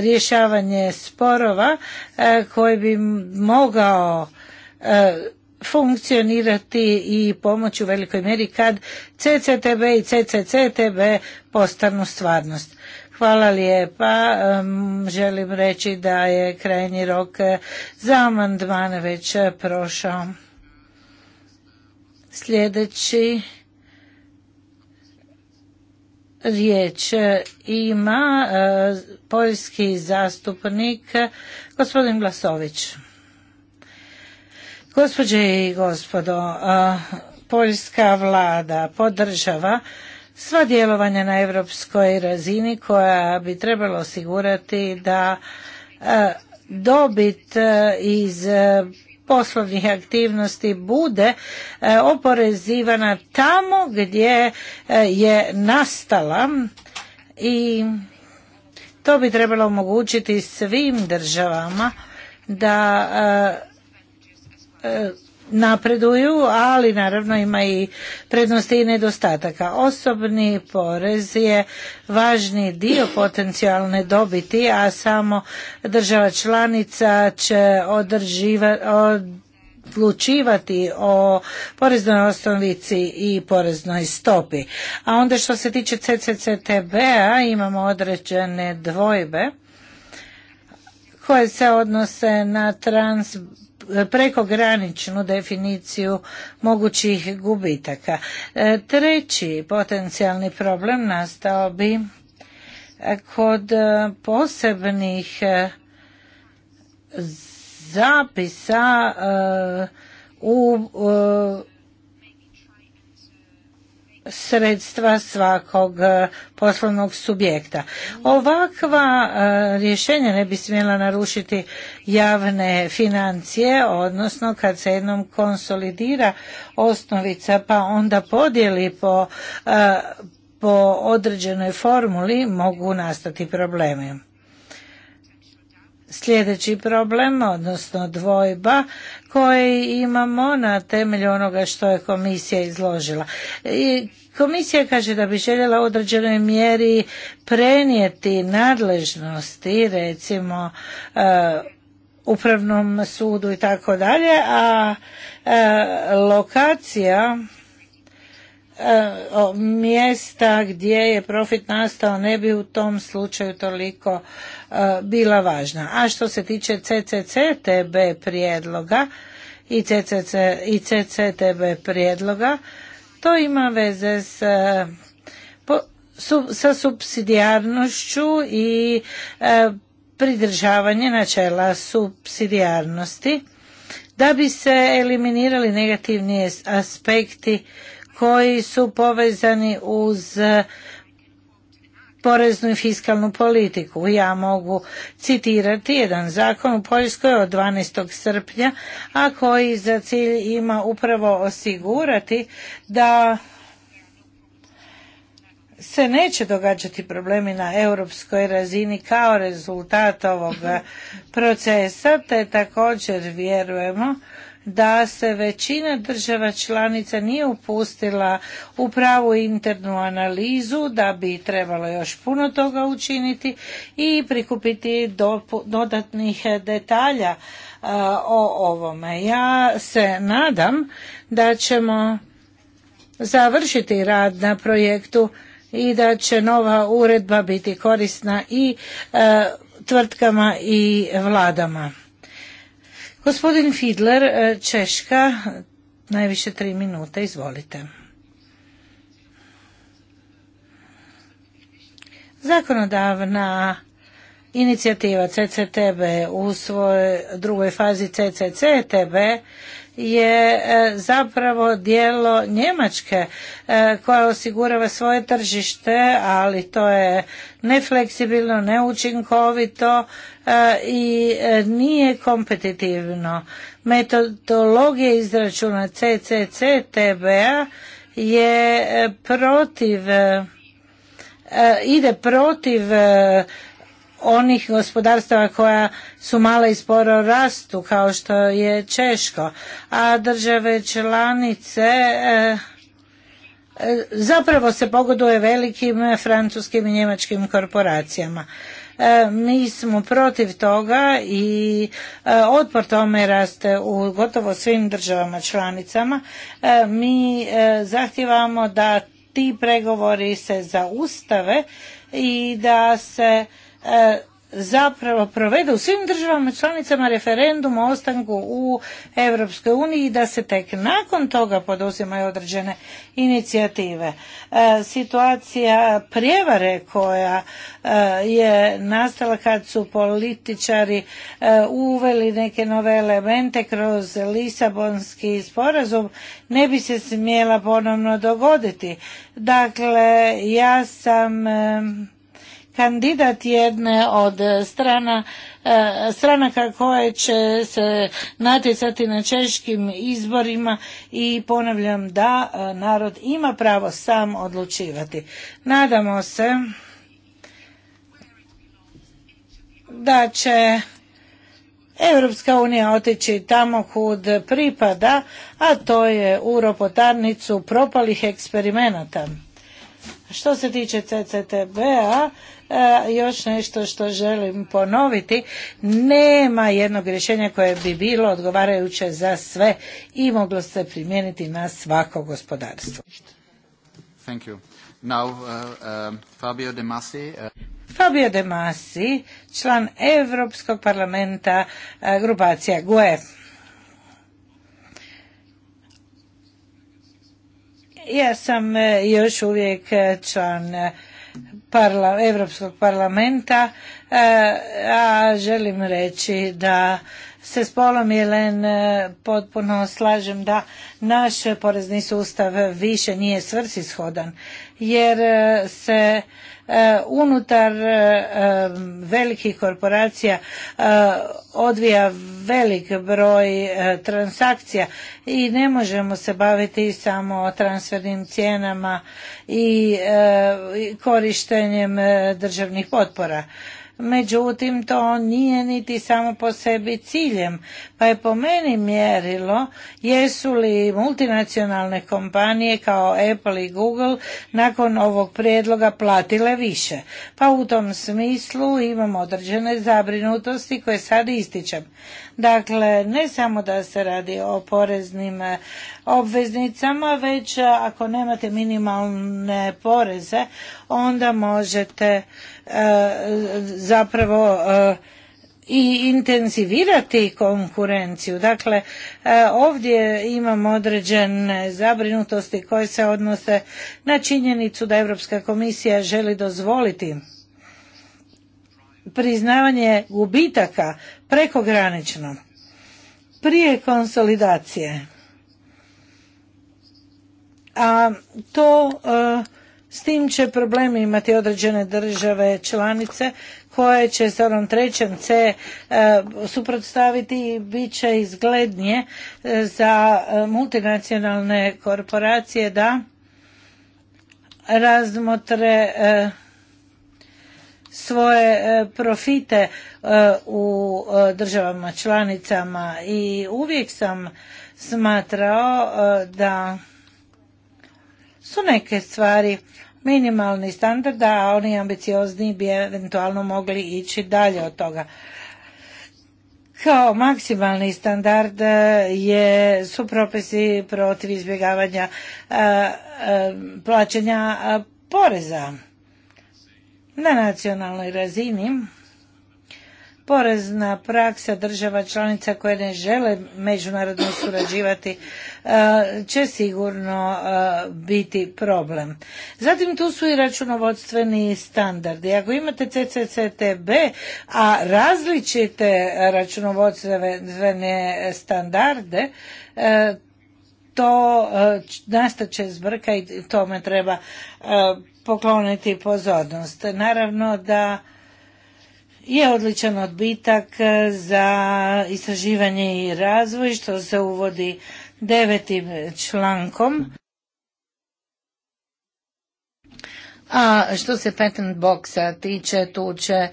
Speaker 1: rješavanje sporova koji bi mogao funkcionirati i pomoći u velikoj mjeri kad CCTB i CCCTB postanu stvarnost. Hvala lijepa. Želim reći da je krajnji rok eh, za amandmane već eh, prošao. Sljedeći riječ eh, ima poljski zastupnik gospodin Glasović. Gospođe i gospodo, poljska vlada podržava sva djelovanja na europskoj razini koja bi trebalo osigurati da dobit iz poslovnih aktivnosti bude oporezivana tamo gdje je nastala i to bi trebalo omogućiti svim državama da E, napreduju, ali naravno ima i prednosti i nedostataka. Osobni porez je važni dio potencijalne dobiti, a samo država članica će odlučivati o poreznoj osnovici i poreznoj stopi. A onda što se tiče CCCTB-a imamo određene dvojbe koje se odnose na trans prekograničnu definiciju mogućih gubitaka. E, treći potencijalni problem nastao bi e, kod e, posebnih zapisa u sredstva svakog e, poslovnog subjekta. Ovakva e, rješenja ne bi smjela narušiti javne financije, odnosno kad se jednom konsolidira osnovica pa onda podijeli po, e, po određenoj formuli mogu nastati problemi. Sljedeći problem, odnosno dvojba, koji imamo na temelju onoga što je komisija izložila. komisija kaže da bi željela u određenoj mjeri prenijeti nadležnosti, recimo e, upravnom sudu i tako dalje, a e, lokacija E, mjesta gdje je profit nastao ne bi u tom slučaju toliko e, bila važna. A što se tiče CCCTB prijedloga i, CCC, i CCTB prijedloga, to ima veze s e, sa subsidijarnošću i pridržavanje načela subsidijarnosti da bi se eliminirali negativni aspekti koji su povezani uz e, poreznu i fiskalnu politiku. Ja mogu citirati jedan zakon u Poljskoj od 12. srpnja, a koji za cilj ima upravo osigurati da se neće događati problemi na europskoj razini kao rezultat ovog procesa, te također vjerujemo da se većina država članica nije upustila u pravu internu analizu, da bi trebalo još puno toga učiniti i prikupiti dodatnih detalja o ovome. Ja se nadam da ćemo završiti rad na projektu i da će nova uredba biti korisna i tvrtkama i vladama. Gospodin Fidler, e, Češka, najviše tri minute, izvolite. Zakonodavna inicijativa CCTB u svojoj drugoj fazi CCCTB je e, zapravo dijelo Njemačke e, koja osigurava svoje tržište, ali to je nefleksibilno, neučinkovito e, i nije kompetitivno. Metodologija izračuna CCC TBA je protiv ide protiv onih gospodarstava koja su mala i sporo rastu kao što je Češko, a države članice eh, zapravo se pogoduje velikim francuskim i njemačkim korporacijama. Eh, mi smo protiv toga i eh, otpor tome raste u gotovo svim državama članicama. Mi zahtijevamo da ti pregovori se zaustave i da se E, zapravo provede u svim državama članicama referendum o ostanku u Europskoj uniji i da se tek nakon toga poduzimaju određene inicijative. E, situacija prijevare koja e, je nastala kad su političari uveli neke nove elemente kroz Lisabonski sporazum ne bi se smjela ponovno dogoditi. Dakle, ja sam kandidat jedne od e, strana, e, stranaka koje će se natjecati na češkim izborima i ponavljam da e, narod ima pravo sam odlučivati. Nadamo se da će Europska unija otići tamo kud pripada, a to je u ropotarnicu propalih eksperimenata. Što se tiče CCTB-a, još nešto što želim ponoviti. Nema jednog rješenja koje bi bilo odgovarajuće za sve i moglo se primijeniti na svako gospodarstvo. Thank you. Now, uh, um, Fabio De Masi, uh, Fabio De Masi, član Europskog parlamenta uh, grupacija GUE. Ja sam još uvijek član parla, Europskog parlamenta, e, a želim reći da se s Jelen e, potpuno slažem da naš porezni sustav više nije svrsishodan jer e, se E, unutar e, e, velikih korporacija odvija velik broj transakcija i ne možemo se baviti samo transfernim cijenama i korištenjem državnih potpora međutim to nije niti samo po sebi ciljem, pa je po meni mjerilo jesu li multinacionalne kompanije kao Apple i Google nakon ovog prijedloga platile više. Pa u tom smislu imam određene zabrinutosti koje sad ističem. Dakle, ne samo da se radi o poreznim obveznicama, već e, ako nemate minimalne poreze, onda možete e, zapravo e, i intenzivirati konkurenciju. Dakle, ovdje imam određene zabrinutosti koje se odnose na činjenicu da Europska komisija želi dozvoliti priznavanje gubitaka prekogranično prije konsolidacije a to e, s tim će problemi imati određene države članice koje će se onom trećem C e, suprotstaviti i bit će izglednije e, za multinacionalne korporacije da razmotre svoje profite u državama članicama i uvijek sam smatrao da su neke stvari minimalni standard, a oni ambiciozni bi eventualno mogli ići dalje od toga. Kao maksimalni standard e, je, su propisi protiv izbjegavanja e, e, plaćanja poreza na nacionalnoj razini. Porezna praksa država članica koje ne žele međunarodno surađivati E, će sigurno e, biti problem. Zatim tu su i računovodstveni standardi. Ako imate CCCTB, a različite računovodstvene standarde, e, to nastat će zbrka i tome treba pokloniti pozornost. Naravno da je odličan odbitak za istraživanje i razvoj što se uvodi devetim člankom. A što se patent boxa tiče, tu će,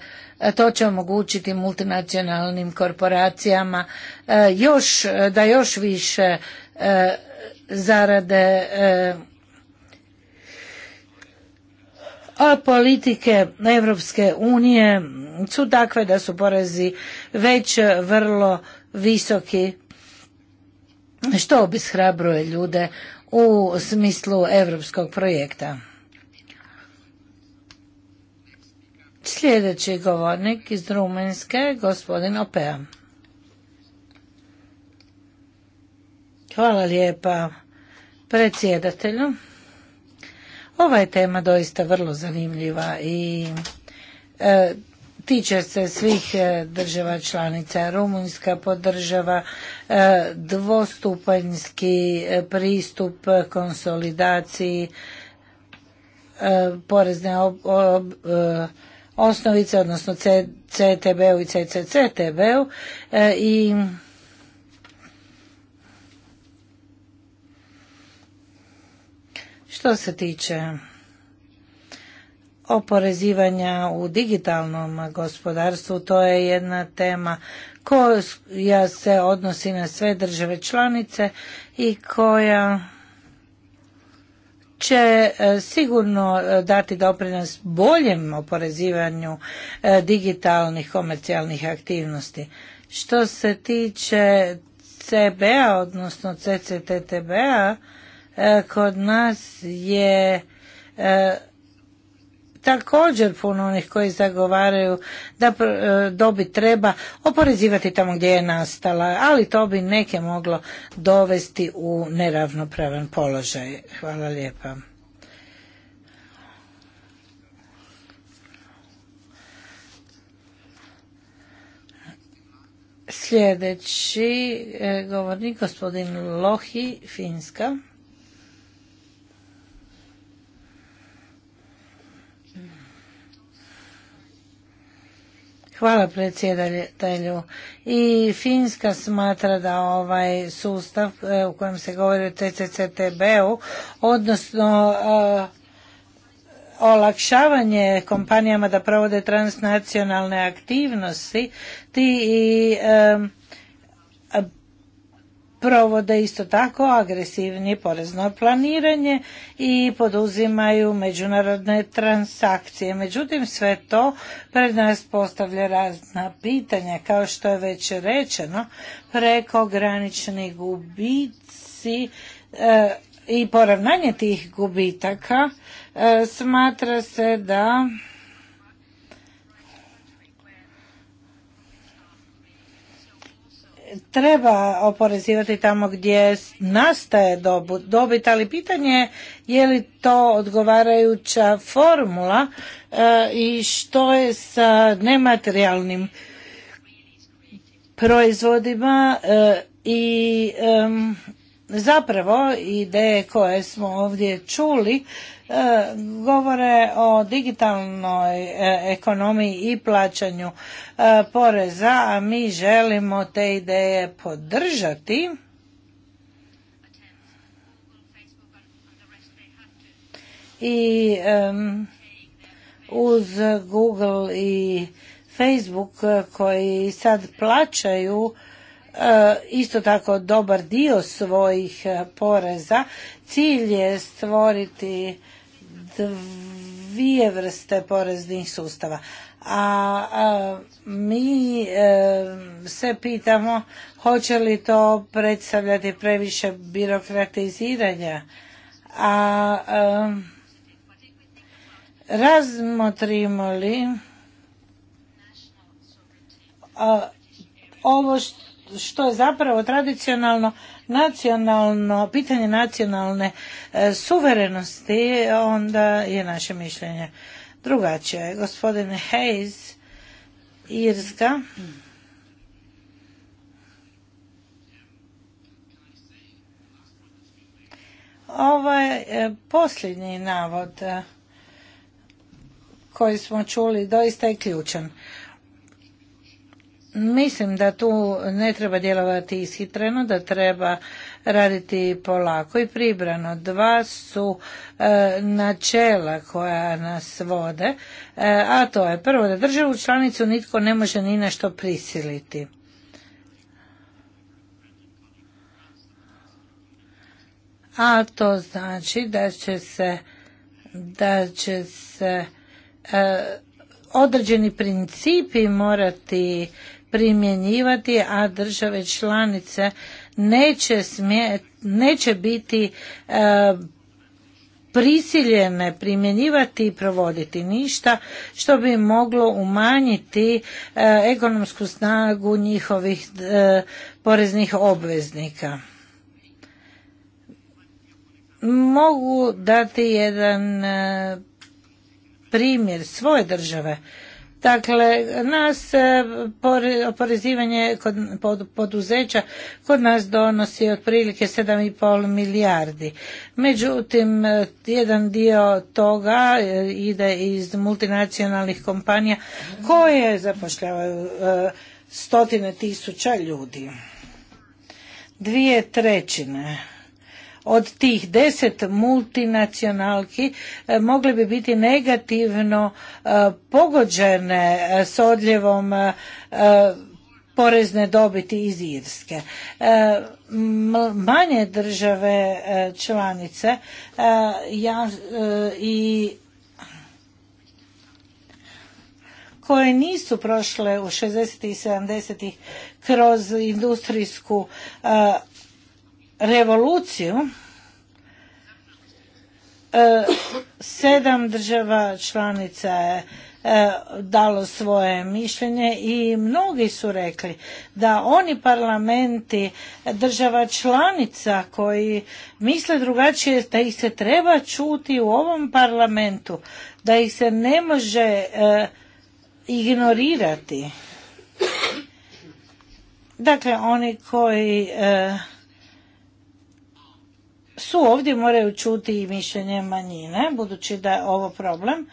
Speaker 1: to će omogućiti multinacionalnim korporacijama e, još, da još više e, zarade e, a politike Europske unije su takve da su porezi već vrlo visoki što obishrabruje ljude u smislu europskog projekta. Sljedeći govornik iz Rumunjske, gospodin Opea. Hvala lijepa predsjedatelju. Ova je tema doista vrlo zanimljiva i e, tiče se svih e, država članica. Rumunjska podržava e, dvostupanjski e, pristup konsolidaciji porezne osnovice, odnosno CTB-u i CCCTB-u i što se tiče oporezivanja u digitalnom gospodarstvu, to je jedna tema koja se odnosi na sve države članice i koja će e, sigurno e, dati doprinos boljem oporezivanju e, digitalnih komercijalnih aktivnosti. Što se tiče CBA, odnosno CCTTBA, kod nas je također puno onih koji zagovaraju da e, dobit treba oporezivati tamo gdje je nastala, ali to bi neke moglo dovesti u neravnopravan položaj. Hvala lijepa. Sljedeći e, govornik, gospodin Lohi, Finska. Hvala predsjedatelju. I Finska smatra da ovaj sustav e, u kojem se govori o TCCTB-u, odnosno e, olakšavanje kompanijama da provode transnacionalne aktivnosti ti e, provode isto tako agresivnije porezno planiranje i poduzimaju međunarodne transakcije. Međutim, sve to pred nas postavlja razna pitanja. Kao što je već rečeno, preko gubici e, i poravnanje tih gubitaka e, smatra se da treba oporezivati tamo gdje nastaje dobit, ali pitanje je li to odgovarajuća formula e, i što je sa nematerijalnim proizvodima e, i Zapravo ideje koje smo ovdje čuli e, govore o digitalnoj e, ekonomiji i plaćanju e, poreza, a mi želimo te ideje podržati. I uz Google i Facebook koji sad plaćaju E, isto tako dobar dio svojih e, poreza. Cilj je stvoriti dvije vrste poreznih sustava. A, mi e, se pitamo hoće li to predstavljati previše birokratiziranja. A razmotrimo li ovo što što je zapravo tradicionalno nacionalno, pitanje nacionalne e, suverenosti, onda je naše mišljenje drugačije. Gospodin Hayes, Irska, Ovaj e, posljednji navod e, koji smo čuli doista je ključan. Mislim da tu ne treba djelovati ishitreno, da treba raditi polako i pribrano. Dva su e, načela koja nas vode, e, a to je prvo da državu članicu nitko ne može ni na što prisiliti. A to znači da će se da će se e, određeni principi morati primjenjivati, a države članice neće, neće biti e, prisiljene primjenjivati i provoditi ništa što bi moglo umanjiti e, ekonomsku snagu njihovih e, poreznih obveznika. Mogu dati jedan primjer svoje države Dakle, nas e, oporezivanje kod poduzeća kod nas donosi otprilike 7,5 milijardi. Međutim, e, jedan dio toga e, ide iz multinacionalnih kompanija koje zapošljavaju stotine tisuća ljudi. Dvije trećine od tih deset multinacionalki e, mogle bi biti negativno e, pogođene e, s odljevom porezne dobiti iz Irske. Manje države članice i koje nisu prošle u 60. i 70. kroz industrijsku revoluciju e, sedam država članica je e, dalo svoje mišljenje i mnogi su rekli da oni parlamenti država članica koji misle drugačije da ih se treba čuti u ovom parlamentu da ih se ne može e, ignorirati dakle oni koji su ovdje moraju čuti i mišljenje manjine, budući da je ovo problem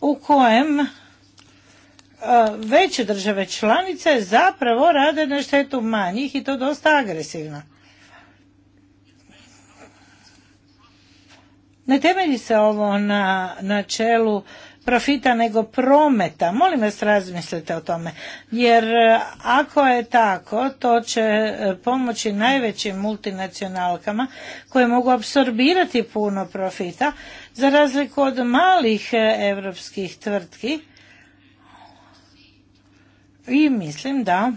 Speaker 1: u kojem e, veće države članice zapravo rade na štetu manjih i to dosta agresivno. Ne temelji se ovo na načelu profita nego prometa. Molim vas razmislite o tome. Jer e, ako je tako, to će e, pomoći najvećim multinacionalkama koje mogu apsorbirati puno profita za razliku od malih europskih tvrtki. I mislim da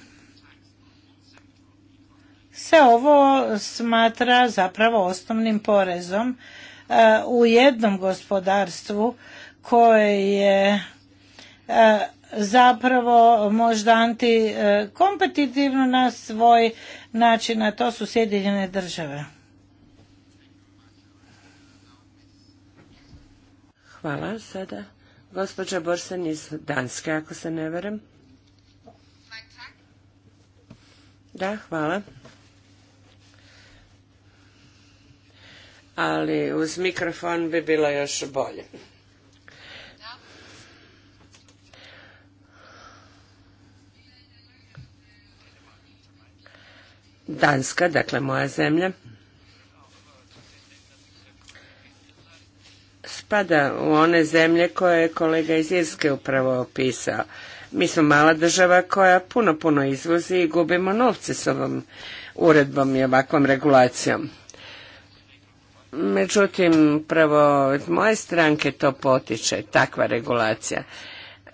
Speaker 1: se ovo smatra zapravo osnovnim porezom e, u jednom gospodarstvu koje je e, zapravo možda antikompetitivno na svoj način, a to su Sjedinjene države.
Speaker 2: Hvala. Sada gospođa Borsan iz Danske, ako se ne verem. Da, hvala. Ali uz mikrofon bi bilo još bolje. Danska, dakle moja zemlja, spada u one zemlje koje je kolega iz Irske upravo opisao. Mi smo mala država koja puno, puno izvozi i gubimo novce s ovom uredbom i ovakvom regulacijom. Međutim, upravo od moje stranke to potiče, takva regulacija.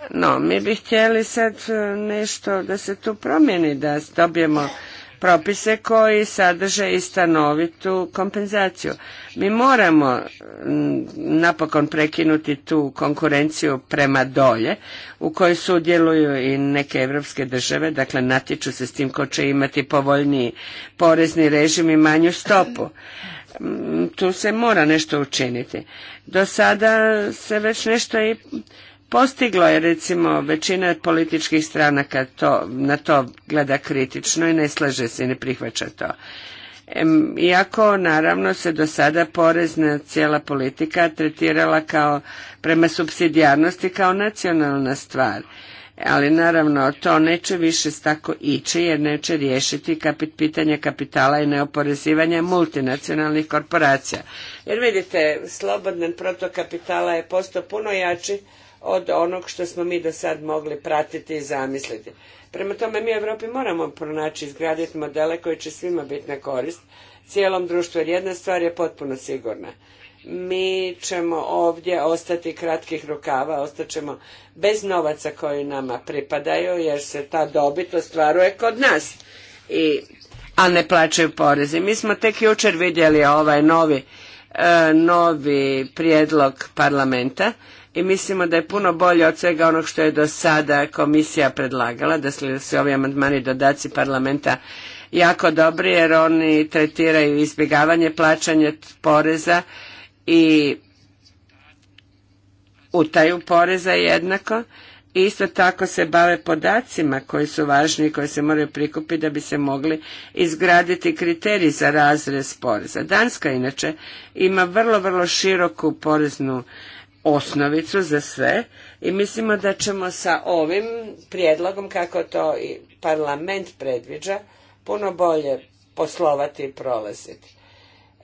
Speaker 2: No, mi bi htjeli sad e, nešto da se tu promijeni, da dobijemo propise koji sadrže i stanovitu kompenzaciju. Mi moramo mm, napokon prekinuti tu konkurenciju prema dolje u kojoj sudjeluju i neke evropske države, dakle natječu se s tim ko će imati povoljniji porezni režim i manju stopu mm, tu se mora nešto učiniti. Do sada se već nešto i Postiglo je recimo većina političkih stranaka to, na to gleda kritično i ne slaže se i ne prihvaća to. Iako naravno se do sada porezna cijela politika tretirala kao prema subsidijarnosti kao nacionalna stvar. Ali naravno to neće više tako ići jer neće riješiti kapit, pitanje kapitala i neoporezivanja multinacionalnih korporacija. Jer vidite, slobodan protok kapitala je postao puno jači od onog što smo mi do sad mogli pratiti i zamisliti. Prema tome mi u Europi moramo pronaći, izgraditi modele koji će svima biti na korist, cijelom društvu, jer jedna stvar je potpuno sigurna. Mi ćemo ovdje ostati kratkih rukava, ostaćemo bez novaca koji nama pripadaju, jer se ta dobit ostvaruje kod nas, I, a ne plaćaju poreze. Mi smo tek jučer vidjeli ovaj novi e, prijedlog parlamenta, i mislimo da je puno bolje od svega onog što je do sada komisija predlagala, da su ovi amandmani dodaci parlamenta jako dobri jer oni tretiraju izbjegavanje plaćanja poreza i utaju poreza jednako isto tako se bave podacima koji su važni i koji se moraju prikupiti da bi se mogli izgraditi kriteriji za razrez poreza. Danska inače ima vrlo, vrlo široku poreznu osnovicu za sve i mislimo da ćemo sa ovim prijedlogom kako to i parlament predviđa puno bolje poslovati i prolaziti.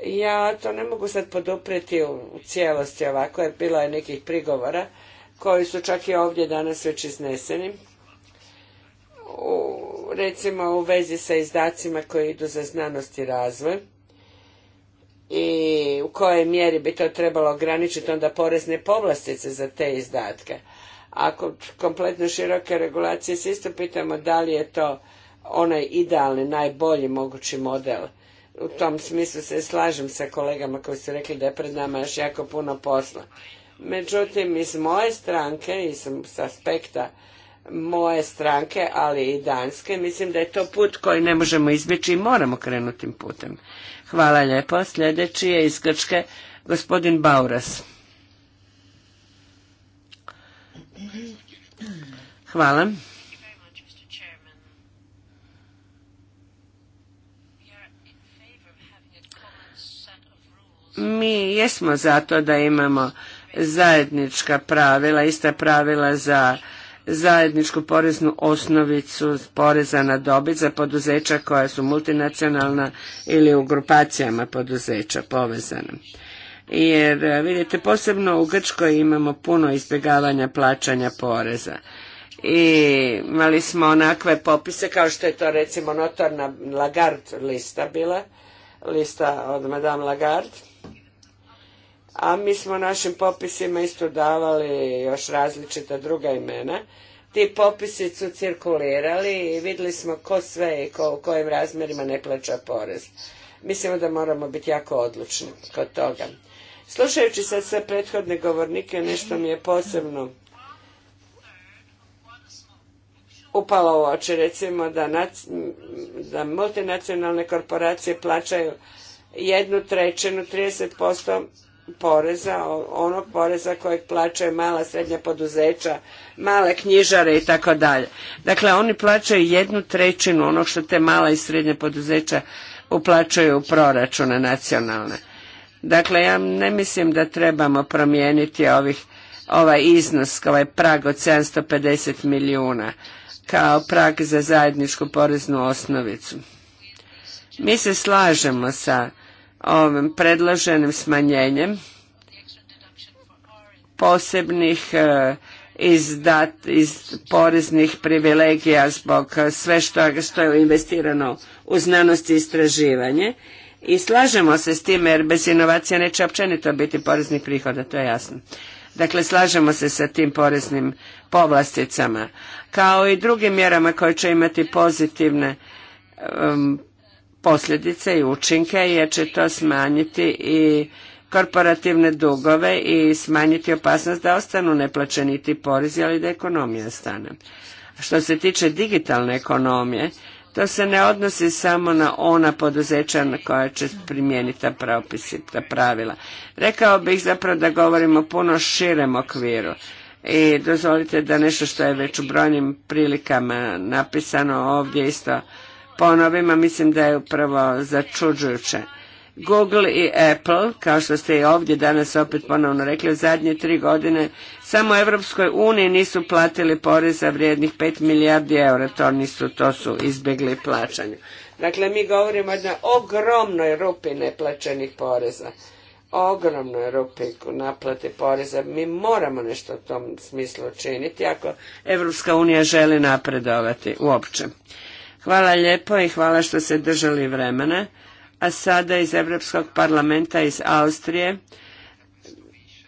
Speaker 2: Ja to ne mogu sad poduprijeti u cijelosti ovako, jer bilo je nekih prigovora koji su čak i ovdje danas već izneseni. recimo u vezi sa izdacima koji idu za znanost i razvoj i u kojoj mjeri bi to trebalo ograničiti onda porezne povlastice za te izdatke. Ako kompletno široke regulacije se isto pitamo da li je to onaj idealni, najbolji mogući model. U tom smislu se slažem sa kolegama koji su rekli da je pred nama još jako puno posla. Međutim, iz moje stranke i s aspekta moje stranke, ali i danske. Mislim da je to put koji ne možemo izbjeći i moramo krenuti tim putem. Hvala lijepo. Sljedeći je iz Grčke gospodin Bauras. Hvala. Mi jesmo zato da imamo zajednička pravila, ista pravila za zajedničku poreznu osnovicu poreza na dobit za poduzeća koja su multinacionalna ili u grupacijama poduzeća povezana. Jer e, vidite, posebno u Grčkoj imamo puno izbjegavanja plaćanja poreza. I imali smo onakve popise kao što je to recimo notorna Lagarde lista bila, lista od Madame Lagarde a mi smo našim popisima isto davali još različita druga imena. Ti popisi su cirkulirali i vidjeli smo ko sve i ko, u kojim razmjerima ne plaća porez. Mislimo da moramo biti jako odlučni kod toga. Slušajući sad sve prethodne govornike, nešto mi je posebno upalo u oči, recimo da, da multinacionalne korporacije plaćaju jednu trećinu, 30% poreza, onog poreza kojeg plaćaju mala srednja poduzeća, male knjižare i tako dalje. Dakle, oni plaćaju jednu trećinu onog što te mala i srednja poduzeća uplaćuju u proračune nacionalne. Dakle, ja ne mislim da trebamo promijeniti ovih, ovaj iznos, ovaj prag od 750 milijuna kao prag za zajedničku poreznu osnovicu. Mi se slažemo sa ovim predloženim smanjenjem posebnih e, iz poreznih privilegija zbog sve što, je investirano u znanost i istraživanje. I slažemo se s time jer bez inovacija neće općenito biti poreznih prihoda, to je jasno. Dakle, slažemo se sa tim poreznim povlasticama, kao i drugim mjerama koje će imati pozitivne posljedice i učinke jer će to smanjiti i korporativne dugove i smanjiti opasnost da ostanu neplaćeni ti porezi, ali da ekonomija stane. što se tiče digitalne ekonomije, to se ne odnosi samo na ona poduzeća na koja će primijeniti ta ta pravila. Rekao bih zapravo da govorimo o puno širem okviru. I dozvolite da nešto što je već u brojnim prilikama napisano ovdje isto ponovima, mislim da je upravo začuđujuće. Google i Apple, kao što ste i ovdje danas opet ponovno rekli, u zadnje tri godine samo Evropskoj uniji nisu platili poreza vrijednih 5 milijardi eura, to nisu, to su izbjegli plaćanje. Dakle, mi govorimo o jednoj ogromnoj rupi neplaćenih poreza, ogromnoj rupi naplate poreza. Mi moramo nešto u tom smislu učiniti ako Evropska unija želi napredovati uopće. Hvala lijepo i hvala što ste držali vremena. A sada iz Europskog parlamenta iz Austrije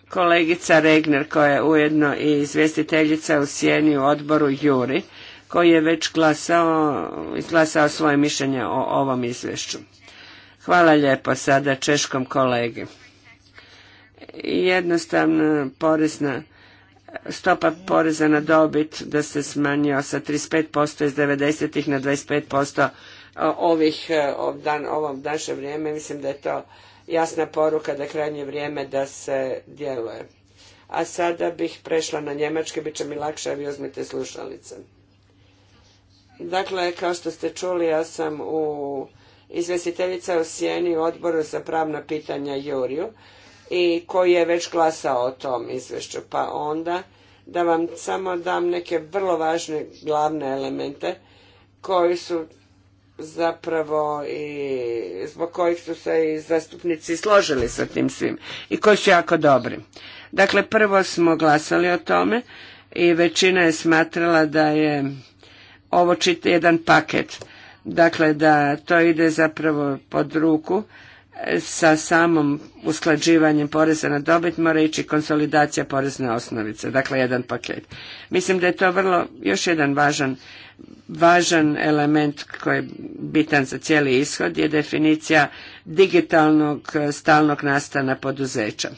Speaker 2: kolegica Regner koja je ujedno i izvjestiteljica u sjeni u odboru Juri koji je već glasao, izglasao svoje mišljenje o ovom izvješću. Hvala lijepo sada češkom kolegi. Jednostavno porezna stopa poreza na dobit da se smanjio sa 35% iz 90-ih na 25% ovih, e, dan, ovo naše vrijeme. Mislim da je to jasna poruka da krajnje vrijeme da se djeluje. A sada bih prešla na njemački, bit će mi lakše, a vi uzmite slušalice. Dakle, kao što ste čuli, ja sam u izvjestiteljica u Sjeni u odboru za pravna pitanja Juriju i koji je već glasao o tom izvješću. Pa onda da vam samo dam neke vrlo važne glavne elemente koji su zapravo i zbog kojih su se i zastupnici složili sa tim svim i koji su jako dobri. Dakle, prvo smo glasali o tome i većina je smatrala da je ovo čit jedan paket. Dakle, da to ide zapravo pod ruku sa samom usklađivanjem poreza na dobit mora ići konsolidacija porezne osnovice, dakle jedan paket. Mislim da je to vrlo još jedan važan, važan element koji je bitan za cijeli ishod je definicija digitalnog stalnog nastana poduzeća.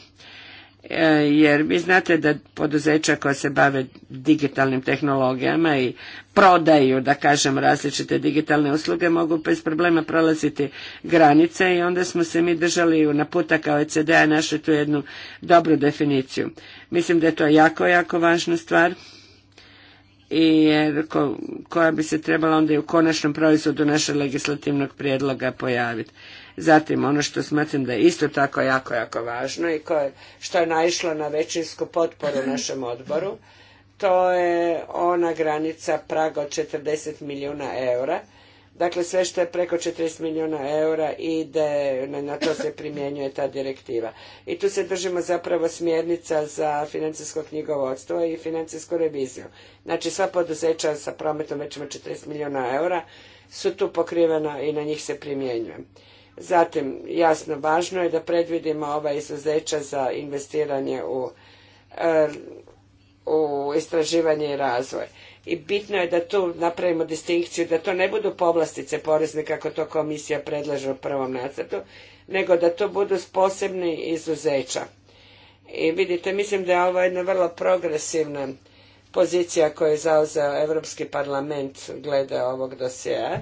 Speaker 2: E, jer vi znate da poduzeća koja se bave digitalnim tehnologijama i prodaju, da kažem, različite digitalne usluge mogu bez problema prolaziti granice i onda smo se mi držali na puta kao ECD-a našli tu jednu dobru definiciju. Mislim da je to jako, jako važna stvar i koja bi se trebala onda i u konačnom proizvodu našeg legislativnog prijedloga pojaviti. Zatim ono što smatram da je isto tako jako, jako važno i koje, što je naišlo na većinsku potporu mhm. našem odboru, to je ona granica praga od 40 milijuna eura. Dakle, sve što je preko 40 milijuna eura ide, na to se primjenjuje ta direktiva. I tu se držimo zapravo smjernica za financijsko knjigovodstvo i financijsku reviziju. Znači, sva poduzeća sa prometom većima od 40 milijuna eura su tu pokrivena i na njih se primjenjuje. Zatim, jasno, važno je da predvidimo ova izuzeća za investiranje u, istraživanje i razvoj. I bitno je da tu napravimo distinkciju, da to ne budu povlastice porezne kako to komisija predlaže u prvom nacrtu, nego da to budu posebni izuzeća. I vidite, mislim da je ovo jedna vrlo progresivna pozicija koju je zauzeo Europski parlament glede ovog dosjea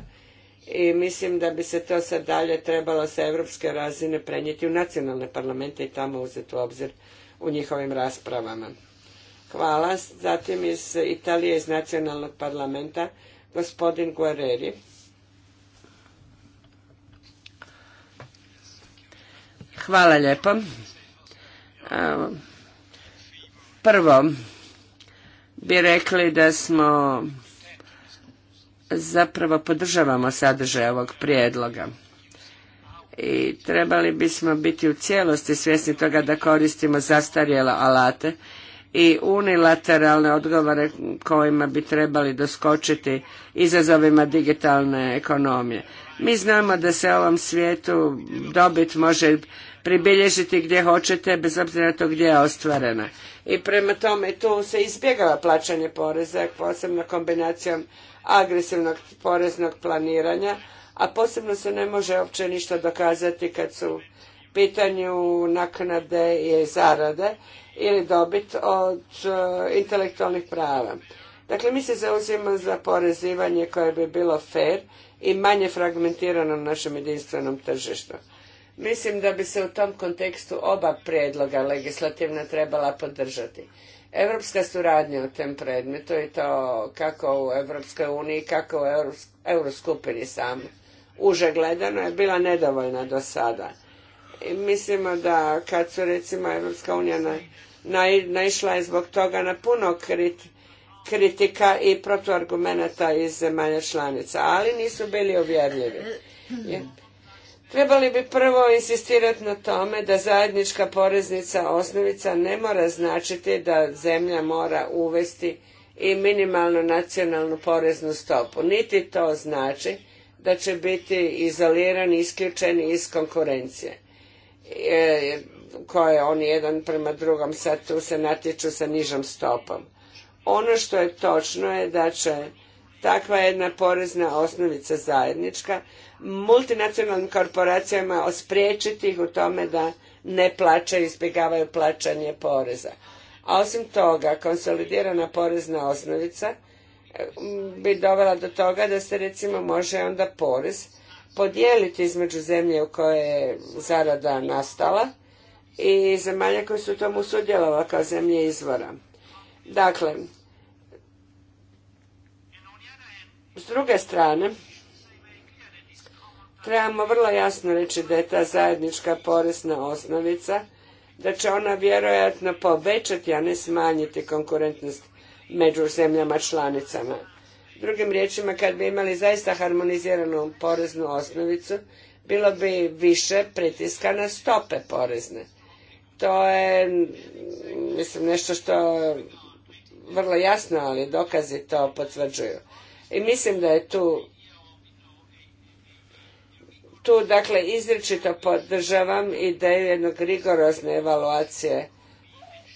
Speaker 2: i mislim da bi se to sad dalje trebalo sa europske razine prenijeti u nacionalne parlamente i tamo uzeti u obzir u njihovim raspravama. Hvala. Zatim iz Italije, iz nacionalnog parlamenta, gospodin guareri. Hvala lijepo. Prvo bi rekli da smo zapravo podržavamo sadržaj ovog prijedloga i trebali bismo biti u cijelosti svjesni toga da koristimo zastarjele alate i unilateralne odgovore kojima bi trebali doskočiti izazovima digitalne ekonomije. Mi znamo da se ovom svijetu dobit može pribilježiti gdje hoćete, bez obzira na to gdje je ostvarena i prema tome tu se izbjegava plaćanje poreza, posebno kombinacijom agresivnog poreznog planiranja, a posebno se ne može uopće ništa dokazati kad su pitanju naknade i zarade ili dobit od e, intelektualnih prava. Dakle, mi se zauzimo za porezivanje koje bi bilo fair i manje fragmentirano na našem jedinstvenom tržištu. Mislim da bi se u tom kontekstu oba prijedloga legislativna trebala podržati. Europska suradnja u tem predmetu i to kako u Europskoj uniji, kako u Euroskupini sam uže gledano je bila nedovoljna do sada. I mislimo da kad su recimo Europska unija naišla je zbog toga na puno kritika i protuargumenata iz zemalja članica, ali nisu bili uvjerljivi. Trebali bi prvo insistirati na tome da zajednička poreznica osnovica ne mora značiti da zemlja mora uvesti i minimalnu nacionalnu poreznu stopu. Niti to znači da će biti izolirani, isključeni iz konkurencije. E, koje oni jedan prema drugom sad tu se natječu sa nižom stopom. Ono što je točno je da će takva jedna porezna osnovica zajednička multinacionalnim korporacijama spriječiti ih u tome da ne plaćaju, izbjegavaju plaćanje poreza. A osim toga, konsolidirana porezna osnovica e, bi dovela do toga da se recimo može onda porez podijeliti između zemlje u kojoj je zarada nastala i zemalja koje su tomu sudjelovali kao zemlje izvora. Dakle, s druge strane, trebamo vrlo jasno reći da je ta zajednička porezna osnovica, da će ona vjerojatno povećati, a ne smanjiti konkurentnost među zemljama članicama. Drugim riječima, kad bi imali zaista harmoniziranu poreznu osnovicu, bilo bi više pritiska na stope porezne. To je, mislim, nešto što vrlo jasno, ali dokazi to potvrđuju. I mislim da je tu tu dakle izričito podržavam ideju jednog rigorozne evaluacije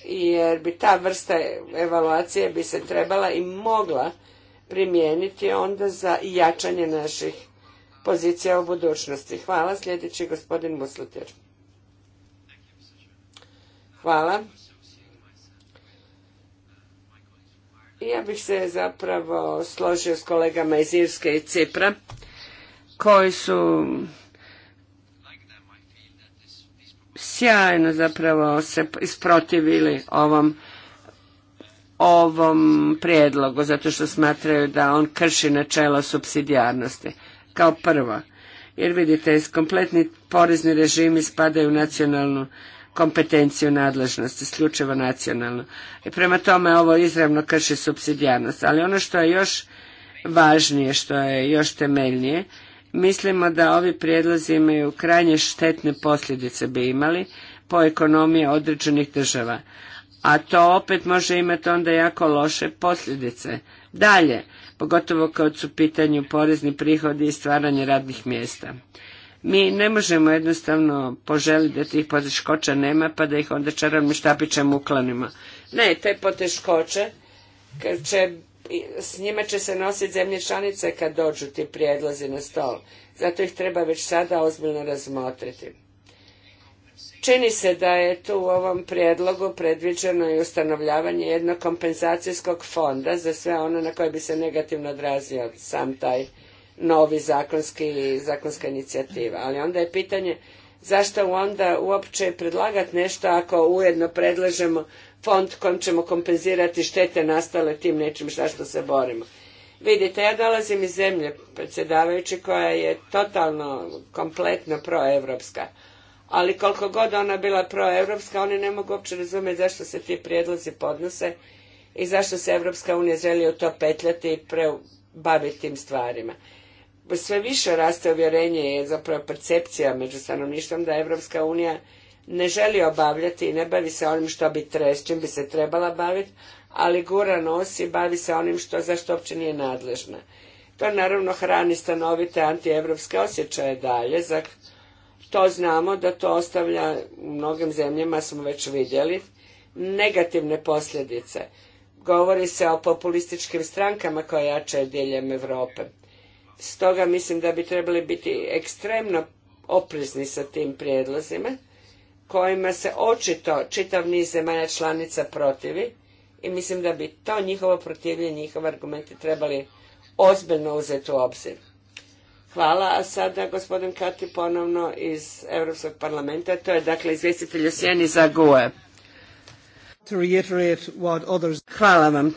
Speaker 2: jer bi ta vrsta evaluacije bi se trebala i mogla primijeniti onda za jačanje naših pozicija u budućnosti. Hvala. Sljedeći gospodin Muslutir. Hvala. Ja bih se zapravo složio s kolegama iz Irske i Cipra koji su sjajno zapravo se isprotivili ovom ovom prijedlogu, zato što smatraju da on krši načelo subsidijarnosti, kao prvo. Jer vidite, kompletni porezni režimi spadaju u nacionalnu kompetenciju nadležnosti, isključivo nacionalno. I prema tome ovo izravno krši subsidijarnost. Ali ono što je još važnije, što je još temeljnije, Mislimo da ovi prijedlozi imaju krajnje štetne posljedice bi imali po ekonomiji određenih država. A to opet može imati onda jako loše posljedice. Dalje, pogotovo kad su pitanju porezni prihodi i stvaranje radnih mjesta. Mi ne možemo jednostavno poželiti da tih poteškoća nema pa da ih onda čarobnim štapićem uklonimo. Ne, te poteškoće će s njima će se nositi zemlje članice kad dođu ti prijedlozi na stol. Zato ih treba već sada ozbiljno razmotriti. Čini se da je tu u ovom prijedlogu predviđeno i ustanovljavanje jednog kompenzacijskog fonda za sve ono na koje bi se negativno odrazio sam taj novi zakonski, zakonska inicijativa. Ali onda je pitanje zašto onda uopće predlagati nešto ako ujedno predlažemo fond kojim ćemo kompenzirati štete nastale tim nečim za što se borimo. Vidite, ja dolazim iz zemlje predsjedavajući koja je totalno, kompletno proevropska. Ali koliko god ona bila proevropska, oni ne mogu uopće razumjeti zašto se ti prijedlozi podnose i zašto se Evropska unija želi u to petljati i baviti tim stvarima sve više raste uvjerenje je zapravo percepcija među stanovništvom da Evropska unija ne želi obavljati i ne bavi se onim što bi bi se trebala baviti, ali gura nosi i bavi se onim što, za što uopće nije nadležna. To naravno hrani stanovite antievropske osjećaje dalje, za to znamo da to ostavlja u mnogim zemljama, smo već vidjeli, negativne posljedice. Govori se o populističkim strankama koje jačaju diljem Europe Stoga mislim da bi trebali biti ekstremno oprezni sa tim prijedlozima kojima se očito čitav niz zemalja članica protivi i mislim da bi to njihovo protivljenje, njihove argumente trebali ozbiljno uzeti u obzir. Hvala, a sada gospodin Kati ponovno iz Europskog parlamenta, to je dakle izvjestitelj Sjeni za GUE. Hvala vam.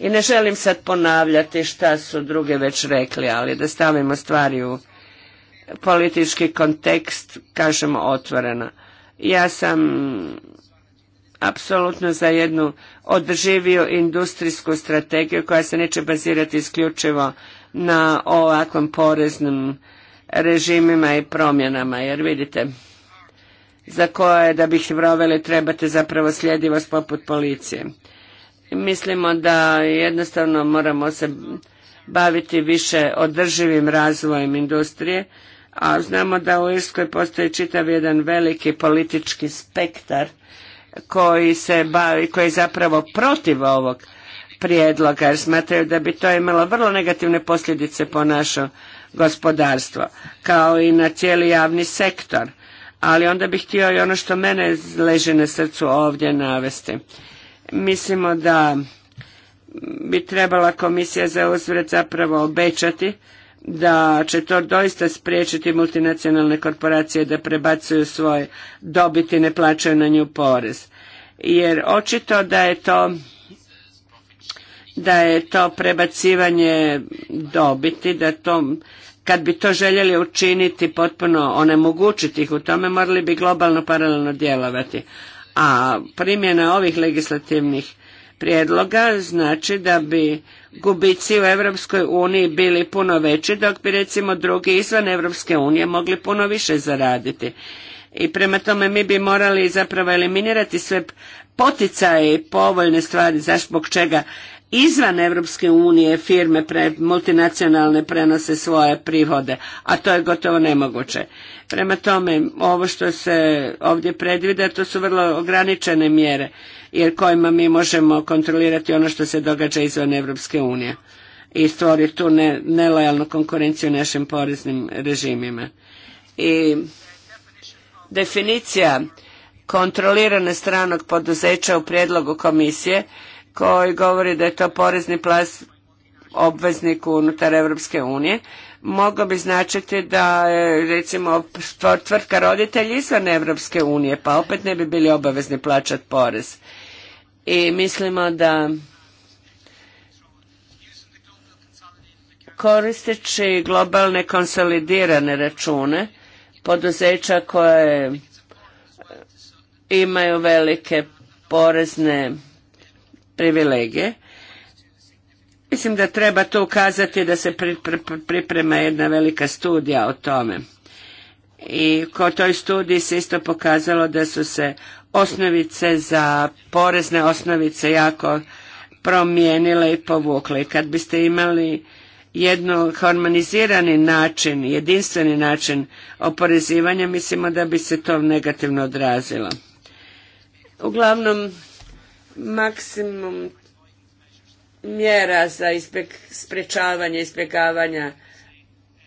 Speaker 2: I ne želim sad ponavljati šta su druge već rekli, ali da stavimo stvari u politički kontekst, kažemo otvoreno. Ja sam apsolutno za jednu održiviju industrijsku strategiju koja se neće bazirati isključivo na ovakvom poreznim režimima i promjenama, jer vidite za koje da bih proveli trebate zapravo sljedivost poput policije. Mislimo da jednostavno moramo se baviti više održivim razvojem industrije, a znamo da u Irskoj postoji čitav jedan veliki politički spektar koji se bavi, koji je zapravo protiv ovog prijedloga jer smatraju da bi to imalo vrlo negativne posljedice po našo gospodarstvo kao i na cijeli javni sektor. Ali onda bih htio i ono što mene leži na srcu ovdje navesti mislimo da bi trebala komisija za uzvred zapravo obećati da će to doista spriječiti multinacionalne korporacije da prebacuju svoje dobiti, ne plaćaju na nju porez. Jer očito da je to da je to prebacivanje dobiti, da to kad bi to željeli učiniti potpuno onemogućiti ih u tome, morali bi globalno paralelno djelovati. A primjena ovih legislativnih prijedloga znači da bi gubici u Europskoj uniji bili puno veći, dok bi recimo drugi izvan Europske unije mogli puno više zaraditi. I prema tome mi bi morali zapravo eliminirati sve poticaje i povoljne stvari zašto zbog čega izvan Europske unije firme pre, multinacionalne prenose svoje prihode, a to je gotovo nemoguće. Prema tome, ovo što se ovdje predvide, to su vrlo ograničene mjere jer kojima mi možemo kontrolirati ono što se događa izvan Europske unije i stvoriti tu ne, nelojalnu konkurenciju našim poreznim režimima. I definicija kontrolirane stranog poduzeća u prijedlogu komisije koji govori da je to porezni plas obveznik unutar Europske unije, mogo bi značiti da je recimo tvrtka roditelj izvan Europske unije, pa opet ne bi bili obavezni plaćati porez. I mislimo da koristeći globalne konsolidirane račune poduzeća koje imaju velike porezne privilegije. Mislim da treba to ukazati da se priprema jedna velika studija o tome. I ko toj studiji se isto pokazalo da su se osnovice za porezne osnovice jako promijenile i povukle. Kad biste imali jedno harmonizirani način, jedinstveni način oporezivanja, mislimo da bi se to negativno odrazilo. Uglavnom, maksimum mjera za ispek, sprečavanje izbjegavanja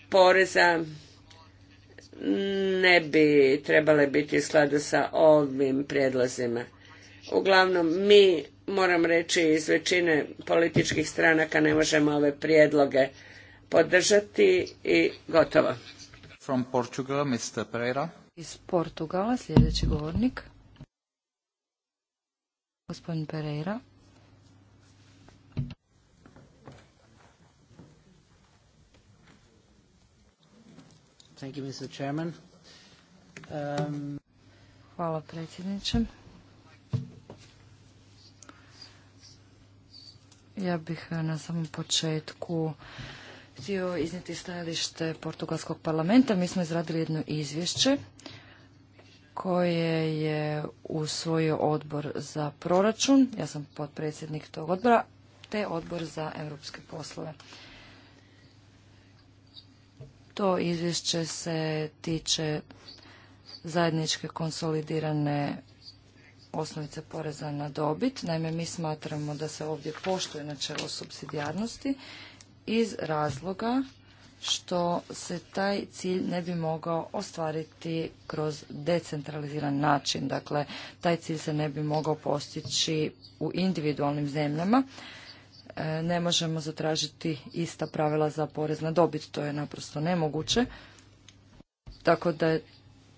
Speaker 2: poreza ne bi trebale biti u skladu sa ovim prijedlozima. Uglavnom, mi, moram reći, iz većine političkih stranaka ne možemo ove prijedloge podržati i gotovo.
Speaker 3: Iz Portugala sljedeći govornik. Gospodin Pereira.
Speaker 1: Thank you, Mr. Chairman.
Speaker 3: Um, Hvala predsjedniče. Ja bih eh, na samom početku htio iznijeti stajalište Portugalskog parlamenta. Mi smo izradili jedno izvješće koje je usvojio odbor za proračun, ja sam potpredsjednik tog odbora, te odbor za europske poslove. To izvješće se tiče zajedničke konsolidirane osnovice poreza na dobit. Naime, mi smatramo da se ovdje poštuje načelo subsidijarnosti iz razloga što se taj cilj ne bi mogao ostvariti kroz decentraliziran način. Dakle, taj cilj se ne bi mogao postići u individualnim zemljama. E, ne možemo zatražiti ista pravila za porez na dobit, to je naprosto nemoguće. Tako da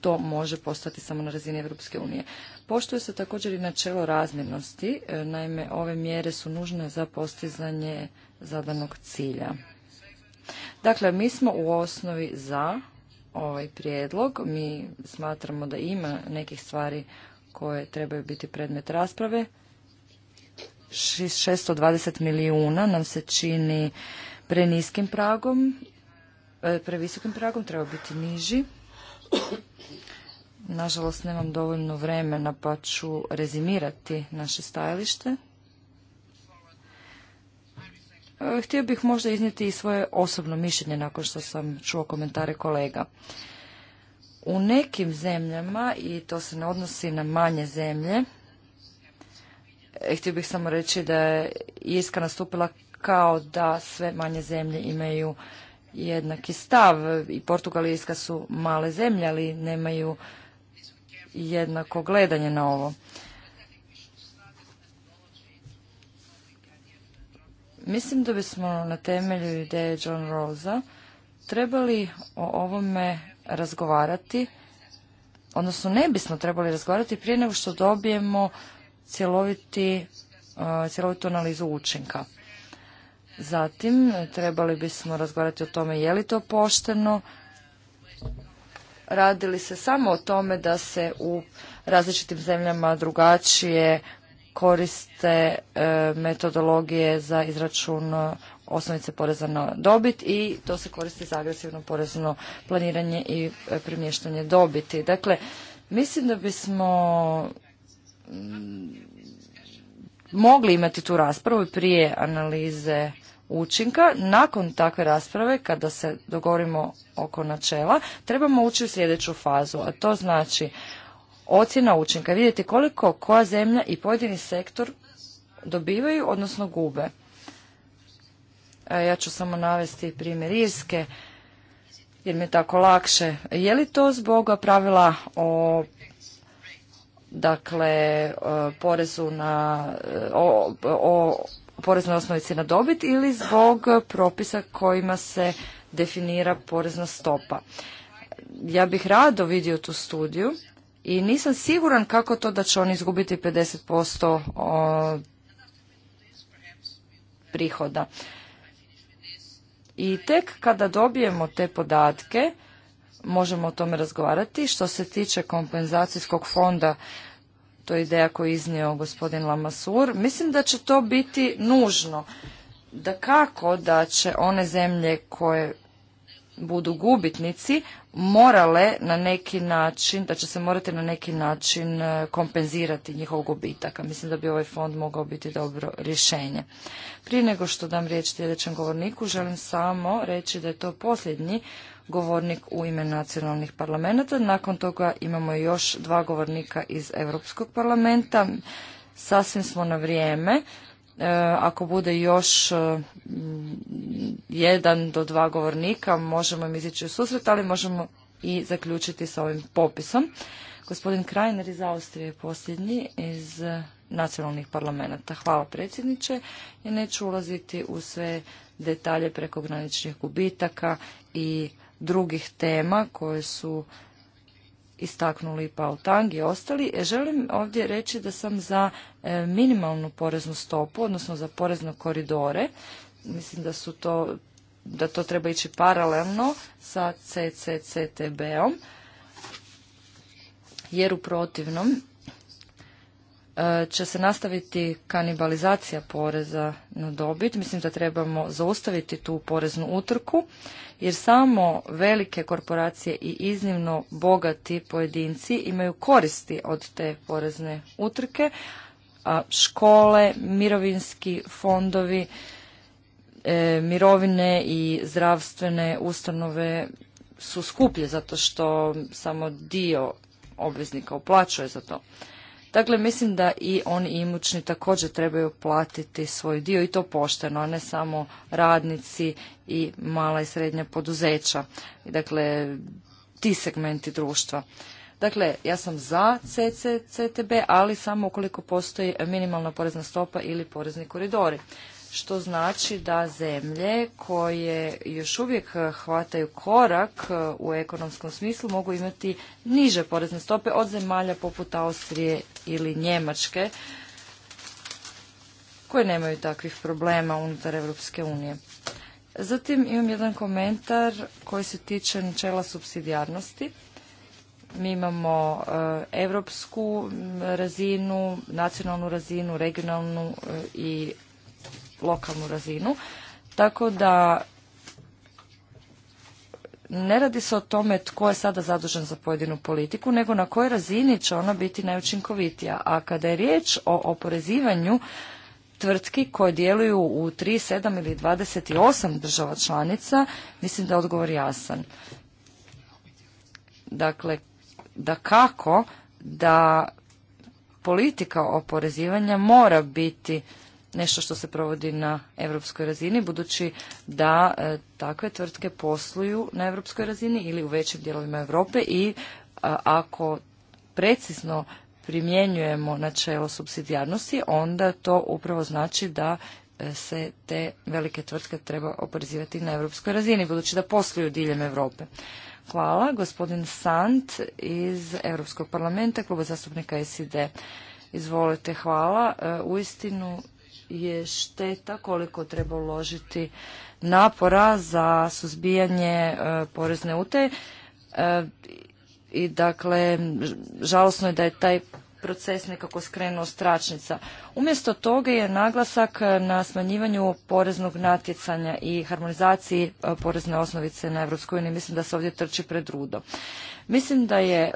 Speaker 3: to može postati samo na razini Europske unije. Poštuje se također i načelo razmjernosti, e, naime ove mjere su nužne za postizanje zadanog cilja. Dakle, mi smo u osnovi za ovaj prijedlog. Mi smatramo da ima nekih stvari koje trebaju biti predmet rasprave. 620 milijuna nam se čini preniskim pragom, e, previsokim pragom, treba biti niži. Nažalost, nemam dovoljno vremena pa ću rezimirati naše stajalište. Htio bih možda iznijeti i svoje osobno mišljenje nakon što sam čuo komentare kolega. U nekim zemljama, i to se ne odnosi na manje zemlje, htio bih samo reći da je Irska nastupila kao da sve manje zemlje imaju jednaki stav. I Portugal i Irska su male zemlje, ali nemaju jednako gledanje na ovo. Mislim da bismo na temelju ideje John Rosa trebali o ovome razgovarati, odnosno ne bismo trebali razgovarati prije nego što dobijemo cjeloviti, uh, cjelovitu analizu učinka. Zatim trebali bismo razgovarati o tome je li to pošteno, radili se samo o tome da se u različitim zemljama drugačije koriste e, metodologije za izračun e, osnovice poreza na dobit i to se koristi za agresivno porezno planiranje i e, premještanje dobiti. Dakle, mislim da bismo mm, mogli imati tu raspravu prije analize učinka. Nakon takve rasprave, kada se dogovorimo oko načela, trebamo ući u sljedeću fazu, a to znači ocjena učinka, vidjeti koliko koja zemlja i pojedini sektor dobivaju, odnosno gube. E, ja ću samo navesti primjer Irske, jer mi je tako lakše. Je li to zbog pravila o dakle e, porezu na e, o, o poreznoj osnovici na dobit ili zbog propisa kojima se definira porezna stopa. Ja bih rado vidio tu studiju i nisam siguran kako to da će oni izgubiti 50% prihoda. I tek kada dobijemo te podatke, možemo o tome razgovarati. Što se tiče kompenzacijskog fonda, to je ideja koju je iznio gospodin Lamasur, mislim da će to biti nužno. Da kako da će one zemlje koje budu gubitnici morale na neki način, da će se morati na neki način e, kompenzirati njihov gubitak. A mislim da bi ovaj fond mogao biti dobro rješenje. Prije nego što dam riječ sljedećem govorniku, želim samo reći da je to posljednji govornik u ime nacionalnih parlamenta. Nakon toga imamo još dva govornika iz Europskog parlamenta. Sasvim smo na vrijeme. E, ako bude još e, jedan do dva govornika, možemo im izići u susret, ali možemo i zaključiti s ovim popisom. Gospodin Krajner iz Austrije je posljednji iz nacionalnih parlamenta. Hvala predsjedniče. i neću ulaziti u sve detalje prekograničnih gubitaka i drugih tema koje su istaknuli Pao Tang i ostali, e, želim ovdje reći da sam za e, minimalnu poreznu stopu, odnosno za porezne koridore. Mislim da su to da to treba ići paralelno sa CCCTB-om, jer u protivnom e, će se nastaviti kanibalizacija poreza na dobit. Mislim da trebamo zaustaviti tu poreznu utrku jer samo velike korporacije i iznimno bogati pojedinci imaju koristi od te porezne utrke, a škole, mirovinski fondovi, e, mirovine i zdravstvene ustanove su skuplje zato što samo dio obveznika uplaćuje za to. Dakle, mislim da i oni imućni također trebaju platiti svoj dio i to pošteno, a ne samo radnici i mala i srednja poduzeća. Dakle, ti segmenti društva. Dakle, ja sam za CCCTB, ali samo ukoliko postoji minimalna porezna stopa ili porezni koridori što znači da zemlje koje još uvijek hvataju korak u ekonomskom smislu mogu imati niže porezne stope od zemalja poput Austrije ili Njemačke koje nemaju takvih problema unutar Europske unije. Zatim imam jedan komentar koji se tiče načela subsidijarnosti. Mi imamo europsku razinu, nacionalnu razinu, regionalnu e, i lokalnu razinu. Tako da ne radi se o tome tko je sada zadužen za pojedinu politiku, nego na kojoj razini će ona biti najučinkovitija. A kada je riječ o oporezivanju tvrtki koje djeluju u 3, 7 ili 28 država članica, mislim da je odgovor jasan. Dakle, da kako da politika oporezivanja mora biti nešto što se provodi na europskoj razini, budući da e, takve tvrtke posluju na europskoj razini ili u većim dijelovima Europe i e, ako precizno primjenjujemo načelo subsidijarnosti, onda to upravo znači da e, se te velike tvrtke treba oporezivati na europskoj razini, budući da posluju diljem Europe. Hvala. Gospodin Sant iz Europskog parlamenta, kluba zastupnika SID. Izvolite, hvala. Uistinu je šteta koliko treba uložiti napora za suzbijanje e, porezne utaje. E, I dakle, žalosno je da je taj proces nekako skrenuo stračnica. Umjesto toga je naglasak na smanjivanju poreznog natjecanja i harmonizaciji e, porezne osnovice na EU. Mislim da se ovdje trči pred rudo. Mislim da je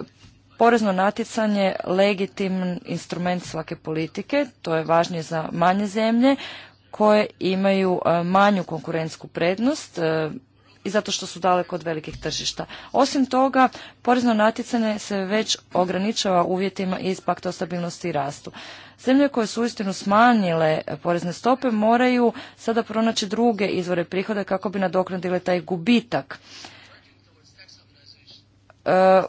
Speaker 3: Porezno natjecanje legitimni instrument svake politike, to je važnije za manje zemlje koje imaju e, manju konkurentsku prednost e, i zato što su daleko od velikih tržišta. Osim toga, porezno natjecanje se već ograničava uvjetima iz pakta o stabilnosti i rastu. Zemlje koje su uistinu smanjile porezne stope moraju sada pronaći druge izvore prihoda kako bi nadoknadile taj gubitak. E,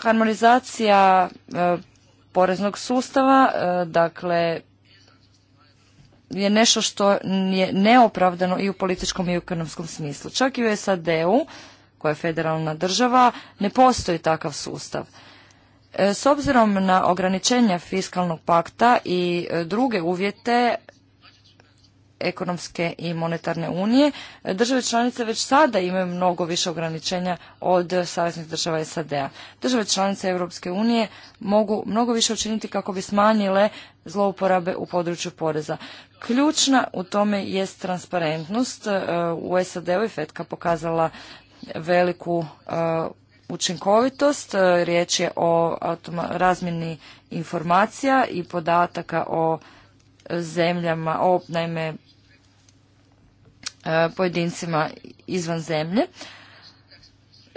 Speaker 3: Harmonizacija e, poreznog sustava, e, dakle, je nešto što je neopravdano i u političkom i u ekonomskom smislu. Čak i u SAD-u, koja je federalna država, ne postoji takav sustav. E, s obzirom na ograničenja fiskalnog pakta i druge uvjete ekonomske i monetarne unije, države članice već sada imaju mnogo više ograničenja od saveznih država SAD-a. Države članice Europske unije mogu mnogo više učiniti kako bi smanjile zlouporabe u području poreza. Ključna u tome jest transparentnost. E, u SAD-u je FETKA pokazala veliku e, učinkovitost. E, riječ je o razmjeni informacija i podataka o zemljama, o naime E, pojedincima izvan zemlje.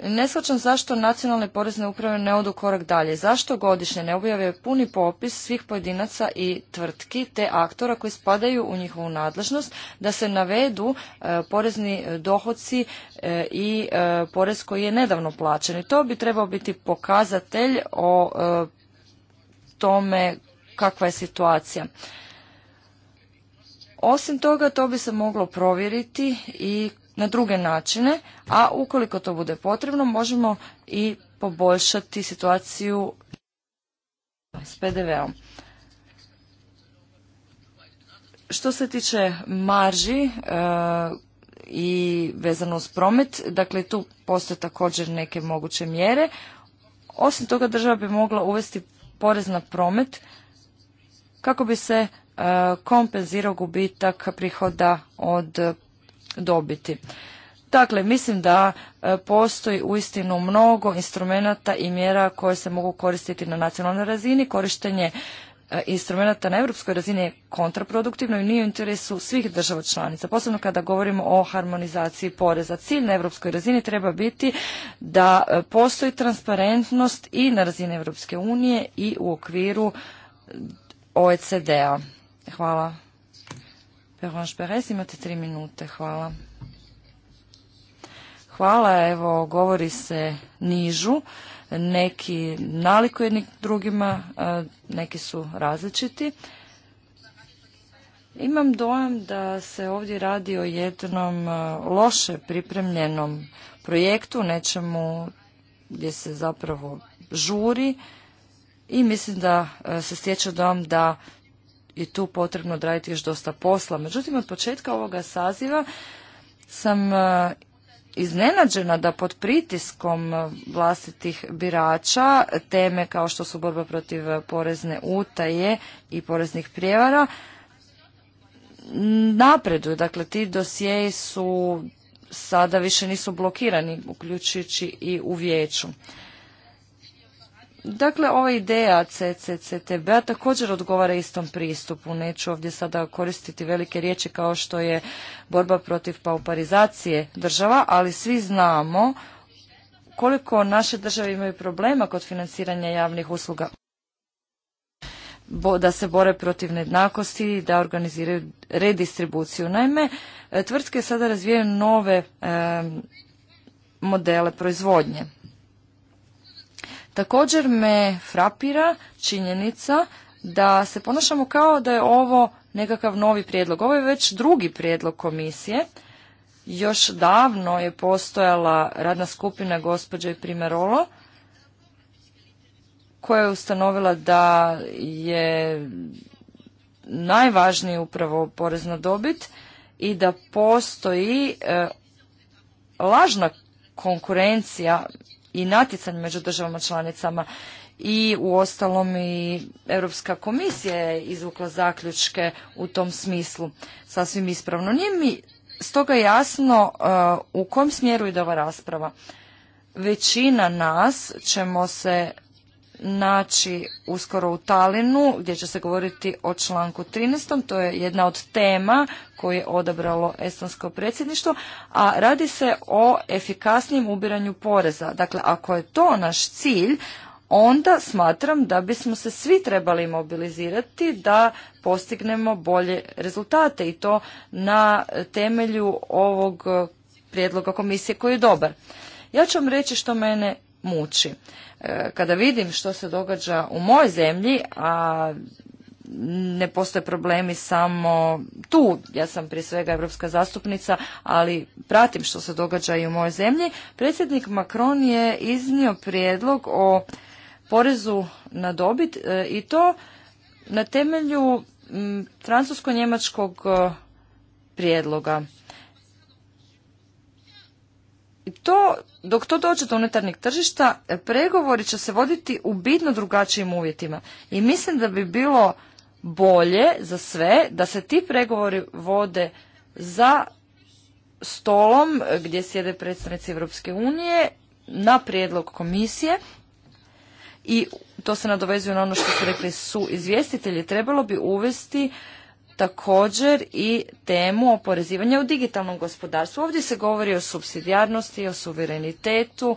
Speaker 3: Ne shvaćam zašto nacionalne porezne uprave ne odu korak dalje. Zašto godišnje ne objave puni popis svih pojedinaca i tvrtki te aktora koji spadaju u njihovu nadležnost da se navedu e, porezni dohoci e, i porez koji je nedavno plaćen. I to bi trebao biti pokazatelj o tome kakva je situacija. Osim toga, to bi se moglo provjeriti i na druge načine, a ukoliko to bude potrebno, možemo i poboljšati situaciju s PDV-om. Što se tiče marži e, i vezano uz promet, dakle tu postoje također neke moguće mjere. Osim toga država bi mogla uvesti porez na promet kako bi se kompenzirao gubitak prihoda od dobiti. Dakle, mislim da e, postoji uistinu mnogo instrumenata i mjera koje se mogu koristiti na nacionalnoj razini. Korištenje e, instrumenata na europskoj razini je kontraproduktivno i nije u interesu svih država članica, posebno kada govorimo o harmonizaciji poreza. Cilj na europskoj razini treba biti da e, postoji transparentnost i na razini Europske unije i u okviru OECD-a. Hvala. Pervanš Perez, imate tri minute. Hvala. Hvala, evo, govori se nižu. Neki naliku jedni drugima, neki su različiti. Imam dojam da se ovdje radi o jednom loše pripremljenom projektu, nečemu gdje se zapravo žuri i mislim da se stječe dojam da je tu potrebno odraditi još dosta posla. Međutim, od početka ovoga saziva sam e, iznenađena da pod pritiskom e, vlastitih birača teme kao što su borba protiv porezne utaje i poreznih prijevara napreduju. Dakle, ti dosjeji su sada više nisu blokirani, uključujući i u vijeću. Dakle, ova ideja ccctb također odgovara istom pristupu. Neću ovdje sada koristiti velike riječi kao što je borba protiv pauparizacije država, ali svi znamo koliko naše države imaju problema kod financiranja javnih usluga. da se bore protiv nejednakosti i da organiziraju redistribuciju. Naime, e, tvrtke sada razvijaju nove modele proizvodnje. Također me frapira činjenica da se ponašamo kao da je ovo nekakav novi prijedlog. Ovo je već drugi prijedlog komisije. Još davno je postojala radna skupina gospođe Primerolo koja je ustanovila da je najvažniji upravo porez na dobit i da postoji e, lažna konkurencija i natjecanje među državama članicama i ostalom i Europska komisija je izvukla zaključke u tom smislu sasvim ispravno. Nije mi stoga jasno uh, u kom smjeru ide ova rasprava. Većina nas ćemo se naći uskoro u Talinu gdje će se govoriti o članku 13. To je jedna od tema koje je odabralo Estonsko predsjedništvo, a radi se o efikasnijem ubiranju poreza. Dakle, ako je to naš cilj, onda smatram da bismo se svi trebali mobilizirati da postignemo bolje rezultate i to na temelju ovog prijedloga komisije koji je dobar. Ja ću vam reći što mene muči. E, kada vidim što se događa u mojoj zemlji, a ne postoje problemi samo tu, ja sam prije svega evropska zastupnica, ali pratim što se događa i u mojoj zemlji, predsjednik Macron je iznio prijedlog o porezu na dobit e, i to na temelju francusko-njemačkog e, prijedloga. To dok to dođe do unutarnjeg tržišta, e, pregovori će se voditi u bitno drugačijim uvjetima. I mislim da bi bilo bolje za sve da se ti pregovori vode za stolom gdje sjede predstavnici Europske unije na prijedlog komisije i to se nadovezuje na ono što su rekli su izvjestitelji, trebalo bi uvesti također i temu oporezivanja u digitalnom gospodarstvu. Ovdje se govori o subsidijarnosti, o suverenitetu,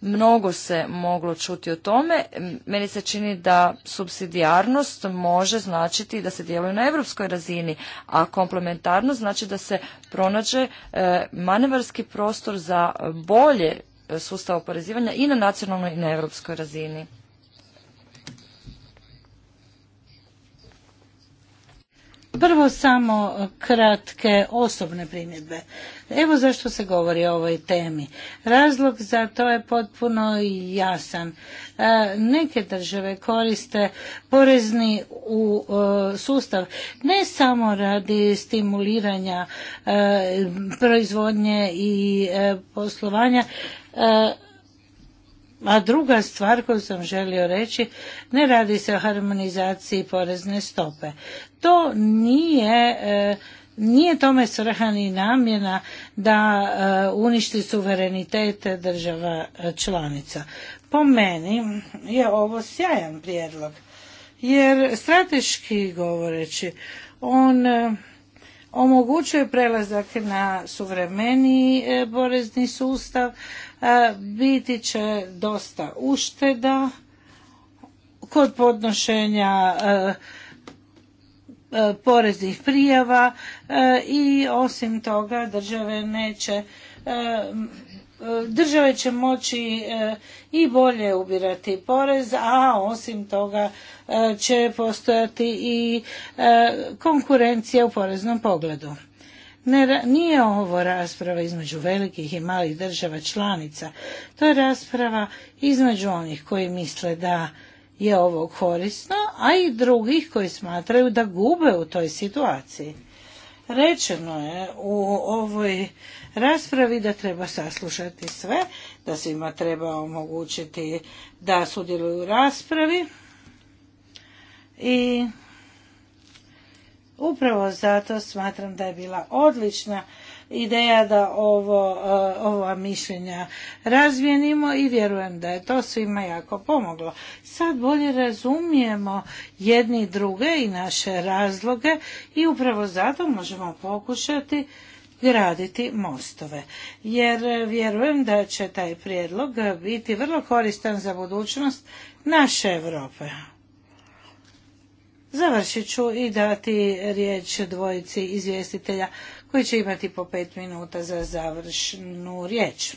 Speaker 3: mnogo se moglo čuti o tome. Meni se čini da subsidijarnost može značiti da se djeluje na europskoj razini, a komplementarnost znači da se pronađe e, manevarski prostor za bolje e, sustav oporezivanja i na nacionalnoj i na europskoj razini.
Speaker 1: Prvo samo kratke osobne primjedbe. Evo zašto se govori o ovoj temi. Razlog za to je potpuno jasan. E, neke države koriste porezni u e, sustav ne samo radi stimuliranja e, proizvodnje i poslovanja a druga stvar koju sam želio reći, ne radi se o harmonizaciji porezne stope. To nije e, nije tome svrha ni namjena da e, uništi suverenitet država e, članica. Po meni je ovo sjajan prijedlog, jer strateški govoreći on omogućuje prelazak na suvremeni porezni sustav, biti će dosta ušteda kod podnošenja poreznih prijava i osim toga države neće države će moći i bolje ubirati porez, a osim toga će postojati i konkurencija u poreznom pogledu nije ovo rasprava između velikih i malih država članica. To je rasprava između onih koji misle da je ovo korisno, a i drugih koji smatraju da gube u toj situaciji. Rečeno je u ovoj raspravi da treba saslušati sve, da svima treba omogućiti da sudjeluju u raspravi i Upravo zato smatram da je bila odlična ideja da ovo, e, ova mišljenja razvijenimo i vjerujem da je to svima jako pomoglo. Sad bolje razumijemo jedni druge i naše razloge i upravo zato možemo pokušati graditi mostove. Jer vjerujem da će taj prijedlog biti vrlo koristan za budućnost naše Europe. Završit ću i dati riječ dvojici izvjestitelja koji će imati po pet minuta za završnu riječ.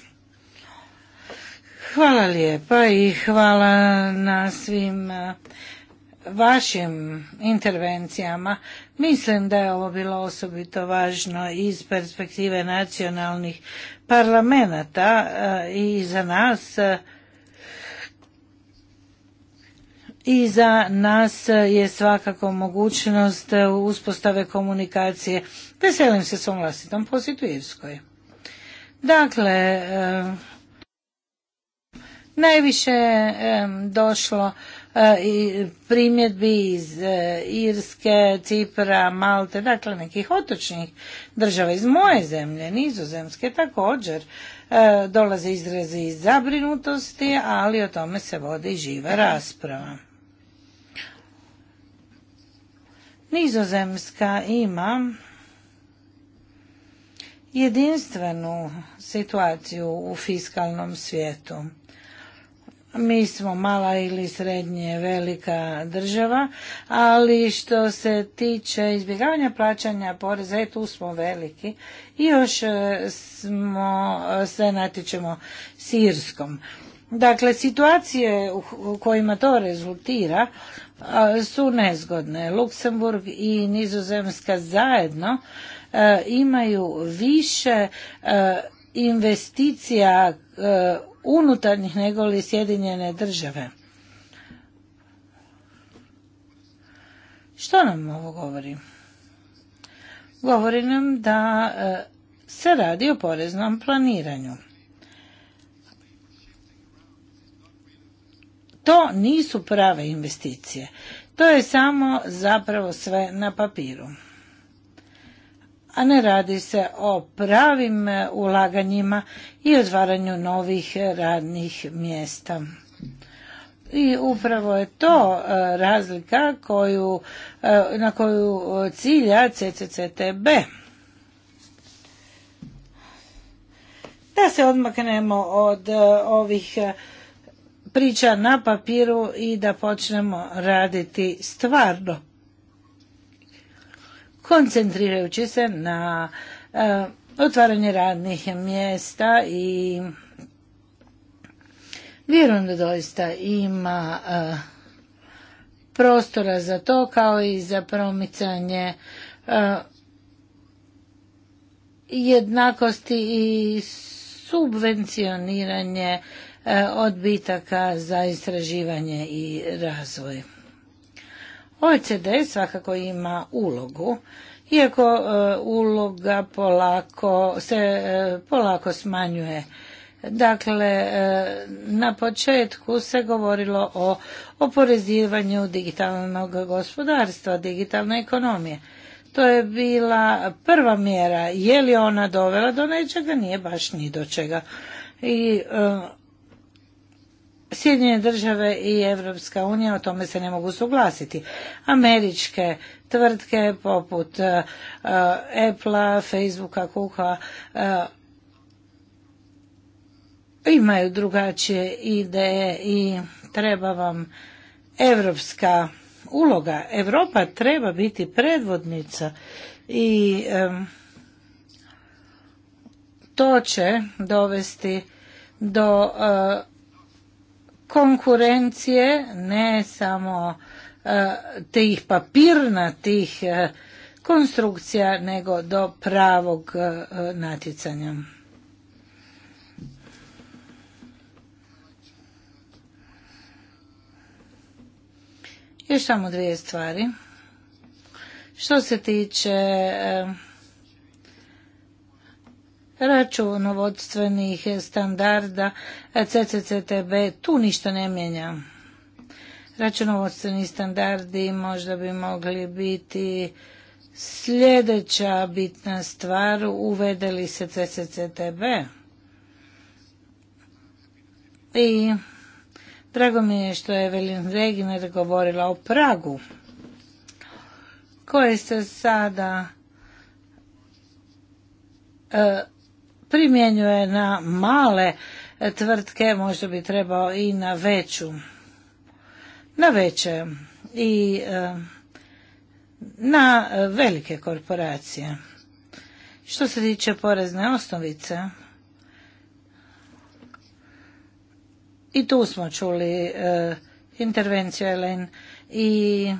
Speaker 1: Hvala lijepa i hvala na svim eh, vašim intervencijama. Mislim da je ovo bilo osobito važno iz perspektive nacionalnih parlamenta eh, i za nas eh, i za nas je svakako mogućnost uspostave komunikacije. Veselim se svom vlastitom posjetu Irskoj. Dakle, najviše došlo e, i primjedbi iz e, Irske, Cipra, Malte, dakle nekih otočnih država iz moje zemlje, nizozemske također, e, dolaze izrazi iz zabrinutosti, ali o tome se vodi živa rasprava. Nizozemska ima jedinstvenu situaciju u fiskalnom svijetu. Mi smo mala ili srednje velika država, ali što se tiče izbjegavanja plaćanja poreza, i tu smo veliki i još e, smo, se natječemo s Dakle, situacije u kojima to rezultira su nezgodne. Luksemburg i Nizozemska zajedno e, imaju više e, investicija e, unutarnjih nego li Sjedinjene države. Što nam ovo govori? Govori nam da se radi o poreznom planiranju. To nisu prave investicije. To je samo zapravo sve na papiru. A ne radi se o pravim e, ulaganjima i otvaranju novih e, radnih mjesta. I upravo je to e, razlika koju, na koju cilja CCCTB. Da se odmaknemo od ovih priča na papiru i da počnemo raditi stvarno. Koncentrirajući se na e, otvaranje radnih mjesta i vjerujem da doista ima e, prostora za to kao i za promicanje e, jednakosti i subvencioniranje E, odbitaka za istraživanje i razvoj. OECD svakako ima ulogu, iako e, uloga polako, se e, polako smanjuje. Dakle, na početku se govorilo o oporezivanju digitalnog gospodarstva, digitalne ekonomije. To je bila prva mjera. Je li ona dovela do nečega? Nije baš ni do čega. I Sjedinjene države i Evropska unija o tome se ne mogu suglasiti. Američke tvrtke poput uh, eh, eh, Apple, Facebooka, kuha. Eh, imaju drugačije ideje i treba vam evropska uloga. Europa treba biti predvodnica i to će dovesti do konkurencije, ne samo e, tih papirnatih e, konstrukcija, nego do pravog e, natjecanja. Još samo dvije stvari. Što se tiče računovodstvenih standarda CCCTB, tu ništa ne mijenja. Računovodstveni standardi možda bi mogli biti sljedeća bitna stvar, uvede se CCCTB. I drago mi je što je Evelin Regner govorila o Pragu, koje se sada e, primjenjuje na male e, tvrtke, možda bi trebao i na veću. Na veće i e, na velike korporacije. Što se tiče porezne osnovice, i tu smo čuli e, intervenciju Elen i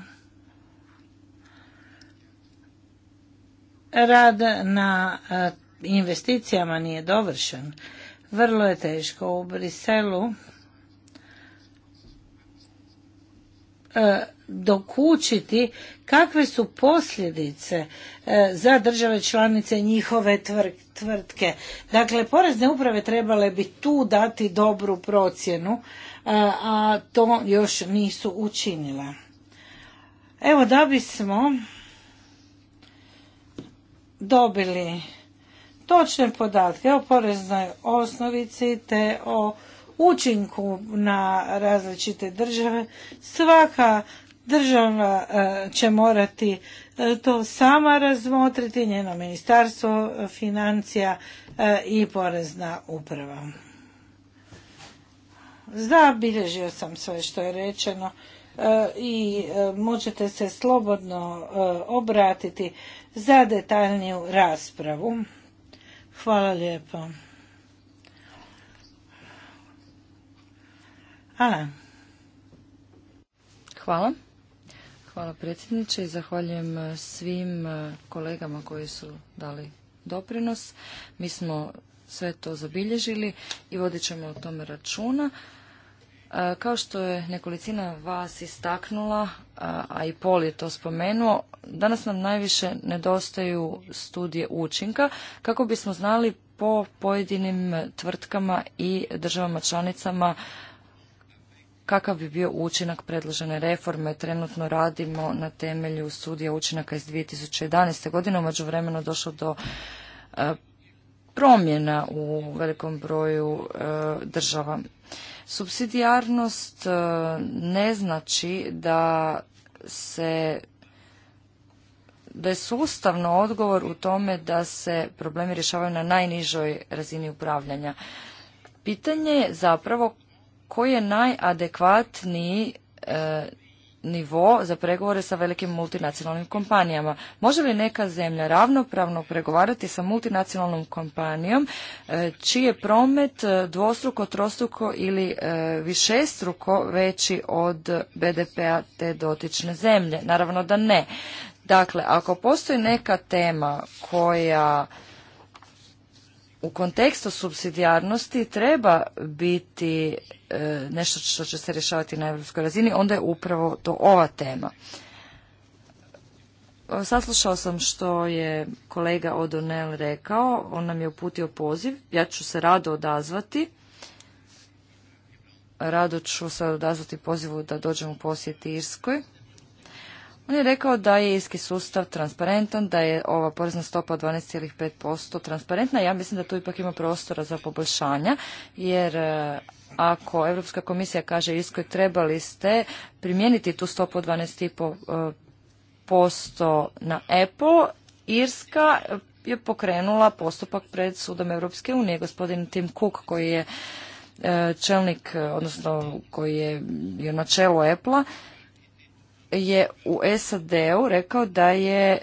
Speaker 1: rad na investicijama nije dovršen. Vrlo je teško u Briselu e, dokučiti kakve su posljedice e, za države članice njihove tvrtke. Dakle, porezne uprave trebale bi tu dati dobru procjenu, e, a to još nisu učinile. Evo da bismo dobili točne podatke o poreznoj osnovici te o učinku na različite države. Svaka država e, će morati e, to sama razmotriti, njeno ministarstvo financija e, i porezna uprava. Zabilježio sam sve što je rečeno i možete se slobodno obratiti za detaljniju raspravu.
Speaker 3: Hvala lijepo. Hvala. Hvala predsjedniče i zahvaljujem e, svim e, kolegama koji su dali doprinos. Mi smo sve to zabilježili i vodit ćemo o tome računa. E, kao što je nekolicina vas istaknula, e, a i Pol je to spomenuo, danas nam najviše nedostaju studije učinka kako bismo znali po pojedinim tvrtkama i državama članicama kakav bi bio učinak predložene reforme. Trenutno radimo na temelju studija učinaka iz 2011. godine. Umeđu vremenu došlo do e, promjena u velikom broju država Subsidijarnost e, ne znači da se da je sustavno odgovor u tome da se problemi rješavaju na najnižoj razini upravljanja. Pitanje je zapravo koji je najadekvatniji e, nivo za pregovore sa velikim multinacionalnim kompanijama. Može li neka zemlja ravnopravno pregovarati sa multinacionalnom kompanijom e, čiji je promet e, dvostruko, trostruko ili e, višestruko veći od BDP-a te dotične zemlje? Naravno da ne. Dakle, ako postoji neka tema koja u kontekstu subsidijarnosti treba biti e, nešto što će se rješavati na europskoj razini, onda je upravo to ova tema. E, saslušao sam što je kolega O'Donnell rekao, on nam je uputio poziv, ja ću se rado odazvati. Rado ću se odazvati pozivu da dođem u posjet Irskoj. On je rekao da je iski sustav transparentan, da je ova porezna stopa 12,5% transparentna. Ja mislim da tu ipak ima prostora za poboljšanja, jer e, ako Europska komisija kaže iskoj trebali ste primijeniti tu stopu od 12,5% e, na epo Irska je pokrenula postupak pred sudom Europske unije. Gospodin Tim Cook koji je e, čelnik, odnosno koji je na čelu Apple-a, je u SAD-u rekao da je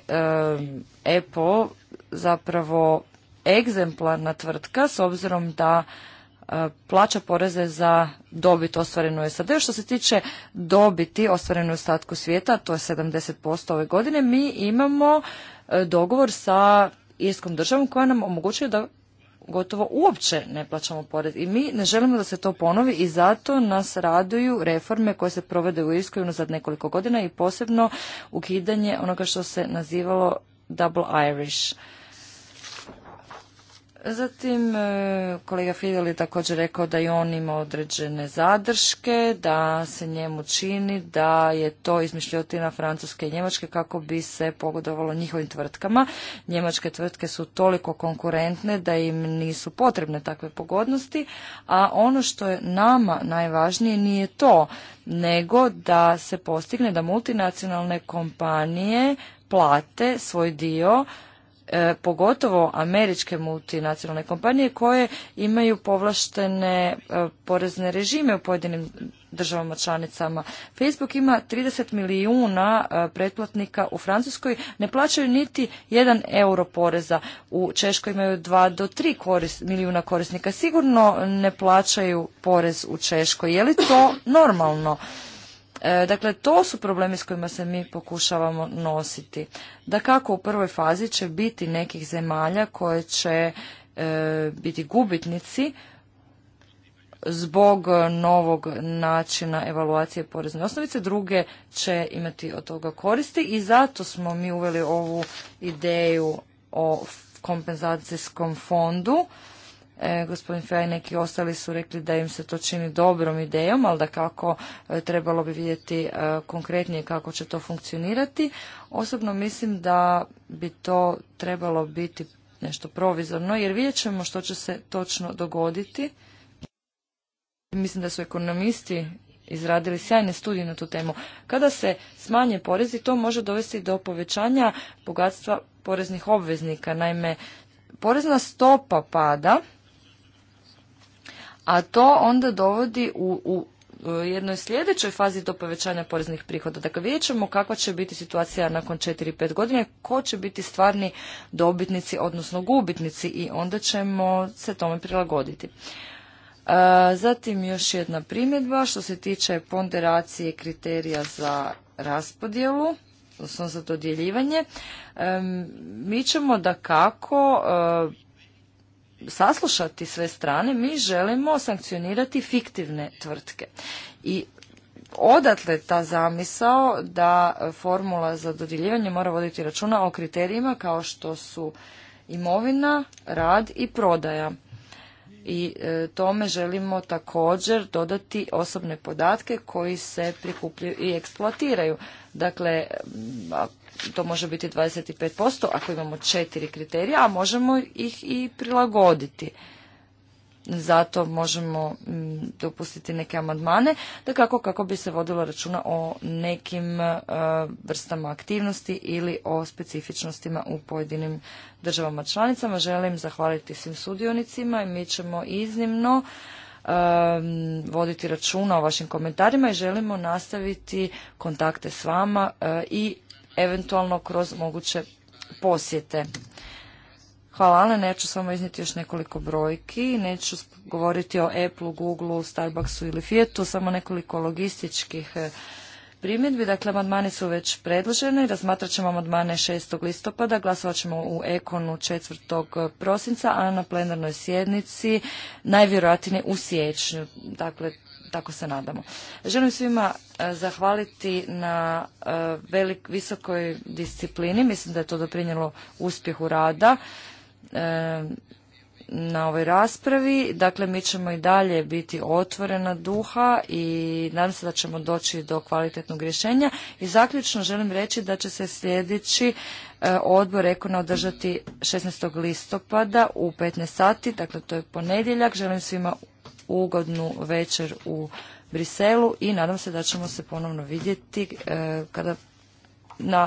Speaker 3: EPO zapravo egzemplarna tvrtka s obzirom da e, plaća poreze za dobit ostvarenu u SAD. Što se tiče dobiti ostvarenu u ostatku svijeta, to je 70% ove godine, mi imamo e, dogovor sa Irskom državom koja nam omogućuje da gotovo uopće ne plaćamo porez. I mi ne želimo da se to ponovi i zato nas raduju reforme koje se provode u Irskoj unazad nekoliko godina i posebno ukidanje onoga što se nazivalo Double Irish Zatim, e, kolega Fidel je također rekao da i on ima određene zadrške, da se njemu čini da je to izmišljotina Francuske i Njemačke kako bi se pogodovalo njihovim tvrtkama. Njemačke tvrtke su toliko konkurentne da im nisu potrebne takve pogodnosti, a ono što je nama najvažnije nije to, nego da se postigne da multinacionalne kompanije plate svoj dio E, pogotovo američke multinacionalne kompanije koje imaju povlaštene e, porezne režime u pojedinim državama članicama. Facebook ima 30 milijuna e, pretplatnika u Francuskoj, ne plaćaju niti jedan euro poreza. U Češkoj imaju 2 do 3 milijuna korisnika. Sigurno ne plaćaju porez u Češkoj. Je li to normalno? E, dakle, to su problemi s kojima se mi pokušavamo nositi. Da kako u prvoj fazi će biti nekih zemalja koje će e, biti gubitnici zbog novog načina evaluacije porezne osnovice, druge će imati od toga koristi i zato smo mi uveli ovu ideju o kompenzacijskom fondu E, gospodin Fea i neki ostali su rekli da im se to čini dobrom idejom, ali da kako e, trebalo bi vidjeti e, konkretnije kako će to funkcionirati. Osobno mislim da bi to trebalo biti nešto provizorno, jer vidjet ćemo što će se točno dogoditi. Mislim da su ekonomisti izradili sjajne studije na tu temu. Kada se smanje porezi, to može dovesti do povećanja bogatstva poreznih obveznika. Naime, porezna stopa pada, a to onda dovodi u, u e, jednoj sljedećoj fazi do povećanja poreznih prihoda. Dakle, vidjet ćemo kakva će biti situacija nakon 4-5 godina, ko će biti stvarni dobitnici, odnosno gubitnici i onda ćemo se tome prilagoditi. E, zatim još jedna primjedba što se tiče ponderacije kriterija za raspodjelu, odnosno za dodjeljivanje. Mi ćemo da kako e, saslušati sve strane, mi želimo sankcionirati fiktivne tvrtke. I odatle ta zamisao da formula za dodjeljivanje mora voditi računa o kriterijima kao što su imovina, rad i prodaja. I e, tome želimo također dodati osobne podatke koji se prikupljaju i eksploatiraju. Dakle, to može biti 25% ako imamo četiri kriterija, a možemo ih i prilagoditi. Zato možemo mm, dopustiti neke amandmane, da kako, kako bi se vodilo računa o nekim e, vrstama aktivnosti ili o specifičnostima u pojedinim državama članicama. Želim zahvaliti svim sudionicima i mi ćemo iznimno e, voditi računa o vašim komentarima i želimo nastaviti kontakte s vama e, i eventualno kroz moguće posjete. Hvala Ana, ja ću samo iznijeti još nekoliko brojki. Neću govoriti o Apple, Google, Starbucksu ili Fiatu, samo nekoliko logističkih eh, primjedbi. Dakle, amandmani su već predloženi. Razmatrat ćemo amandmane 6. listopada. Glasovat ćemo u Ekonu 4. prosinca, a na plenarnoj sjednici najvjerojatnije u siječnju. Dakle, tako se nadamo. Želim svima e, zahvaliti na e, velik, visokoj disciplini. Mislim da je to doprinijelo uspjehu rada e, na ovoj raspravi. Dakle, mi ćemo i dalje biti otvorena duha i nadam se da ćemo doći do kvalitetnog rješenja. I zaključno želim reći da će se sljedeći odbor Ekona održati 16. listopada u 15 sati, dakle to je ponedjeljak. Želim svima ugodnu večer u Briselu i nadam se da ćemo se ponovno vidjeti e, kada na